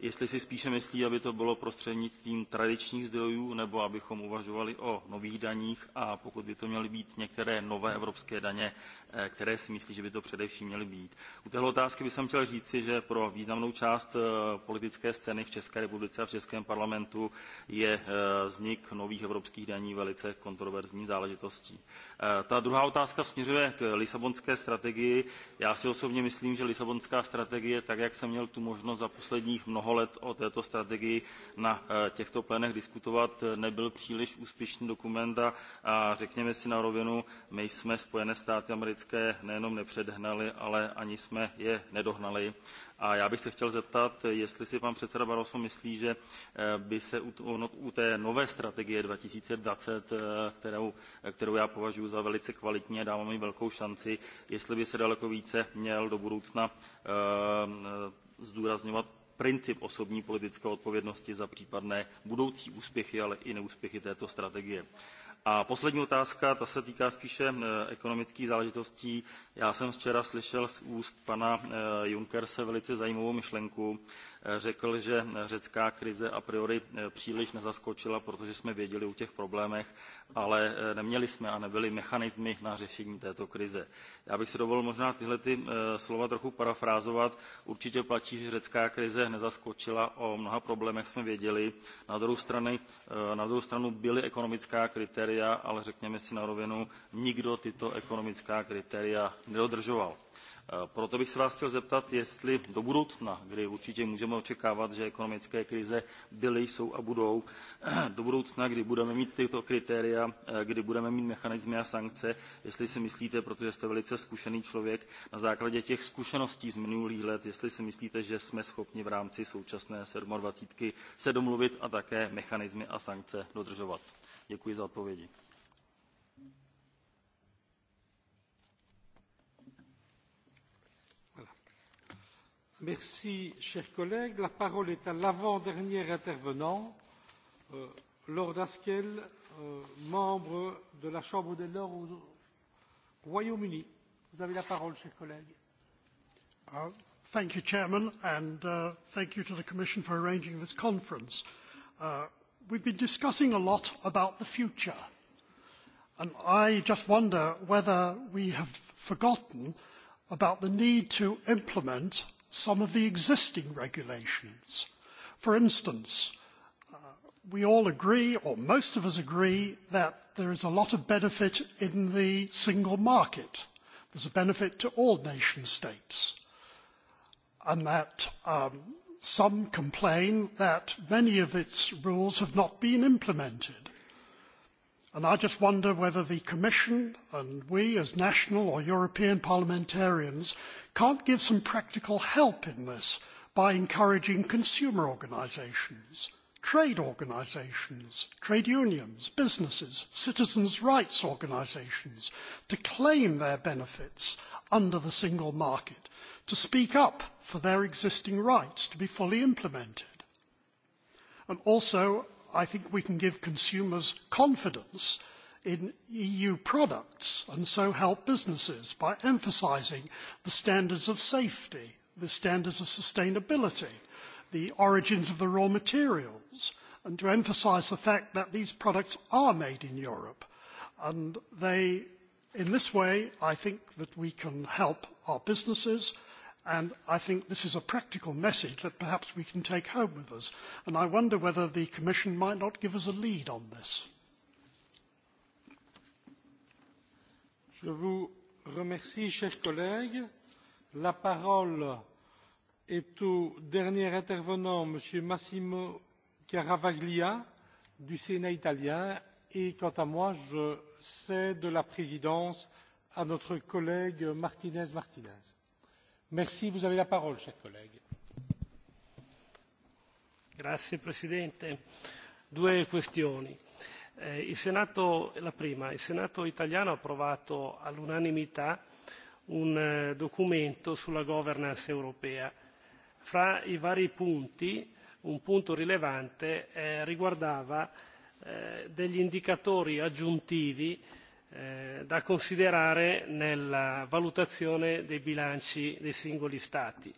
jestli si spíše myslí, aby to bylo prostřednictvím tradičních zdrojů, nebo abychom uvažovali o nových daních a pokud by to měly být některé nové evropské daně, eh, které si myslí, že by to především měly být. U téhle otázky bych chtěl říci, že pro významnou část eh, politické scény v České republice a v Českém parlamentu je eh, vznik nových evropských daní velice kontroverzní záležitostí. Ta druhá otázka směřuje k Lisabonské strategii. Já si osobně myslím, že Lisabonská strategie, tak jak jsem měl tu možnost za posledních mnoho mnoho let o této strategii na eh, těchto plénech diskutovat. Eh, nebyl příliš úspěšný dokument a, řekněme si na rovinu, my jsme Spojené státy americké nejenom nepředhnali, ale ani jsme je nedohnali. A já bych se chtěl zeptat, jestli si pan předseda Barroso myslí, že eh, by se u té nové strategie 2020, kterou, kterou já považuji za velice kvalitní a dávám jí velkou šanci, jestli by se daleko více měl do budoucna zdůrazňovat princip osobní politické odpovědnosti za případné budoucí úspěchy, ale i neúspěchy této strategie. A poslední otázka, ta se týká spíše eh, ekonomických záležitostí. Já jsem včera slyšel z úst pana eh, Junkerse velice zajímavou myšlenku. Eh, řekl, že řecká krize a priori příliš nezaskočila, protože jsme věděli o těch problémech ale e, neměli jsme a nebyly mechanizmy na řešení této krize. Já bych si dovolil možná tyhle ty e, slova trochu parafrázovat. Určitě platí, že řecká krize nezaskočila, o mnoha problémech jsme věděli. Na druhou, strany, e, na druhou stranu byly ekonomická kritéria, ale řekněme si na rovinu, nikdo tyto ekonomická kritéria nedodržoval. Eh, proto bych se vás chtěl zeptat, jestli do budoucna, kdy určitě můžeme očekávat, že ekonomické krize byly, jsou a budou, <clears throat> do budoucna, kdy budeme mít tyto kritéria, eh, kdy budeme mít mechanizmy a sankce, jestli si myslíte, protože jste velice zkušený člověk, na základě těch zkušeností z minulých let, jestli si myslíte, že jsme schopni v rámci současné 27 se domluvit a také mechanizmy a sankce dodržovat. Děkuji za odpovědi. Merci, chers collègues. La parole est à l'avant-dernier intervenant, euh, Lord Askell, euh, membre de la Chambre des Lords au Royaume-Uni. Vous avez la parole, chers collègues. Uh, thank you, Chairman, and uh, thank you to the Commission for arranging this conference. Uh, we've been discussing a lot about the future, and I just wonder whether we have forgotten about the need to implement some of the existing regulations. For instance, uh, we all agree, or most of us agree, that there is a lot of benefit in the single market. There's a benefit to all nation states. And that um, some complain that many of its rules have not been implemented. And I just wonder whether the Commission and we as national or European parliamentarians can't give some practical help in this by encouraging consumer organisations, trade organisations, trade unions, businesses, citizens' rights organisations to claim their benefits under the single market, to speak up for their existing rights to be fully implemented. And also, I think we can give consumers confidence in EU products and so help businesses by emphasising the standards of safety, the standards of sustainability, the origins of the raw materials, and to emphasise the fact that these products are made in Europe. And they, in this way, I think that we can help our businesses And I think this is a practical message that perhaps we can take home with us. And I wonder whether the Commission might not give us a lead on this. Je vous remercie, chers collègues. La parole est au dernier intervenant, Monsieur Massimo Caravaglia, du Sénat italien. Et quant à moi, je cède la présidence à notre collègue Martinez Martinez. Grazie Presidente. Due questioni. Eh, il Senato, la prima, il Senato italiano ha approvato all'unanimità un eh, documento sulla governance europea. Fra i vari punti, un punto rilevante eh, riguardava eh, degli indicatori aggiuntivi Eh, da considerare nella valutazione dei bilanci dei singoli Stati,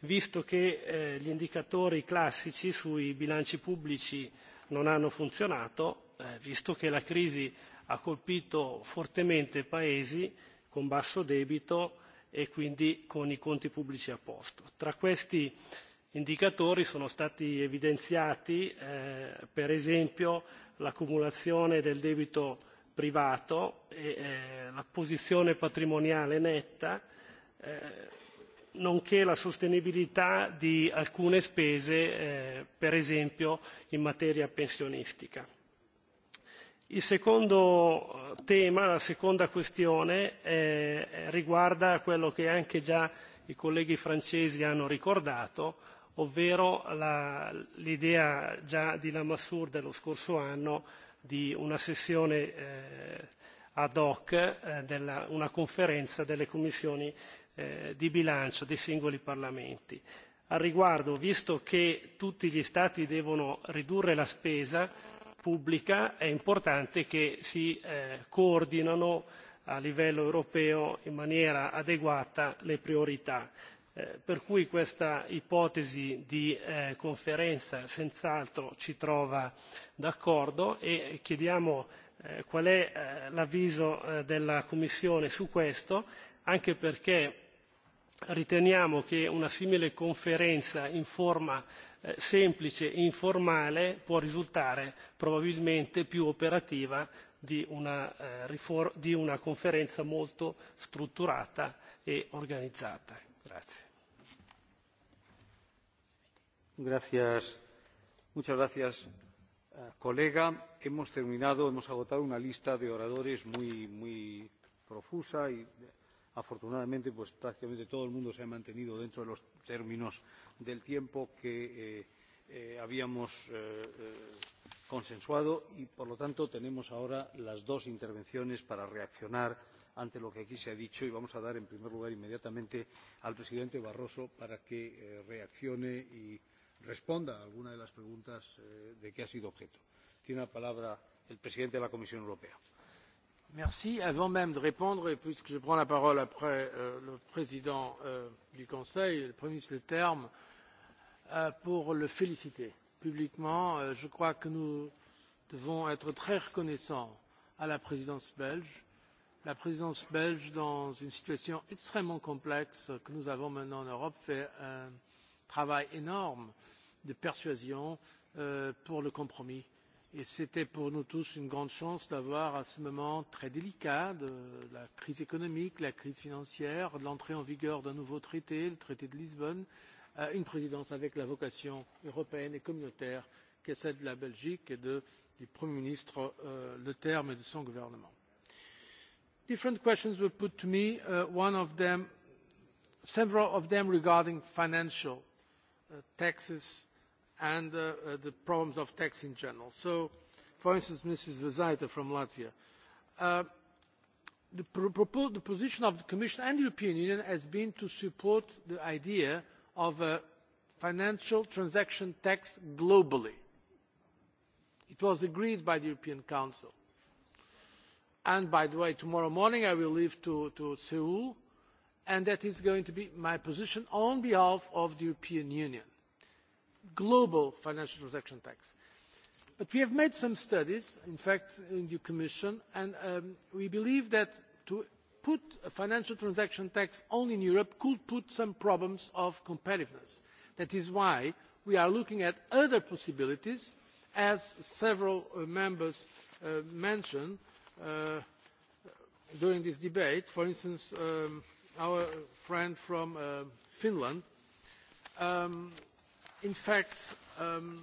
visto che eh, gli indicatori classici sui bilanci pubblici non hanno funzionato, eh, visto che la crisi ha colpito fortemente paesi con basso debito e quindi con i conti pubblici a posto. Tra questi indicatori sono stati evidenziati eh, per esempio l'accumulazione del debito privato e eh, la posizione patrimoniale netta, eh, nonché la sostenibilità di alcune spese, eh, per esempio in materia pensionistica. Il secondo eh, tema, la seconda questione, eh, riguarda quello che anche già i colleghi francesi hanno ricordato, ovvero l'idea già di Lamassur dello scorso anno di una sessione eh, ad hoc, eh, della, una conferenza delle commissioni eh, di bilancio dei singoli parlamenti. Al riguardo, visto che tutti gli Stati devono ridurre la spesa pubblica, è importante che si eh, coordinano a livello europeo in maniera adeguata le priorità. Eh, per cui questa ipotesi di eh, conferenza senz'altro ci trova d'accordo e chiediamo eh, qual è eh, l'avviso eh, della Commissione su questo, anche perché riteniamo che una simile conferenza in forma eh, semplice e informale può risultare probabilmente più operativa di una, eh, di una conferenza molto strutturata e organizzata. Grazie. Gracias. Muchas gracias, eh, colega. Hemos terminado, hemos agotado una lista de oradores muy, muy profusa y afortunadamente pues prácticamente todo el mundo se ha mantenido dentro de los términos del tiempo que eh, eh, habíamos eh, eh consensuado y por lo tanto tenemos ahora las dos intervenciones para reaccionar ante lo que aquí se ha dicho y vamos a dar en primer lugar inmediatamente al presidente Barroso para que eh, reaccione y responda a alguna de las preguntas eh, de que ha sido objeto. Tiene la palabra el presidente de la Comisión Europea. Merci. Avant même de répondre, et puisque je prends la parole après euh, le président euh, du Conseil, le Premier ministre terme, euh, pour le féliciter publiquement, euh, je crois que nous devons être très reconnaissants à la présidence belge. La présidence belge, dans une situation extrêmement complexe que nous avons maintenant en Europe, fait un euh, travail énorme de persuasion euh, pour le compromis. Et c'était pour nous tous une grande chance d'avoir à ce moment très délicat de la crise économique, la crise financière, de l'entrée en vigueur d'un nouveau traité, le traité de Lisbonne, une présidence avec la vocation européenne et communautaire qu'est celle de la Belgique et de, du Premier ministre euh, Le Terme et de son gouvernement. Different questions were put to me, uh, one of them, several of them regarding financial Uh, taxes and uh, uh, the problems of tax in general. So, for instance, Mrs. Vazaita from Latvia. The, pro the position of the Commission and the European Union has been to support the idea of a financial transaction tax globally. It was agreed by the European Council. And by the way, tomorrow morning I will leave to, to Seoul and that is going to be my position on behalf of the European Union. Global financial transaction tax. But we have made some studies, in fact, in the Commission, and um, we believe that to put a financial transaction tax only in Europe could put some problems of competitiveness. That is why we are looking at other possibilities, as several uh, members uh, mentioned uh, during this debate. For instance, um, our friend from uh, Finland. Um, in fact, um,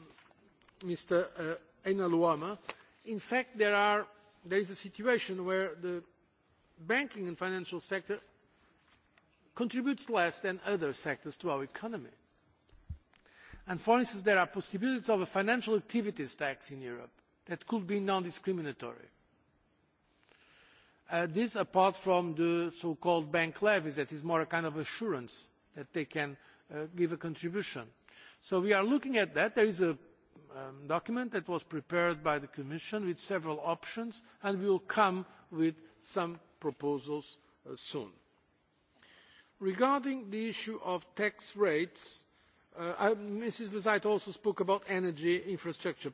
Mr. Uh, Eina Luama, in fact, there, are, there is a situation where the banking and financial sector contributes less than other sectors to our economy. And for instance, there are possibilities of a financial activities tax in Europe that could be non-discriminatory Uh, this apart from the so-called bank levies, that is more a kind of assurance that they can uh, give a contribution. So we are looking at that. There is a um, document that was prepared by the Commission with several options, and we will come with some proposals uh, soon. Regarding the issue of tax rates, Uh, Mrs. Vesait also spoke about energy infrastructure.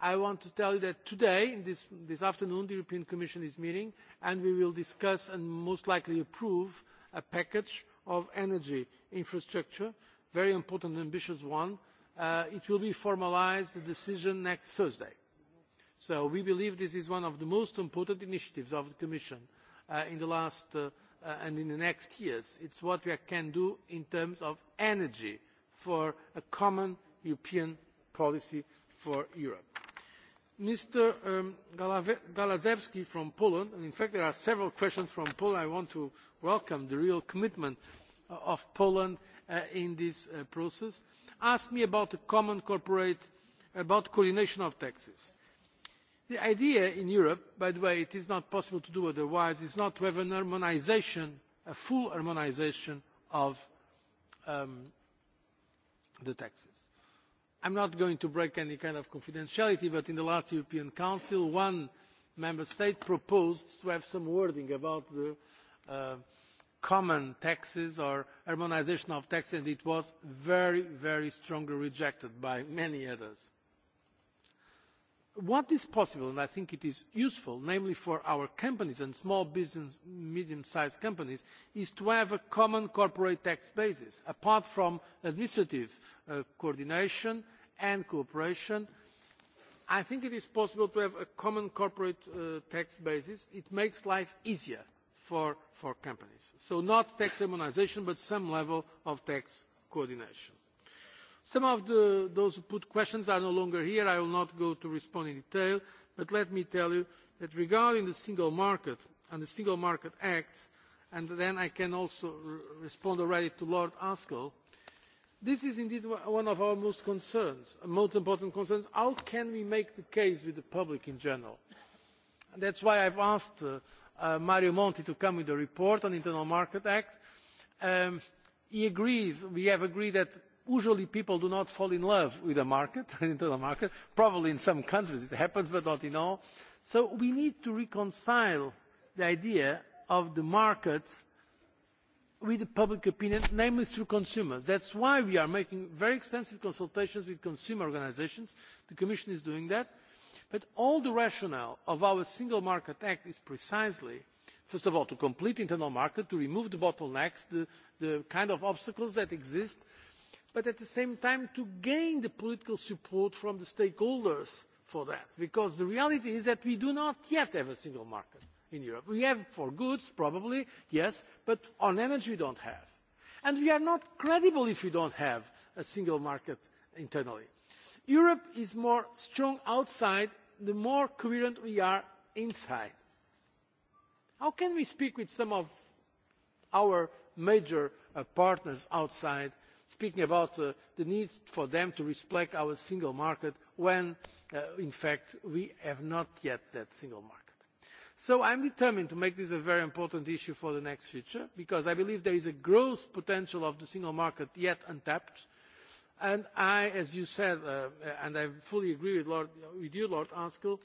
I want to tell you that today, this, this afternoon, the European Commission is meeting and we will discuss and most likely approve a package of energy infrastructure, very important and ambitious one. Uh, it will be formalised, the decision next Thursday. So we believe this is one of the most important initiatives of the Commission uh, in the last uh, uh, and in the next years. It's what we can do in terms of energy for a common European policy for Europe. Mr. Um, Galazewski from Poland, and in fact there are several questions from Poland. I want to welcome the real commitment uh, of Poland uh, in this uh, process, asked me about the common corporate, about coordination of taxes. The idea in Europe, by the way, it is not possible to do otherwise, is not to have an harmonization, a full harmonization of um, the taxes. I am not going to break any kind of confidentiality, but in the last European Council, one member state proposed to have some wording about the uh, common taxes or harmonisation of taxes, and it was very, very strongly rejected by many others what is possible, and I think it is useful, namely for our companies and small business, medium-sized companies, is to have a common corporate tax basis, apart from administrative uh, coordination and cooperation. I think it is possible to have a common corporate uh, tax basis. It makes life easier for, for companies. So not tax harmonization, but some level of tax coordination. Some of the, those who put questions are no longer here. I will not go to respond in detail, but let me tell you that regarding the single market and the Single Market Act, and then I can also re respond already to Lord Askell, this is indeed one of our most concerns, most important concerns. How can we make the case with the public in general? And that's why I've asked uh, uh, Mario Monti to come with a report on the Internal Market Act. Um, he agrees, we have agreed that usually people do not fall in love with the market, an <laughs> internal market. Probably in some countries it happens, but not in all. So we need to reconcile the idea of the market with the public opinion, namely through consumers. That's why we are making very extensive consultations with consumer organizations. The Commission is doing that. But all the rationale of our Single Market Act is precisely first of all, to complete the internal market, to remove the bottlenecks, the, the kind of obstacles that exist but at the same time to gain the political support from the stakeholders for that. Because the reality is that we do not yet have a single market in Europe. We have for goods, probably, yes, but on energy we don't have. And we are not credible if we don't have a single market internally. Europe is more strong outside the more coherent we are inside. How can we speak with some of our major uh, partners outside speaking about uh, the need for them to respect our single market when, uh, in fact, we have not yet that single market. So I am determined to make this a very important issue for the next future because I believe there is a growth potential of the single market yet untapped. And I, as you said, uh, and I fully agree with, Lord, with you, Lord Anskel,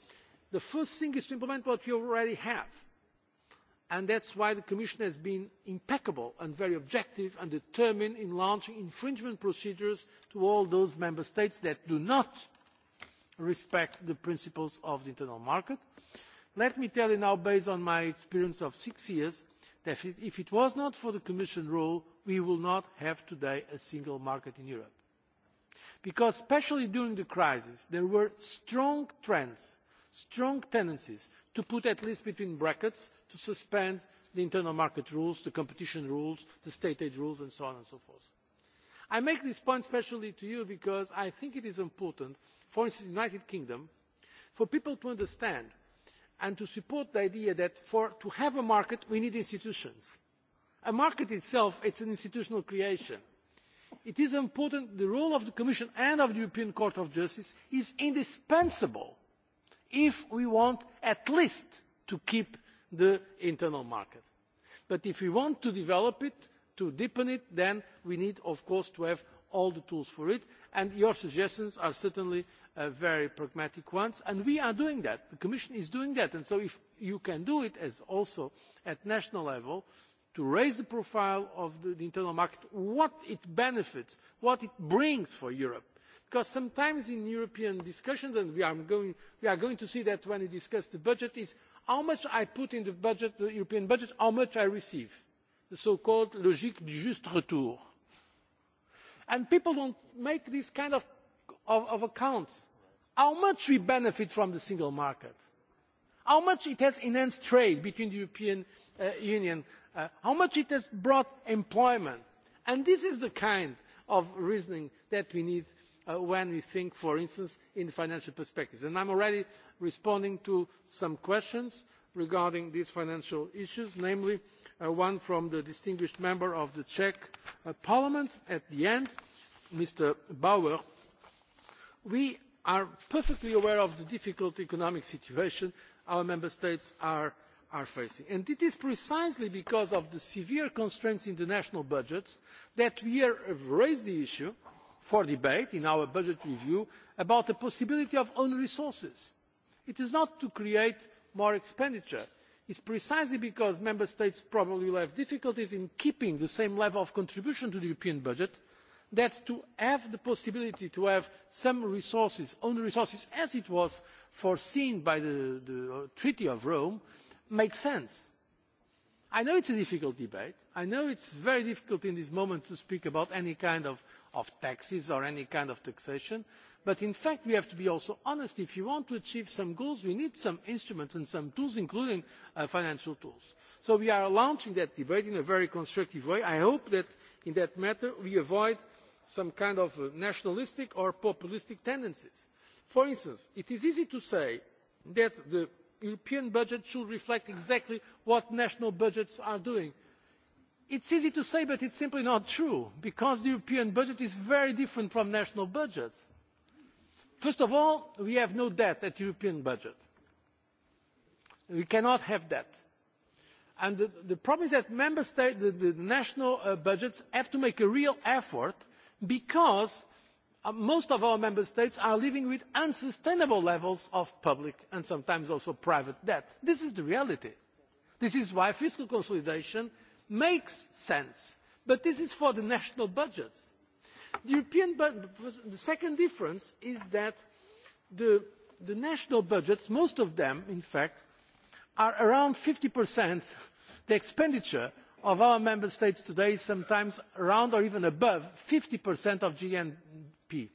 the first thing is to implement what we already have and that is why the commission has been impeccable and very objective and determined in launching infringement procedures to all those member states that do not respect the principles of the internal market. let me tell you now based on my experience of six years that if it was not for the commission role we would not have today a single market in europe because especially during the crisis there were strong trends strong tendencies to put at least between brackets to suspend the internal market rules, the competition rules, the state aid rules, and so on and so forth. I make this point especially to you because I think it is important, for instance, in the United Kingdom, for people to understand and to support the idea that to have a market, we need institutions. A market itself, is an institutional creation. It is important, the role of the Commission and of the European Court of Justice is indispensable if we want at least to keep the internal market. But if we want to develop it, to deepen it, then we need, of course, to have all the tools for it. And your suggestions are certainly uh, very pragmatic ones. And we are doing that. The Commission is doing that. And so if you can do it as also at national level, to raise the profile of the, the internal market, what it benefits, what it brings for Europe, because sometimes in European discussions, and we are, going, we are going to see that when we discuss the budget, is how much I put in the budget, the European budget, how much I receive, the so-called logique du juste retour. And people don't make this kind of, of, accounts. How much we benefit from the single market? How much it has enhanced trade between the European uh, Union? Uh, how much it has brought employment? And this is the kind of reasoning that we need Uh, when we think, for instance, in financial perspectives. And am already responding to some questions regarding these financial issues, namely uh, one from the distinguished member of the Czech uh, Parliament at the end, Mr. Bauer. We are perfectly aware of the difficult economic situation our member states are, facing. And it is precisely because of the severe constraints in the national budgets that we have raised the issue for debate in our budget review about the possibility of own resources. It is not to create more expenditure. It is precisely because member states probably will have difficulties in keeping the same level of contribution to the European budget that to have the possibility to have some resources, own resources, as it was foreseen by the, uh, Treaty of Rome, makes sense. I know it is a difficult debate. I know it is very difficult at this moment to speak about any kind of of taxes or any kind of taxation. But in fact, we have to be also honest. If you want to achieve some goals, we need some instruments and some tools, including uh, financial tools. So we are launching that debate in a very constructive way. I hope that in that matter we avoid some kind of uh, nationalistic or populistic tendencies. For instance, it is easy to say that the European budget should reflect exactly what national budgets are doing It's easy to say, but it's simply not true, because the European budget is very different from national budgets. First of all, we have no debt at European budget. We cannot have debt. And the, the problem is that member states, the, the national uh, budgets have to make a real effort because uh, most of our member states are living with unsustainable levels of public and sometimes also private debt. This is the reality. This is why fiscal consolidation makes sense, but this is for the national budgets. The, European the second difference is that the, national budgets, most of them, in fact, are around fifty the expenditure of our member states today, is sometimes around or even above fifty of GNP.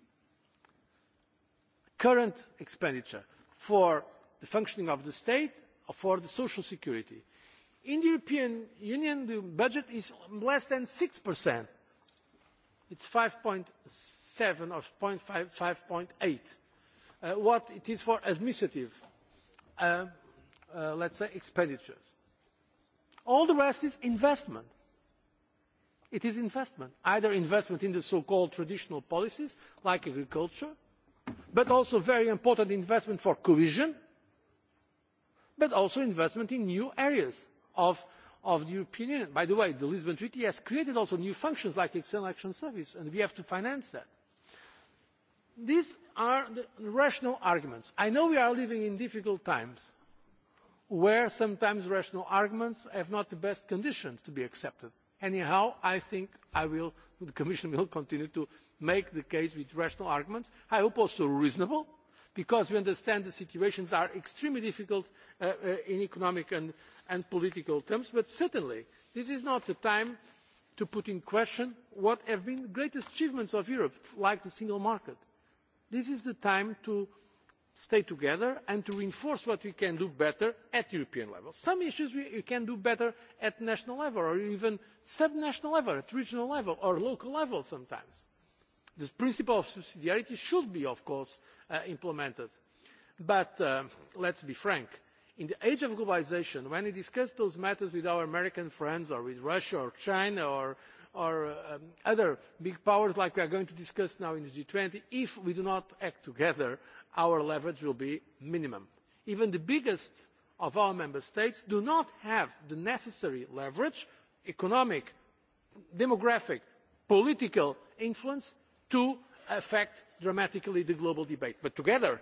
Current expenditure for the functioning of the state, or for social security In the European Union, the budget is less than 6%. It's 5.7 or 5.8. Uh, what it is for administrative, uh, uh, let's say, expenditures. All the rest is investment. It is investment, either investment in the so-called traditional policies, like agriculture, but also very important investment for cohesion, but also investment in new areas of, of the European Union. By the way, the Lisbon Treaty has created also new functions like External Action Service, and we have to finance that. These are the rational arguments. I know we are living in difficult times where sometimes rational arguments have not the best conditions to be accepted. Anyhow, I think I will, the Commission will continue to make the case with rational arguments. I hope also reasonable because we understand the situations are extremely difficult uh, uh, in economic and, political terms, but certainly this is not the time to put in question what have been the greatest achievements of Europe, like the single market. This is the time to stay together and to reinforce what we can do better at European level. Some issues we, we can do better at national level or even sub-national level, at regional level or local level sometimes the principle of subsidiarity should be, of course, uh, implemented. But let uh, let's be frank. In the age of globalisation, when we discuss those matters with our American friends or with Russia or China or, um, other big powers like we are going to discuss now in the g twenty, if we do not act together, our leverage will be minimum. Even the biggest of our member states do not have the necessary leverage, economic, demographic, political influence to affect dramatically the global debate. But together,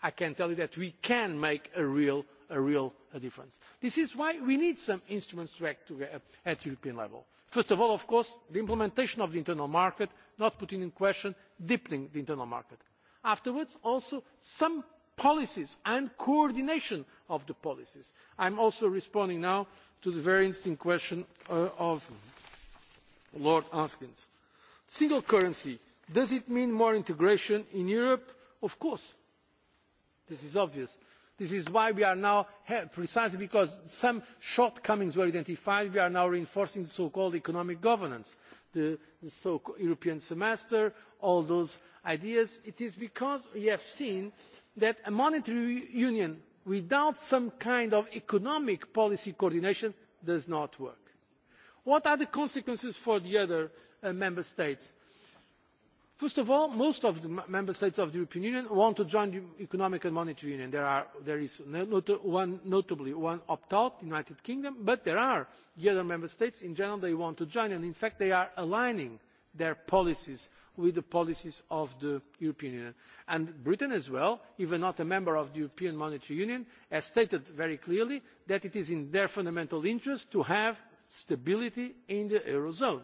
I can tell you that we can make a real, difference. This is why we need some instruments to act together uh, at European level. First of all, of course, the implementation of the internal market, not putting in question, deepening the internal market. Afterwards, also some policies and coordination of the policies. I am also responding now to the very interesting question uh, of Lord the Single currency Does it mean more integration in Europe? Of course. This is obvious. This is why we are now, precisely because some shortcomings were identified, we are now reinforcing the so-called economic governance, the, the so European semester, all those ideas. It is because we have seen that a monetary union without some kind of economic policy coordination does not work. What are the consequences for the other uh, member states? First of all, most of the member states of the European Union want to join the Economic and Monetary Union. There, are, there is not one, notably one opt-out, United Kingdom, but there are the other member states in general they want to join, and in fact they are aligning their policies with the policies of the European Union. And Britain as well, even not a member of the European Monetary Union, has stated very clearly that it is in their fundamental interest to have stability in the Eurozone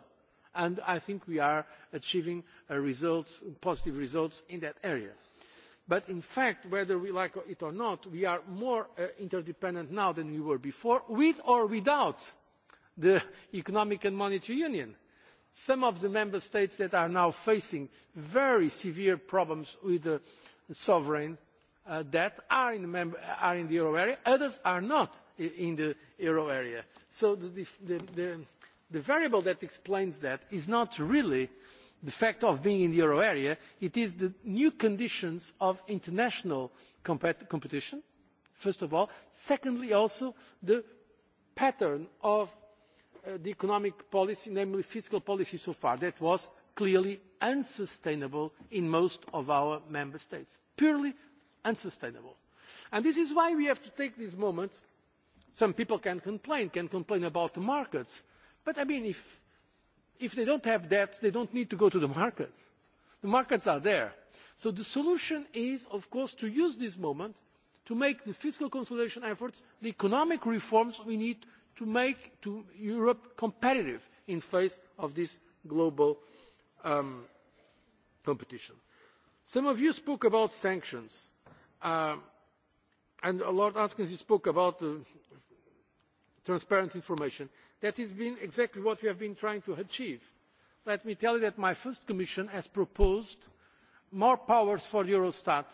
and I think we are achieving uh, results, positive results in that area. But in fact, whether we like it or not, we are more uh, interdependent now than we were before, with or without the <laughs> Economic and Monetary Union. Some of the member states that are now facing very severe problems with the sovereign uh, debt are in, the are in the euro area, others are not in the euro area. So the, the, the, the variable that explains that is not really the fact of being in the euro area, it is the new conditions of international competition, first of all. Secondly, also the pattern of uh, the economic policy, namely fiscal policy so far, that was clearly unsustainable in most of our member states, purely unsustainable. And this is why we have to take this moment. Some people can complain, can complain about the markets But I mean, if, if they don't have debts, they don't need to go to the markets. The markets are there. So the solution is, of course, to use this moment to make the fiscal consolidation efforts, the economic reforms we need to make to Europe competitive in face of this global um, competition. Some of you spoke about sanctions. Um, and Lord Askins, you spoke about uh, transparent information. That has been exactly what we have been trying to achieve. Let me tell you that my first commission has proposed more powers for Eurostat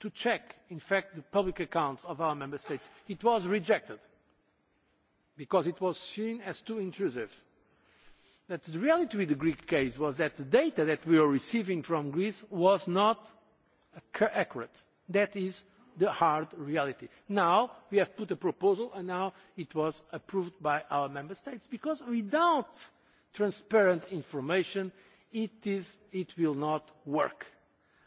to check, in fact, the public accounts of our member states. It was rejected because it was seen as too intrusive. But the reality with the Greek case was that the data that we were receiving from Greece was not accurate. That is, the hard reality. Now we have put a proposal and now it was approved by our member states because without transparent information it, is, it will not work.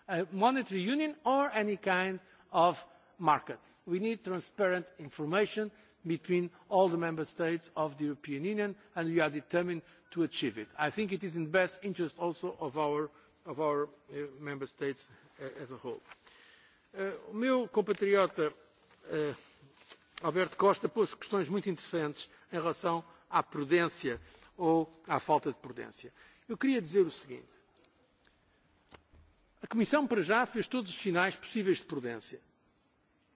A monetary union or any kind of market. We need transparent information between all the member states of the European Union and we are determined to achieve it. I think it is in the best interest also of our, of our uh, member states uh, as a whole. Eh, o meu compatriota eh, Alberto Costa pôs questões muito interessantes em relação à prudência ou à falta de prudência. Eu queria dizer o seguinte. A Comissão, para já, fez todos os sinais possíveis de prudência.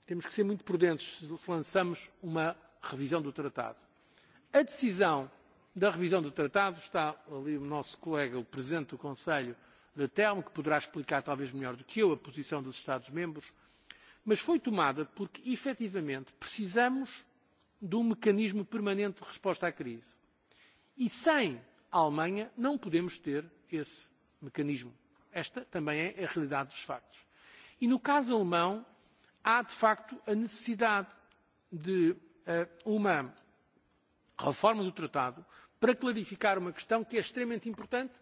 Temos que ser muito prudentes se lançamos uma revisão do Tratado. A decisão da revisão do Tratado, está ali o nosso colega, o Presidente do Conselho, le terme que poderá explicar talvez melhor do que eu a posição dos Estados-membros, mas foi tomada porque, efetivamente, precisamos de um mecanismo permanente de resposta à crise. E sem a Alemanha não podemos ter esse mecanismo. Esta também é a realidade dos factos. E no caso alemão, há de facto a necessidade de uh, uma reforma do tratado para clarificar uma questão que é extremamente importante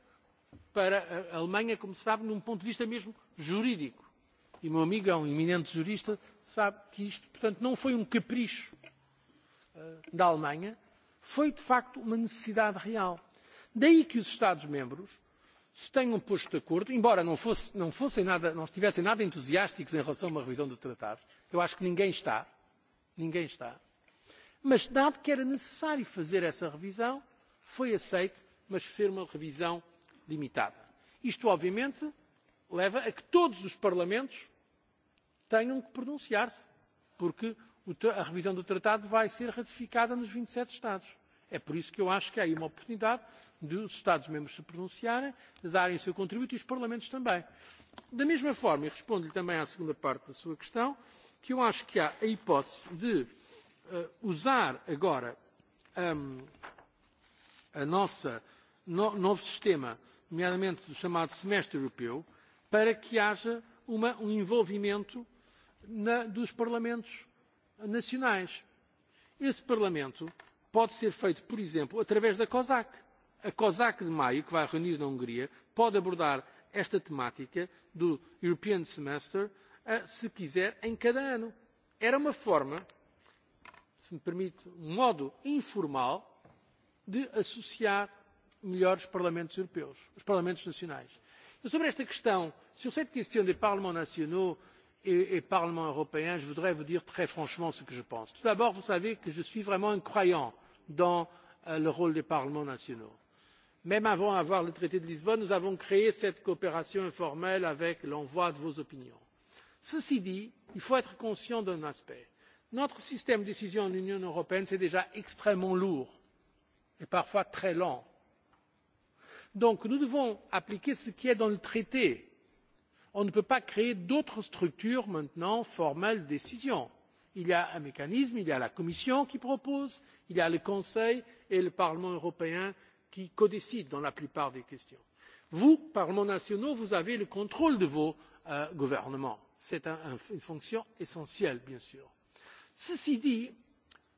para a Alemanha, como se sabe, num ponto de vista mesmo jurídico. E meu amigo é um eminente jurista, sabe que isto, portanto, não foi um capricho eh, da Alemanha, foi de facto uma necessidade real. Daí que os Estados-membros se tenham posto de acordo, embora não, fosse, não, fosse nada, não estivessem nada entusiásticos em relação a uma revisão do tratado, eu acho que ninguém está, ninguém está, mas dado que era necessário fazer essa revisão, foi aceito, mas ser uma revisão limitada. Isto, obviamente, leva a que todos os parlamentos tenham que pronunciar-se, porque a revisão do tratado vai ser ratificada nos vinte e sete Estados. É por isso que eu acho que há aí uma oportunidade de os Estados-membros se pronunciarem, de darem o seu contributo e os Parlamentos também. Da mesma forma, e respondo-lhe também à segunda parte da sua questão, que eu acho que há a hipótese de uh, usar agora um, a nossa no, novo sistema nomeadamente do chamado semestre europeu, para que haja uma, um envolvimento na, dos parlamentos nacionais. Esse parlamento pode ser feito, por exemplo, através da COSAC. A COSAC de maio, que vai reunir na Hungria, pode abordar esta temática do European Semester, eh, se quiser, em cada ano. Era uma forma, se me permite, um modo informal de associar melhores parlamentos europeus, os parlamentos nacionais. Et sobre esta questão, sur cette question des parlements nationaux et, et parlements européens, je voudrais vous dire très franchement ce que je pense. Tout d'abord, vous savez que je suis vraiment un croyant dans euh, le rôle des parlements nationaux. Même avant d'avoir le traité de Lisbonne, nous avons créé cette coopération informelle avec l'envoi de vos opinions. Ceci dit, il faut être conscient d'un aspect. Notre système de décision en Union européenne, c'est déjà extrêmement lourd et parfois très lent. Donc nous devons appliquer ce qui est dans le traité. On ne peut pas créer d'autres structures maintenant formelles de décision. Il y a un mécanisme, il y a la Commission qui propose, il y a le Conseil et le Parlement européen qui codécident dans la plupart des questions. Vous, parlements nationaux, vous avez le contrôle de vos euh, gouvernements. C'est un, un, une fonction essentielle, bien sûr. Ceci dit,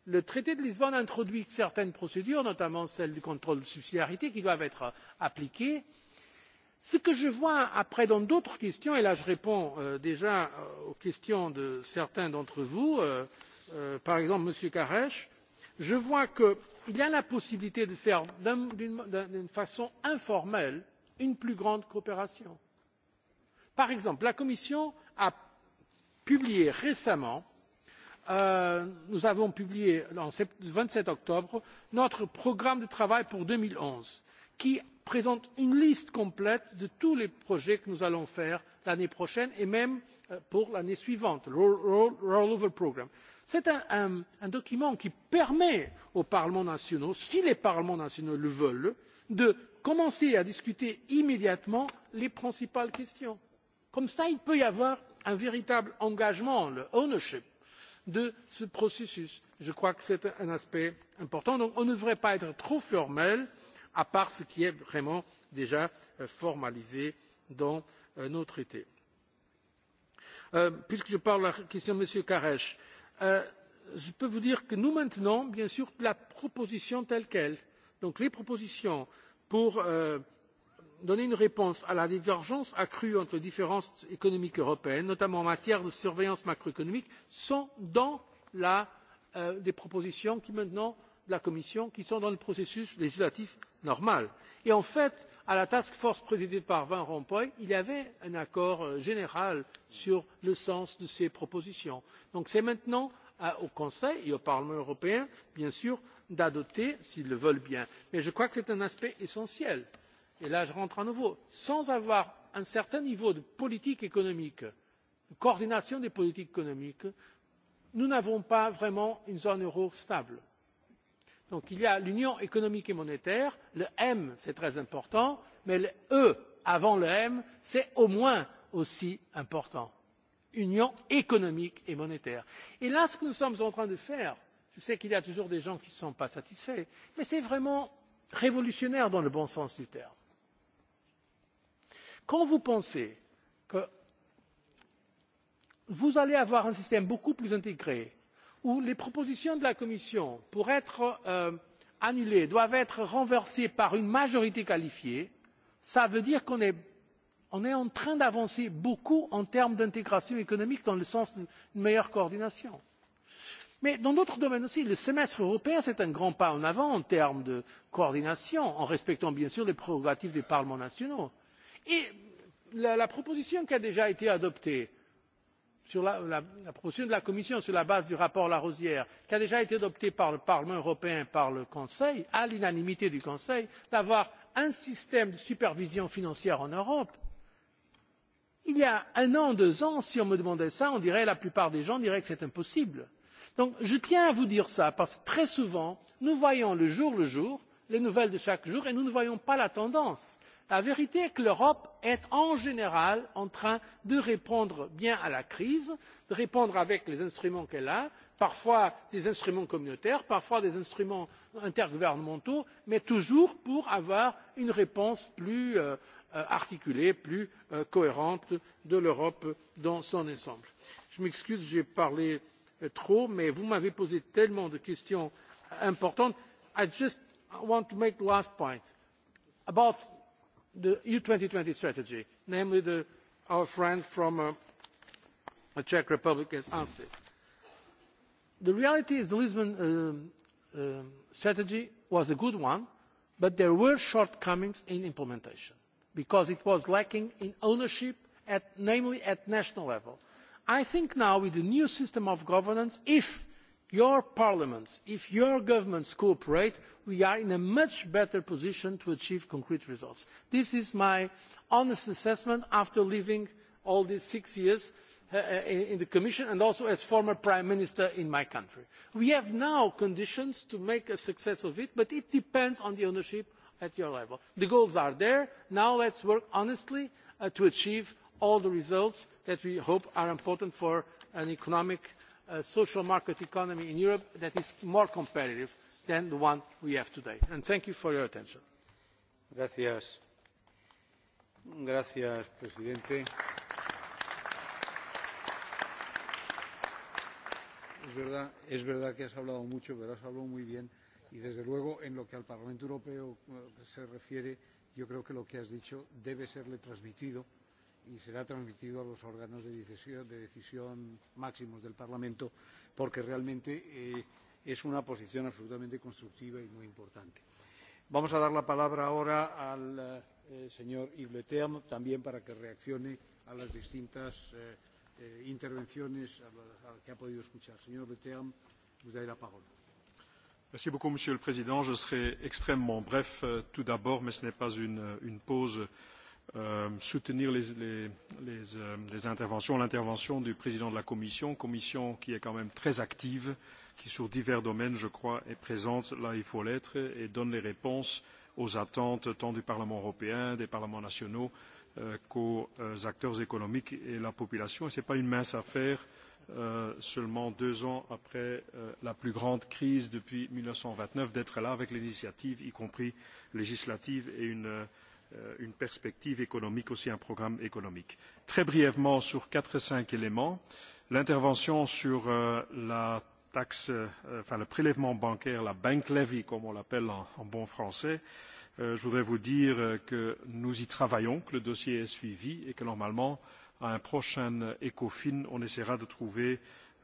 le traité de Lisbonne introduit certaines procédures, notamment celle du contrôle de subsidiarité, qui doivent être appliquées. Ce que je vois après dans d'autres questions, et là je réponds euh, déjà euh, aux questions de certains d'entre vous, euh, euh, par exemple M. Karesh, je vois qu'il y a la possibilité de faire d'une un, façon informelle une plus grande coopération. Par exemple, la Commission a publié récemment Euh, nous avons publié le vingt sept octobre notre programme de travail pour deux mille onze qui présente une liste complète de tous les projets que nous allons faire l'année prochaine et même euh, pour l'année suivante le rollover programme. c'est un, un document qui permet aux parlements nationaux si les parlements nationaux le veulent de commencer à discuter immédiatement les principales questions. comme cela il peut y avoir un véritable engagement le ownership de ce processus. Je crois que c'est un aspect important. Donc on ne devrait pas être trop formel, à part ce qui est vraiment déjà euh, formalisé dans euh, nos traités. Euh, puisque je parle de la question de M. Karesh, euh, je peux vous dire que nous maintenons bien sûr la proposition telle qu'elle. Donc les propositions pour euh, donner une réponse à la divergence accrue entre les différences économiques européennes, notamment en matière de surveillance macroéconomique, sont dans les euh, propositions qui maintenant de la Commission, qui sont dans le processus législatif normal. Et en fait, à la task force présidée par Van Rompuy, il y avait un accord euh, général sur le sens de ces propositions. Donc c'est maintenant euh, au Conseil et au Parlement européen, bien sûr, d'adopter s'ils le veulent bien. Mais je crois que c'est un aspect essentiel et là je rentre à nouveau sans avoir un certain niveau de politique économique, de coordination des politiques économiques, nous n'avons pas vraiment une zone euro stable. Donc il y a l'union économique et monétaire, le M c'est très important, mais le E avant le M c'est au moins aussi important. Union économique et monétaire. Et là ce que nous sommes en train de faire, je sais qu'il y a toujours des gens qui ne sont pas satisfaits, mais c'est vraiment révolutionnaire dans le bon sens du terme quand vous pensez que vous allez avoir un système beaucoup plus intégré où les propositions de la Commission pour être euh, annulées doivent être renversées par une majorité qualifiée, cela veut dire qu'on est, on est en train d'avancer beaucoup en termes d'intégration économique dans le sens d'une meilleure coordination. Mais dans d'autres domaines aussi, le semestre européen, c'est un grand pas en avant en termes de coordination, en respectant bien sûr les prérogatives des parlements nationaux. Et la, la proposition qui a déjà été adoptée, sur la, la, la proposition de la Commission sur la base du rapport Larosière, qui a déjà été adoptée par le Parlement européen, par le Conseil, à l'unanimité du Conseil, d'avoir un système de supervision financière en Europe, il y a un an, deux ans, si on me demandait ça, on dirait, la plupart des gens diraient que c'est impossible. Donc, je tiens à vous dire ça, parce que très souvent, nous voyons le jour le jour, les nouvelles de chaque jour, et nous ne voyons pas la tendance. La vérité est que l'Europe est en général en train de répondre bien à la crise, de répondre avec les instruments qu'elle a, parfois des instruments communautaires, parfois des instruments intergouvernementaux, mais toujours pour avoir une réponse plus euh, euh articulée, plus euh, cohérente de l'Europe dans son ensemble. Je m'excuse, j'ai parlé euh, trop, mais vous m'avez posé tellement de questions importantes. I just want to make the last point about the EU twenty strategy, namely the, our friend from uh, the Czech Republic has asked it. The reality is the Lisbon um, um, strategy was a good one, but there were shortcomings in implementation because it was lacking in ownership, at, namely at national level. I think now with the new system of governance, if your parliaments, if your governments cooperate, we are in a much better position to achieve concrete results. This is my honest assessment after living all these six years uh, uh, in the Commission and also as former Prime Minister in my country. We have now conditions to make a success of it, but it depends on the ownership at your level. The goals are there. Now let us work honestly uh, to achieve all the results that we hope are important for an economic a social market economy in Europe that is more competitive than the one we have today. And thank you for your attention. Gracias. Gracias, presidente. Es verdad, es verdad que has hablado mucho, pero has hablado muy bien. Y desde luego, en lo que al Parlamento Europeo se refiere, yo creo que lo que has dicho debe serle transmitido y será transmitido a los órganos de decisión, de decisión máximos del Parlamento, porque realmente eh, es una posición absolutamente constructiva y muy importante. Vamos a dar la palabra ahora al eh, señor Ibleteam, también para que reaccione a las distintas eh, eh, intervenciones a la, a la que ha podido escuchar. Señor Ibleteam, vous avez la parole. Merci beaucoup, Monsieur le Président. Je serai extrêmement bref. Euh, tout d'abord, mais ce n'est pas une, une pause. Euh, Euh, soutenir les, les, les, euh, les interventions, l'intervention du président de la Commission, Commission qui est quand même très active, qui sur divers domaines, je crois, est présente là il faut l'être et donne les réponses aux attentes tant du Parlement européen, des parlements nationaux euh, qu'aux euh, acteurs économiques et la population. Et ce n'est pas une mince affaire euh, seulement deux ans après euh, la plus grande crise depuis 1929 d'être là avec l'initiative, y compris législative, et une euh, Euh, une perspective économique, aussi un programme économique. Très brièvement sur quatre et cinq éléments, l'intervention sur euh, la taxe, euh, enfin le prélèvement bancaire, la bank levy comme on l'appelle en, en, bon français, je voudrais vous dire que nous y travaillons, que le dossier est suivi et que normalement à un prochain ECOFIN, on essaiera de trouver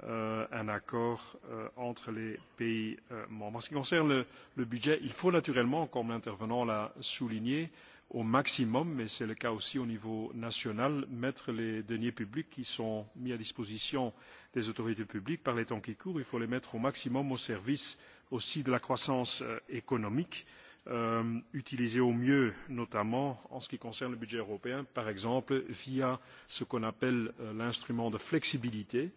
euh, un accord euh, entre les pays euh, membres. En ce qui concerne le, le budget, il faut naturellement, comme l'intervenant l'a souligné, au maximum, mais c'est le cas aussi au niveau national, mettre les deniers publics qui sont mis à disposition des autorités publiques par les temps qui courent. Il faut les mettre au maximum au service aussi de la croissance euh, économique, euh, utiliser au mieux, notamment en ce qui concerne le budget européen, par exemple via ce qu'on appelle euh, l'instrument de flexibilité,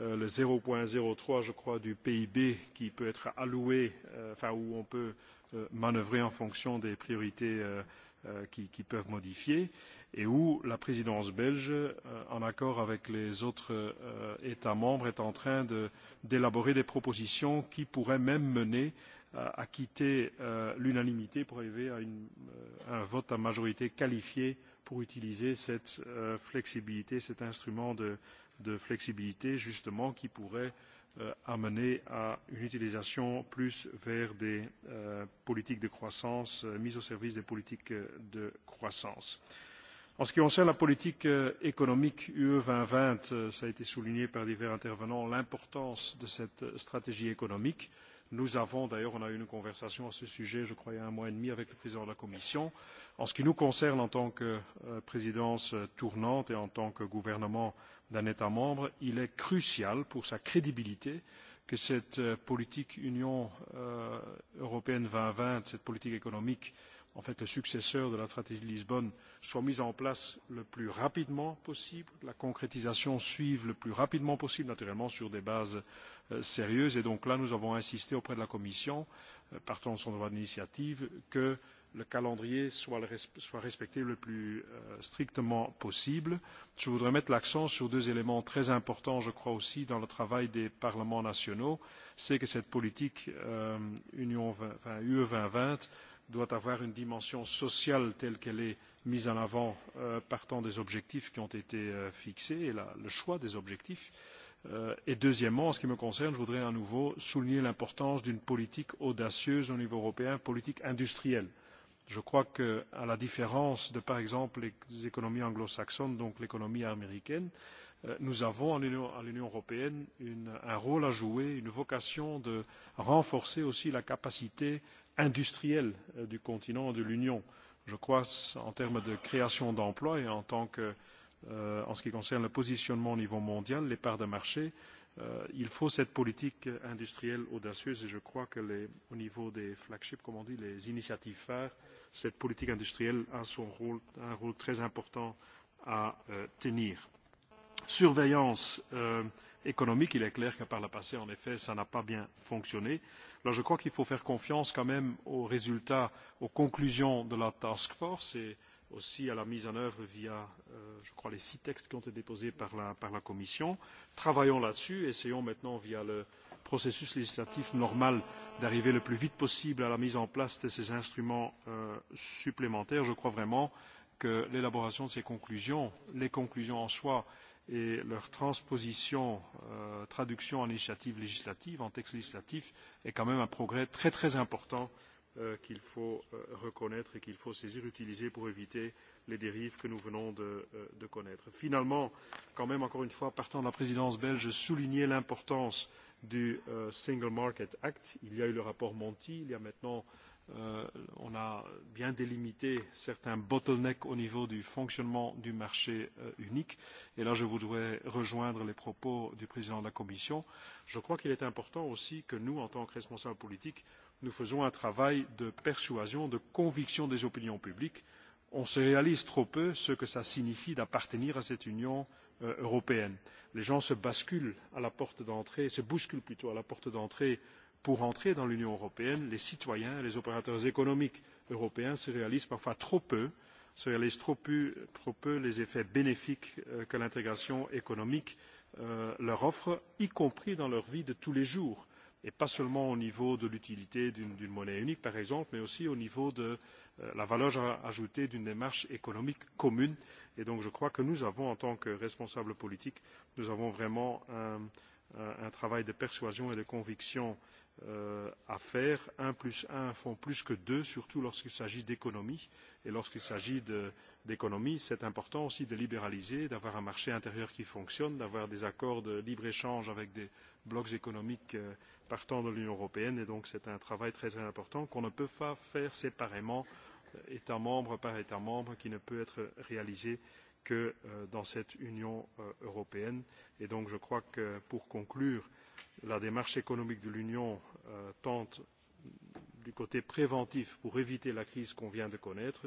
euh, le 0,03, je crois, du PIB qui peut être alloué, euh, enfin où on peut euh, manœuvrer en fonction des priorités euh, Euh, qui, qui peuvent modifier et où la présidence belge, euh, en accord avec les autres euh, États membres, est en train d'élaborer de, des propositions qui pourraient même mener euh, à quitter euh, l'unanimité pour arriver à une, euh, un vote à majorité qualifiée pour utiliser cette euh, flexibilité, cet instrument de, de flexibilité justement qui pourrait euh, euh, à à une utilisation plus vers des euh, politiques de croissance euh, mises au service des politiques euh, de croissance. En ce qui concerne la politique euh, économique UE 2020, euh, ça a été souligné par divers intervenants, l'importance de cette stratégie économique. Nous avons d'ailleurs, on a eu une conversation à ce sujet, je crois, il y a un mois et demi avec le président de la Commission. En ce qui nous concerne en tant que euh, présidence euh, tournante et en tant que gouvernement d'un État membre, il est crucial pour sa crédibilité que cette euh, politique Union européenne 2020, cette politique économique, en fait le successeur de la stratégie de Lisbonne, soit mise en place le plus rapidement possible, la concrétisation suive le plus rapidement possible, naturellement sur des bases sérieuses. Et donc là, nous avons insisté auprès de la Commission, partant de son droit d'initiative, que le calendrier soit, le, soit respecté le plus euh, strictement possible. Je voudrais mettre l'accent sur deux éléments très importants, je crois aussi, dans le travail des parlements nationaux. C'est que cette politique euh, Union 20, enfin, UE 2020 doit avoir une dimension sociale telle qu'elle est mise en avant euh, partant des objectifs qui ont été euh, fixés et la, le choix des objectifs. Euh, et deuxièmement, en ce qui me concerne, je voudrais à nouveau souligner l'importance d'une politique audacieuse au niveau européen, politique industrielle Je crois que, à la différence de, par exemple, les économies anglo-saxonnes, donc l'économie américaine, euh, nous avons à l'Union européenne une, un rôle à jouer, une vocation de renforcer aussi la capacité industrielle euh, du continent, de l'Union. Je crois en termes de création d'emplois et en tant que, euh, en ce qui concerne le positionnement au niveau mondial, les parts de marché, euh, il faut cette politique industrielle audacieuse et je crois que les, au niveau des flagships, comme on dit, les initiatives phares, euh, cette politique industrielle a son rôle, un rôle très important à euh, tenir. Surveillance euh, économique, il est clair que par le passé, en effet, ça n'a pas bien fonctionné. Alors je crois qu'il faut faire confiance quand même aux résultats, aux conclusions de la task force et aussi à la mise en œuvre via, euh, je crois, les six textes qui ont été déposés par la, par la Commission. Travaillons là-dessus, essayons maintenant via le, processus législatif normal d'arriver le plus vite possible à la mise en place de ces instruments euh, supplémentaires. Je crois vraiment que l'élaboration de ces conclusions, les conclusions en soi et leur transposition, euh, traduction en initiative législative, en texte législatif, est quand même un progrès très très important euh, qu'il faut euh, reconnaître et qu'il faut saisir, utiliser pour éviter les dérives que nous venons de, euh, de connaître. Finalement, quand même encore une fois, partant de la présidence belge, souligner l'importance euh, du euh, Single Market Act. Il y a eu le rapport Monti, il y a maintenant euh, on a bien délimité certains bottlenecks au niveau du fonctionnement du marché euh, unique. Et là, je voudrais rejoindre les propos du président de la Commission. Je crois qu'il est important aussi que nous, en tant que responsables politiques, nous faisons un travail de persuasion, de conviction des opinions publiques. On se réalise trop peu ce que ça signifie d'appartenir à cette Union Euh, européenne. Les gens se basculent à la porte d'entrée, se bousculent plutôt à la porte d'entrée pour entrer dans l'Union européenne. Les citoyens, les opérateurs économiques européens se réalisent parfois trop peu, se réalisent trop peu, trop peu les effets bénéfiques euh, que l'intégration économique euh, leur offre, y compris dans leur vie de tous les jours et pas seulement au niveau de l'utilité d'une monnaie unique, par exemple, mais aussi au niveau de euh, la valeur ajoutée d'une démarche économique commune. Et donc, je crois que nous avons, en tant que responsables politiques, nous avons vraiment un, un, un travail de persuasion et de conviction euh, à faire. Un plus un font plus que deux, surtout lorsqu'il s'agit d'économie. Et lorsqu'il s'agit d'économie, c'est important aussi de libéraliser, d'avoir un marché intérieur qui fonctionne, d'avoir des accords de libre-échange avec des blocs économiques euh, partant de l'Union européenne. Et donc c'est un travail très, très important qu'on ne peut pas faire séparément, euh, État membre par État membre, qui ne peut être réalisé que euh, dans cette Union euh, européenne. Et donc je crois que pour conclure, la démarche économique de l'Union euh, tente mm, du côté préventif pour éviter la crise qu'on vient de connaître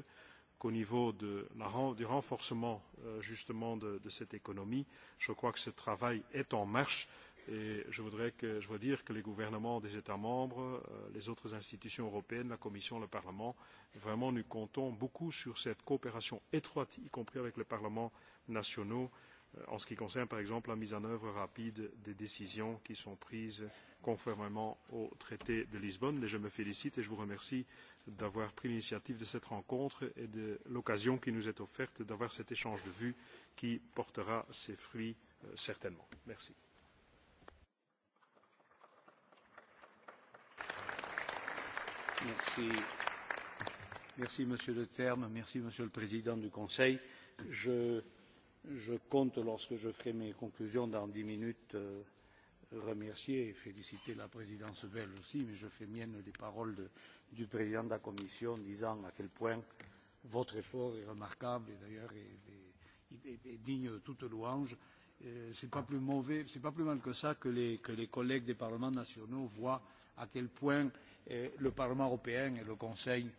qu'au niveau de la, du renforcement euh, justement de, de cette économie, je crois que ce travail est en marche Et je voudrais que, je voudrais dire que les gouvernements des États membres, euh, les autres institutions européennes, la Commission, le Parlement, vraiment nous comptons beaucoup sur cette coopération étroite, y compris avec les parlements nationaux, euh, en ce qui concerne par exemple la mise en œuvre rapide des décisions qui sont prises conformément au traité de Lisbonne. Et je me félicite et je vous remercie d'avoir pris l'initiative de cette rencontre et de l'occasion qui nous est offerte d'avoir cet échange de vues qui portera ses fruits euh, certainement. Merci. Merci. Merci, Monsieur Le Terme. Merci, Monsieur le Président du Conseil. Je, je compte, lorsque je ferai mes conclusions dans dix minutes, euh, remercier et féliciter la présidence belge aussi, mais je fais mienne les paroles de, du président de la Commission disant à quel point votre effort est remarquable et d'ailleurs est, est, est, est digne de toute louange. Euh, c'est pas plus mauvais, c'est pas plus mal que ça que les, que les collègues des parlements nationaux voient à quel point eh, le Parlement européen et le Conseil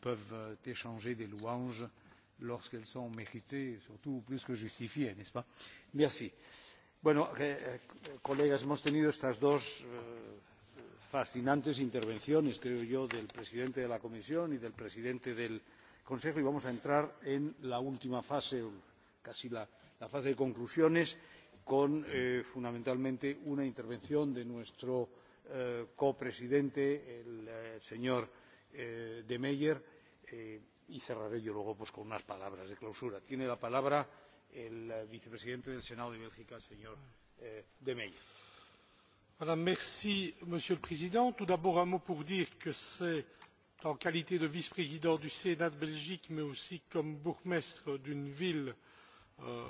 peuvent euh, échanger des louanges lorsqu'elles sont méritées, surtout plus que justifiées, n'est-ce pas Merci. Bueno, eh, colegas, hemos tenido estas dos eh, fascinantes intervenciones, creo yo, del presidente de la Comisión y del presidente del Consejo y vamos a entrar en la última fase, casi la, la fase de conclusiones, con eh, fundamentalmente una intervención de nuestro eh, copresidente, el eh, señor eh, de Meyer, eh, y cerraré yo luego pues, con unas palabras de clausura. Tiene la palabra el eh, vicepresidente del Senado de Bélgica, el señor eh, de Meyer. Madame, merci, Monsieur le Président. Tout d'abord, un mot pour dire que c'est en qualité de vice-président du Sénat de Belgique, mais aussi comme bourgmestre d'une ville euh,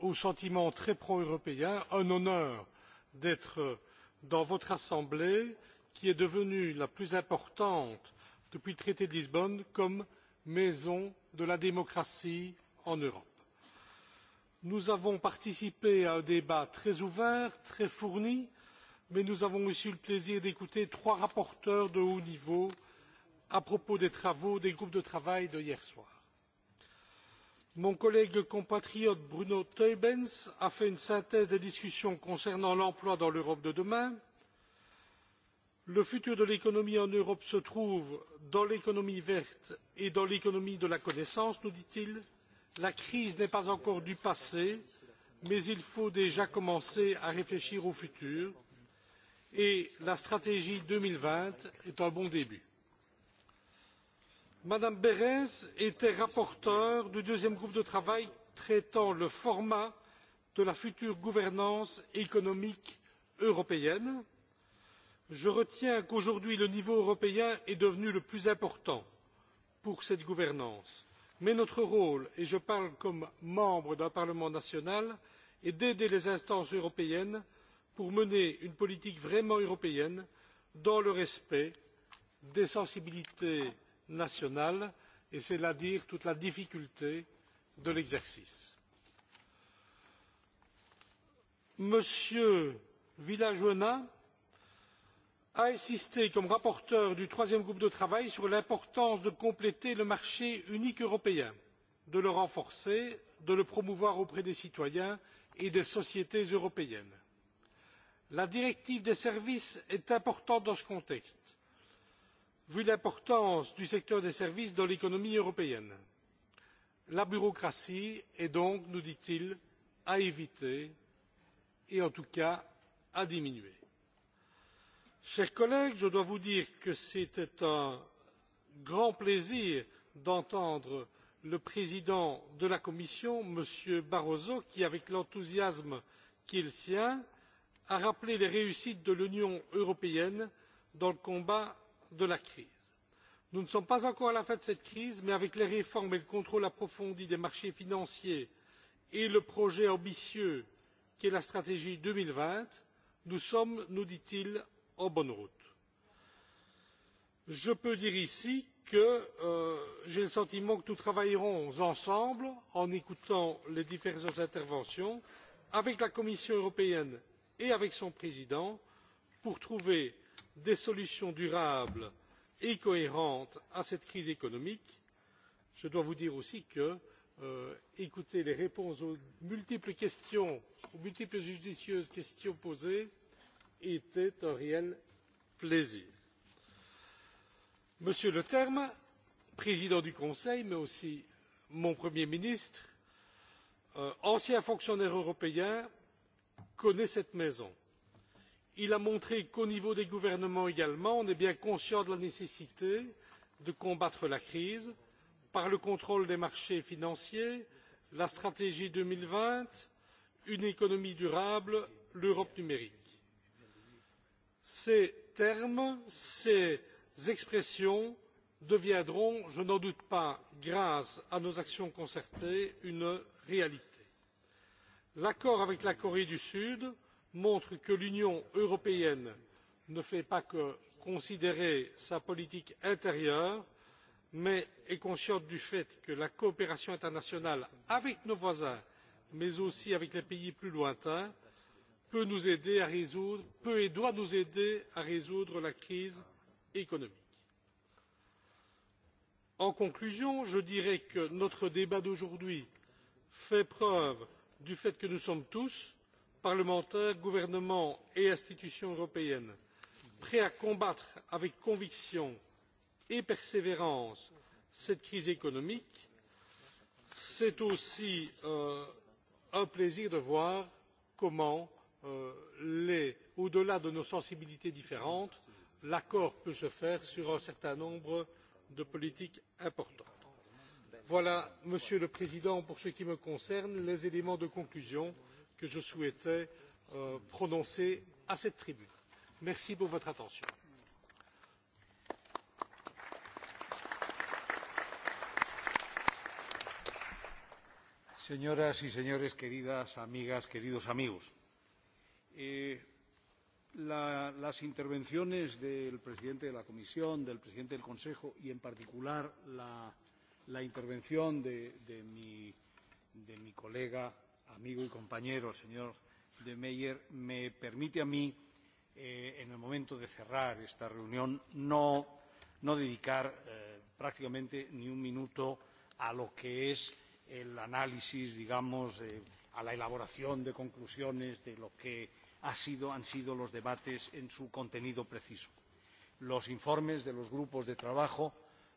au sentiment très pro-européen, un honneur d'être dans votre Assemblée, qui est devenue la plus importante depuis le traité de Lisbonne comme maison de la démocratie en Europe. Nous avons participé à un débat très ouvert, très fourni, mais nous avons aussi eu le plaisir d'écouter trois rapporteurs de haut niveau à propos des travaux des groupes de travail de hier soir. Mon collègue compatriote Bruno Teubens a fait une synthèse des discussions concernant l'emploi dans l'Europe de demain. Le futur de l'économie en Europe se trouve dans l'économie verte et dans l'économie de la connaissance, nous dit-il. La crise n'est pas encore du passé, mais il faut déjà commencer à réfléchir au futur. Et la stratégie deux mille vingt est un bon début. Madame Berens était rapporteure du deuxième groupe de travail traitant le format de la future gouvernance économique européenne. Je retiens qu'aujourd'hui le niveau européen est devenu le plus important pour cette gouvernance. Mais notre rôle, et je parle comme membre d'un Parlement national, est d'aider les instances européennes pour mener une politique vraiment européenne dans le respect des sensibilités national et c'est là dire toute la difficulté de l'exercice. Monsieur Villajonin a insisté comme rapporteur du troisième groupe de travail sur l'importance de compléter le marché unique européen, de le renforcer, de le promouvoir auprès des citoyens et des sociétés européennes. La directive des services est importante dans ce contexte vu l'importance du secteur des services dans l'économie européenne. La bureaucratie est donc, nous dit il, à éviter et en tout cas à diminuer. Chers collègues, je dois vous dire que c'était un grand plaisir d'entendre le président de la Commission, M. Barroso, qui, avec l'enthousiasme qui est le sien, a rappelé les réussites de l'Union européenne dans le combat de la crise. Nous ne sommes pas encore à la fin de cette crise, mais avec les réformes et le contrôle approfondi des marchés financiers et le projet ambitieux qu'est la stratégie deux mille vingt, nous sommes, nous dit-il, en bonne route. Je peux dire ici que euh, j'ai le sentiment que nous travaillerons ensemble, en écoutant les différentes interventions, avec la Commission européenne et avec son président, pour trouver des solutions durables et cohérentes à cette crise économique, je dois vous dire aussi que euh, écouter les réponses aux multiples questions, aux multiples judicieuses questions posées était un réel plaisir. Monsieur Leterme, président du Conseil, mais aussi mon Premier ministre, euh, ancien fonctionnaire européen, connaît cette maison il a montré qu'au niveau des gouvernements également on est bien conscient de la nécessité de combattre la crise par le contrôle des marchés financiers la stratégie deux mille vingt une économie durable l'europe numérique. ces termes ces expressions deviendront je n'en doute pas grâce à nos actions concertées une réalité. l'accord avec la corée du sud montre que l'Union européenne ne fait pas que considérer sa politique intérieure, mais est consciente du fait que la coopération internationale avec nos voisins, mais aussi avec les pays plus lointains, peut nous aider à résoudre, peut et doit nous aider à résoudre la crise économique. En conclusion, je dirais que notre débat d'aujourd'hui fait preuve du fait que nous sommes tous, parlementaires gouvernements et institutions européennes prêts à combattre avec conviction et persévérance cette crise économique c'est aussi euh, un plaisir de voir comment euh, au delà de nos sensibilités différentes l'accord peut se faire sur un certain nombre de politiques importantes. voilà monsieur le président pour ce qui me concerne les éléments de conclusion que je souhaitais euh, prononcer à cette tribune. Merci pour votre attention. Señoras y señores, queridas amigas, queridos amigos, eh, la, las intervenciones del presidente de la Comisión, del presidente del Consejo y, en particular, la, la intervención de, de, mi, de mi colega amigo y compañero, el señor de Meyer, me permite a mí, eh, en el momento de cerrar esta reunión, no, no dedicar eh, prácticamente ni un minuto a lo que es el análisis, digamos, eh, a la elaboración de conclusiones de lo que ha sido, han sido los debates en su contenido preciso. Los informes de los grupos de trabajo,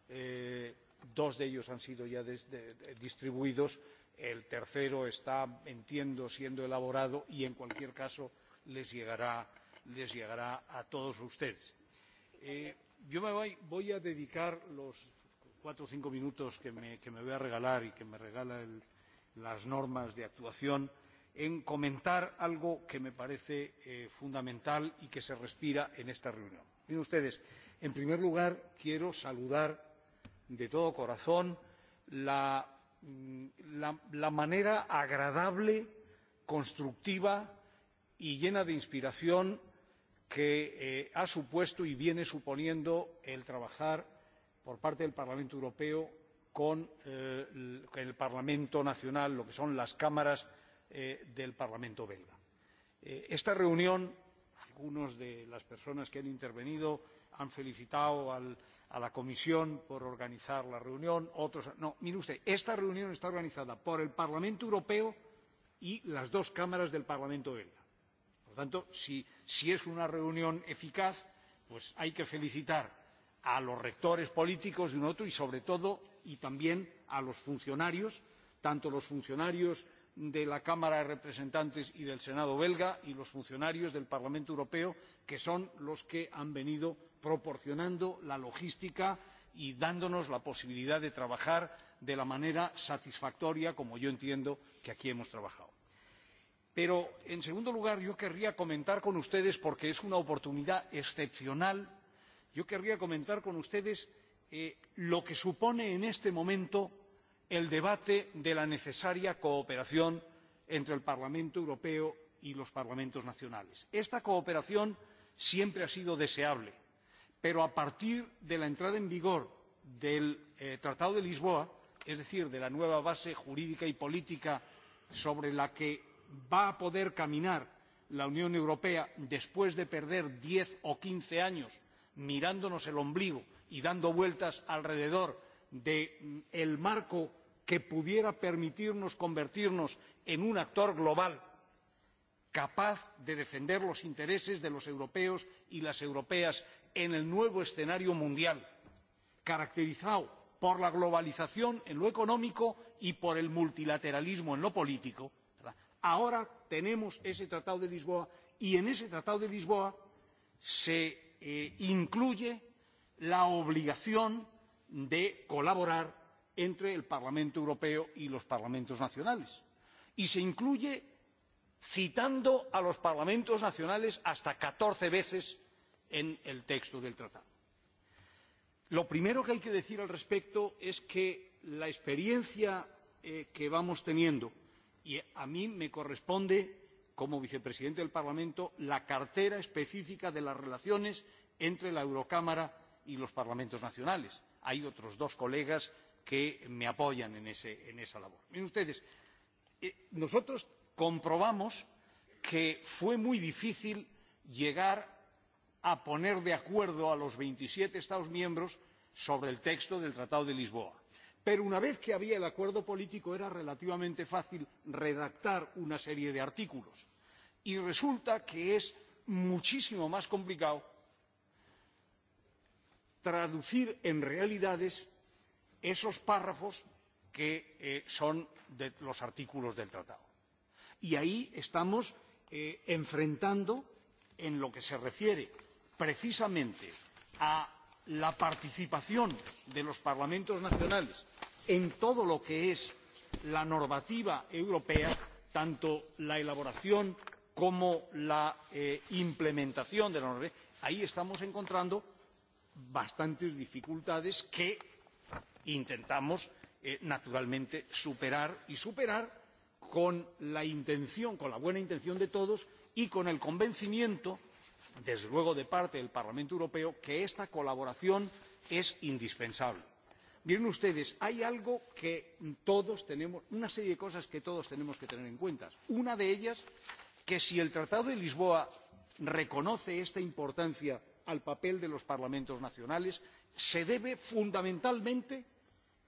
eh, dos de ellos han sido ya de, de, distribuidos, El tercero está, entiendo, siendo elaborado y, en cualquier caso, les llegará, les llegará a todos ustedes. Eh, yo me voy, voy a dedicar los cuatro o cinco minutos que me, que me voy a regalar y que me regalan las normas de actuación en comentar algo que me parece eh, fundamental y que se respira en esta reunión. Miren ustedes, en primer lugar quiero saludar de todo corazón la Mm, la, la manera agradable, constructiva y llena de inspiración que eh, ha supuesto y viene suponiendo el trabajar por parte del Parlamento Europeo con eh, el Parlamento Nacional, lo que son las cámaras eh, del Parlamento belga. Eh, esta reunión algunos de las personas que han intervenido han felicitado al, a la comisión por organizar la reunión, otros... No, mire usted, esta reunión está organizada por el Parlamento Europeo y las dos cámaras del Parlamento belga. Por lo tanto, si, si es una reunión eficaz, pues hay que felicitar a los rectores políticos de un otro y sobre todo y también a los funcionarios, tanto los funcionarios de la Cámara de Representantes y del Senado belga y los funcionarios del Parlamento Europeo, que son los que han venido proporcionando la logística y dándonos la posibilidad de trabajar de la manera satisfactoria, como yo entiendo que aquí hemos trabajado. Pero, en segundo lugar, yo querría comentar con ustedes, porque es una oportunidad excepcional, yo querría comentar con ustedes eh, lo que supone en este momento el debate de la necesaria cooperación entre el Parlamento Europeo y los parlamentos nacionales. Esta cooperación siempre ha sido deseable, pero a partir de la entrada en vigor del eh, Tratado de Lisboa, es decir, de la nueva base jurídica y política sobre la que va a poder caminar la Unión Europea después de perder diez o quince años mirándonos el ombligo y dando vueltas alrededor del mm, marco que pudiera permitirnos convertirnos en un actor global capaz de defender los intereses de los europeos y las europeas en el nuevo escenario mundial, caracterizado por la globalización en lo económico y por el multilateralismo en lo político. Ahora tenemos ese Tratado de Lisboa y en ese Tratado de Lisboa se eh, incluye la obligación de colaborar entre el Parlamento Europeo y los parlamentos nacionales. Y se incluye citando a los parlamentos nacionales hasta catorce veces en el texto del tratado. Lo primero que hay que decir al respecto es que la experiencia eh, que vamos teniendo, y a mí me corresponde como vicepresidente del Parlamento la cartera específica de las relaciones entre la Eurocámara y los parlamentos nacionales. Hay otros dos colegas que me apoyan en, ese, en esa labor. Miren ustedes, eh, nosotros comprobamos que fue muy difícil llegar a poner de acuerdo a los veintisiete Estados miembros sobre el texto del Tratado de Lisboa. Pero una vez que había el acuerdo político era relativamente fácil redactar una serie de artículos. Y resulta que es muchísimo más complicado traducir en realidades esos párrafos que eh, son de los artículos del tratado. Y ahí estamos eh, enfrentando, en lo que se refiere precisamente a la participación de los parlamentos nacionales en todo lo que es la normativa europea, tanto la elaboración como la eh, implementación de la normativa, ahí estamos encontrando bastantes dificultades que intentamos, eh, naturalmente, superar y superar con la intención, con la buena intención de todos y con el convencimiento, desde luego de parte del Parlamento Europeo, que esta colaboración es indispensable. Miren ustedes, hay algo que todos tenemos, una serie de cosas que todos tenemos que tener en cuenta. Una de ellas, que si el Tratado de Lisboa reconoce esta importancia al papel de los parlamentos nacionales, se debe fundamentalmente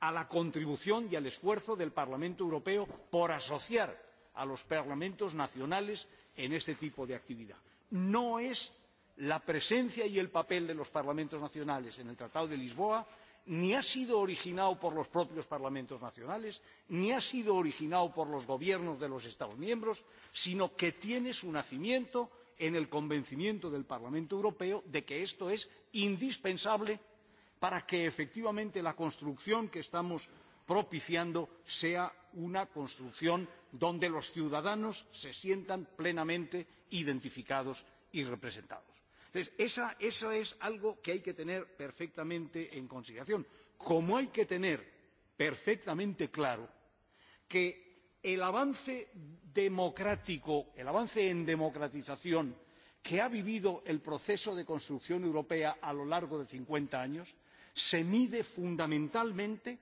a la contribución y al esfuerzo del Parlamento Europeo por asociar a los parlamentos nacionales en este tipo de actividad. No es la presencia y el papel de los parlamentos nacionales en el Tratado de Lisboa ni ha sido originado por los propios parlamentos nacionales, ni ha sido originado por los gobiernos de los Estados miembros, sino que tiene su nacimiento en el convencimiento del Parlamento Europeo de que esto es indispensable para que efectivamente la construcción que estamos propiciando sea una construcción donde los ciudadanos se sientan plenamente identificados y representados. Entonces, esa, eso es algo que hay que tener perfectamente en consideración, como hay que tener perfectamente claro que el avance democrático, el avance en democratización que ha vivido el proceso de construcción europea a lo largo de cincuenta años se mide fundamentalmente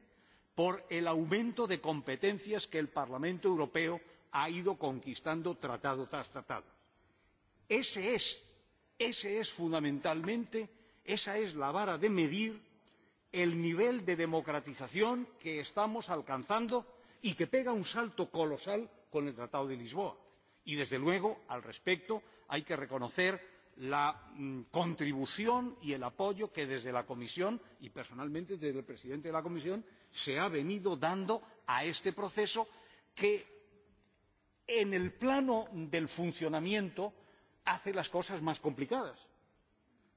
por el aumento de competencias que el Parlamento Europeo ha ido conquistando tratado tras tratado. Ese es, ese es fundamentalmente, esa es la vara de medir el nivel de democratización que estamos alcanzando y que pega un salto colosal con el Tratado de Lisboa. Y desde luego, al respecto, hay que reconocer la mm, contribución y el apoyo que desde la Comisión y personalmente desde el presidente de la Comisión se ha venido dando a este proceso que en el plano del funcionamiento hace las cosas más complicadas.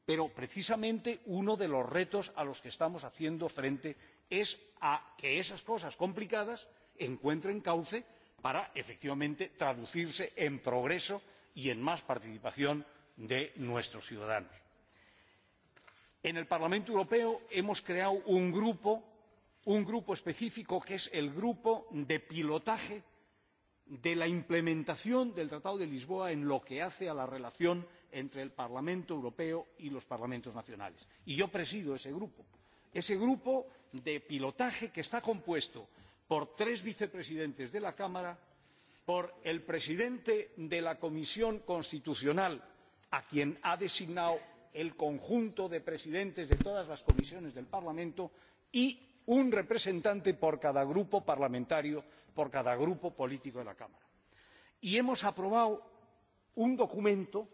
Pero precisamente uno de los retos a los que estamos haciendo frente es a que esas cosas complicadas encuentren cauce para efectivamente traducirse en progreso y en más participación de nuestros ciudadanos. En el Parlamento Europeo hemos creado un grupo, un grupo específico que es el grupo de pilotaje de la implementación del Tratado de Lisboa en lo que hace a la relación entre el Parlamento Europeo y los parlamentos nacionales. Y yo presido ese grupo. Ese grupo de pilotaje que está compuesto por tres vicepresidentes de la Cámara, por el presidente de la Comisión Constitucional a quien ha designado el conjunto de presidentes de todas las comisiones del Parlamento y un representante por cada grupo parlamentario, por cada grupo político de la Cámara. Y hemos aprobado un documento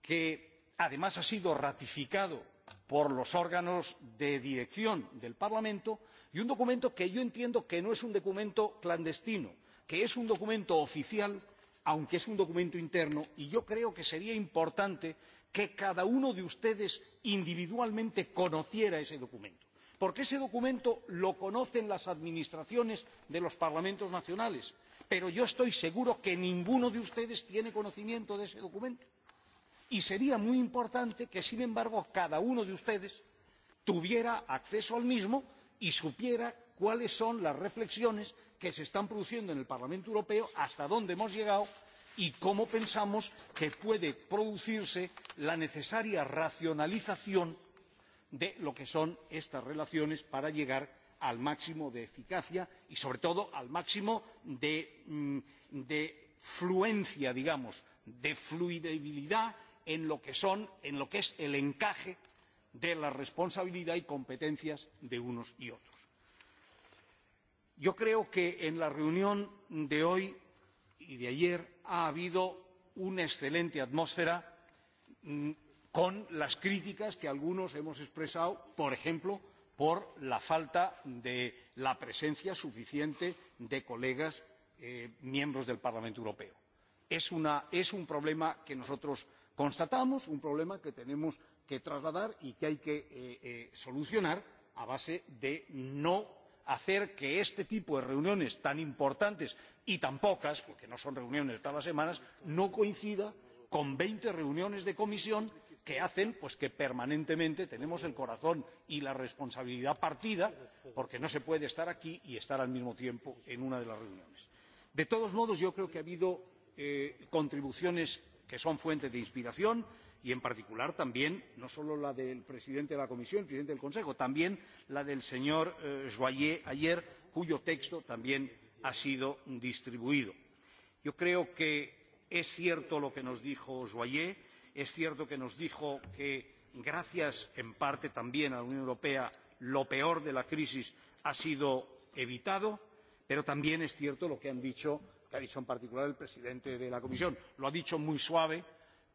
que además ha sido ratificado por los órganos de dirección del Parlamento y un documento que yo entiendo que no es un documento clandestino, que es un documento oficial aunque es un documento interno, y yo creo que sería importante que cada uno de ustedes individualmente conociera ese documento. Porque ese documento lo conocen las administraciones de los parlamentos nacionales, pero yo estoy seguro que ninguno de ustedes tiene conocimiento de ese documento. Y sería muy importante que, sin embargo, cada uno de ustedes tuviera acceso al mismo y supiera cuáles son las reflexiones que se están produciendo en el Parlamento Europeo, hasta dónde hemos llegado y cómo pensamos que puede producirse la necesaria racionalización de lo que son estas relaciones para llegar al máximo de eficacia y, sobre todo, al máximo de, mm, de fluencia, digamos, de fluidibilidad en lo, que son, en lo que es el encaje de la responsabilidad y competencias de unos y otros. Yo creo que en la reunión de hoy y de ayer ha habido una excelente atmósfera mm, con las críticas que algunos hemos expresado, por ejemplo, por la falta de la presencia suficiente de colegas eh, miembros del Parlamento Europeo. Es, una, es un problema que nosotros constatamos, un problema que tenemos que trasladar y que hay que eh, eh, solucionar a base de no hacer que este tipo de reuniones tan importantes y tan pocas porque no son reuniones todas las semanas no coincida con veinte reuniones de comisión que hacen pues, que permanentemente tenemos el corazón y la responsabilidad partida porque no se puede estar aquí y estar al mismo tiempo en una de las reuniones. de todos modos yo creo que ha habido eh, contribuciones que son fuentes de inspiración y, en particular, también, no solo la del presidente de la Comisión, el presidente del Consejo, también la del señor eh, Joyer ayer, cuyo texto también ha sido distribuido. Yo creo que es cierto lo que nos dijo Joyer, es cierto que nos dijo que, gracias en parte también a la Unión Europea, lo peor de la crisis ha sido evitado, pero también es cierto lo que han dicho que ha dicho en particular el presidente de la Comisión. Lo ha dicho muy suave,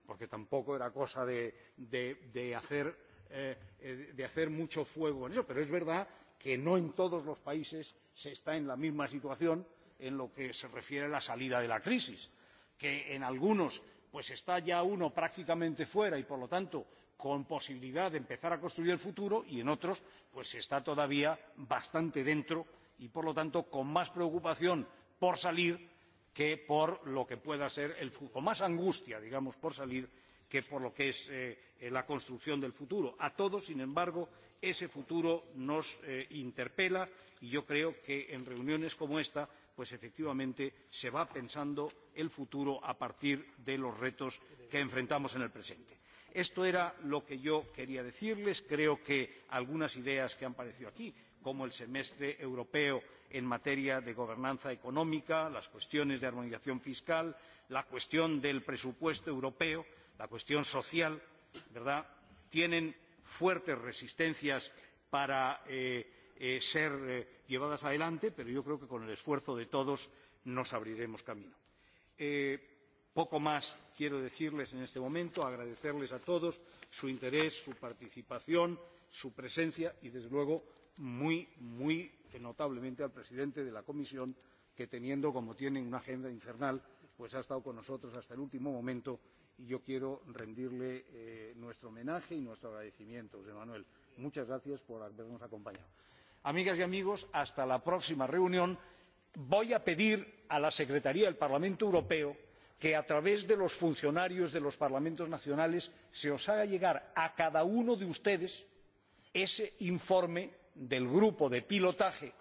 porque tampoco era cosa de, de, de, hacer, eh, eh de hacer mucho fuego en eso, pero es verdad que no en todos los países se está en la misma situación en lo que se refiere a la salida de la crisis, que en algunos pues está ya uno prácticamente fuera y por lo tanto con posibilidad de empezar a construir el futuro y en otros pues está todavía bastante dentro y por lo tanto con más preocupación por salir que por lo que pueda ser el futuro, o más angustia digamos por salir que por lo que es eh, la construcción del futuro. A todos, sin embargo, ese futuro nos eh, interpela y yo creo que en reuniones como esta, pues efectivamente se va pensando el futuro a partir de los retos que enfrentamos en el presente. Esto era lo que yo quería decirles. Creo que algunas ideas que han aparecido aquí, como el semestre europeo en materia de gobernanza económica, las cuestiones de armonización fiscal, la cuestión del presupuesto europeo, la cuestión social, ¿verdad? tienen fuertes resistencias para eh, eh, ser eh, llevadas adelante, pero yo creo que con el esfuerzo de todos nos abriremos camino. Eh, Poco más quiero decirles en este momento, agradecerles a todos su interés, su participación, su presencia y, desde luego, muy, muy notablemente al presidente de la Comisión, que teniendo como tiene una agenda infernal, pues ha estado con nosotros hasta el último momento y yo quiero rendirle eh, nuestro homenaje y nuestro agradecimiento, José Manuel. Muchas gracias por habernos acompañado. Amigas y amigos, hasta la próxima reunión. Voy a pedir a la Secretaría del Parlamento Europeo que a través de los funcionarios de los parlamentos nacionales se os haga llegar a cada uno de ustedes ese informe del grupo de pilotaje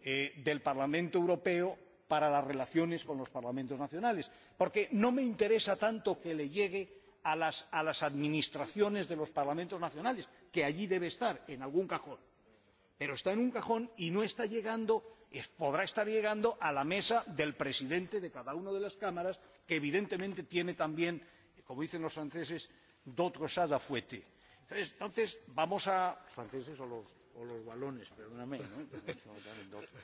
eh, del Parlamento Europeo para las relaciones con los parlamentos nacionales, porque no me interesa tanto que le llegue a las, a las administraciones de los parlamentos nacionales, que allí debe estar, en algún cajón, pero está en un cajón y no está llegando podrá estar llegando a la mesa del presidente de cada una de las cámaras, que evidentemente tiene también, como dicen los franceses, d'autres chats Fuete. fouetter. Entonces, entonces, vamos a... franceses o los, o los balones, perdóname. ¿no? <laughs>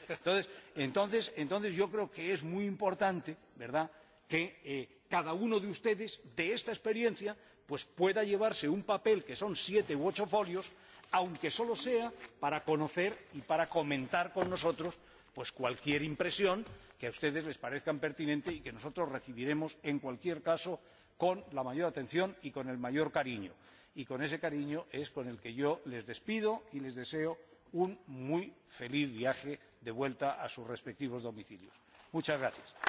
Entonces, entonces, entonces yo creo que es muy importante, ¿verdad?, que eh, cada uno de ustedes de esta experiencia pues pueda llevarse un papel que son siete u ocho folios, aunque solo sea para conocer y para comentar con nosotros pues cualquier impresión que a ustedes les parezca pertinente y que nosotros recibiremos en cualquier caso con la mayor atención y con el mayor cariño. Y con ese cariño es con el que yo les despido y les deseo un muy feliz viaje de vuelta a sus respectivos domicilios. Muchas gracias.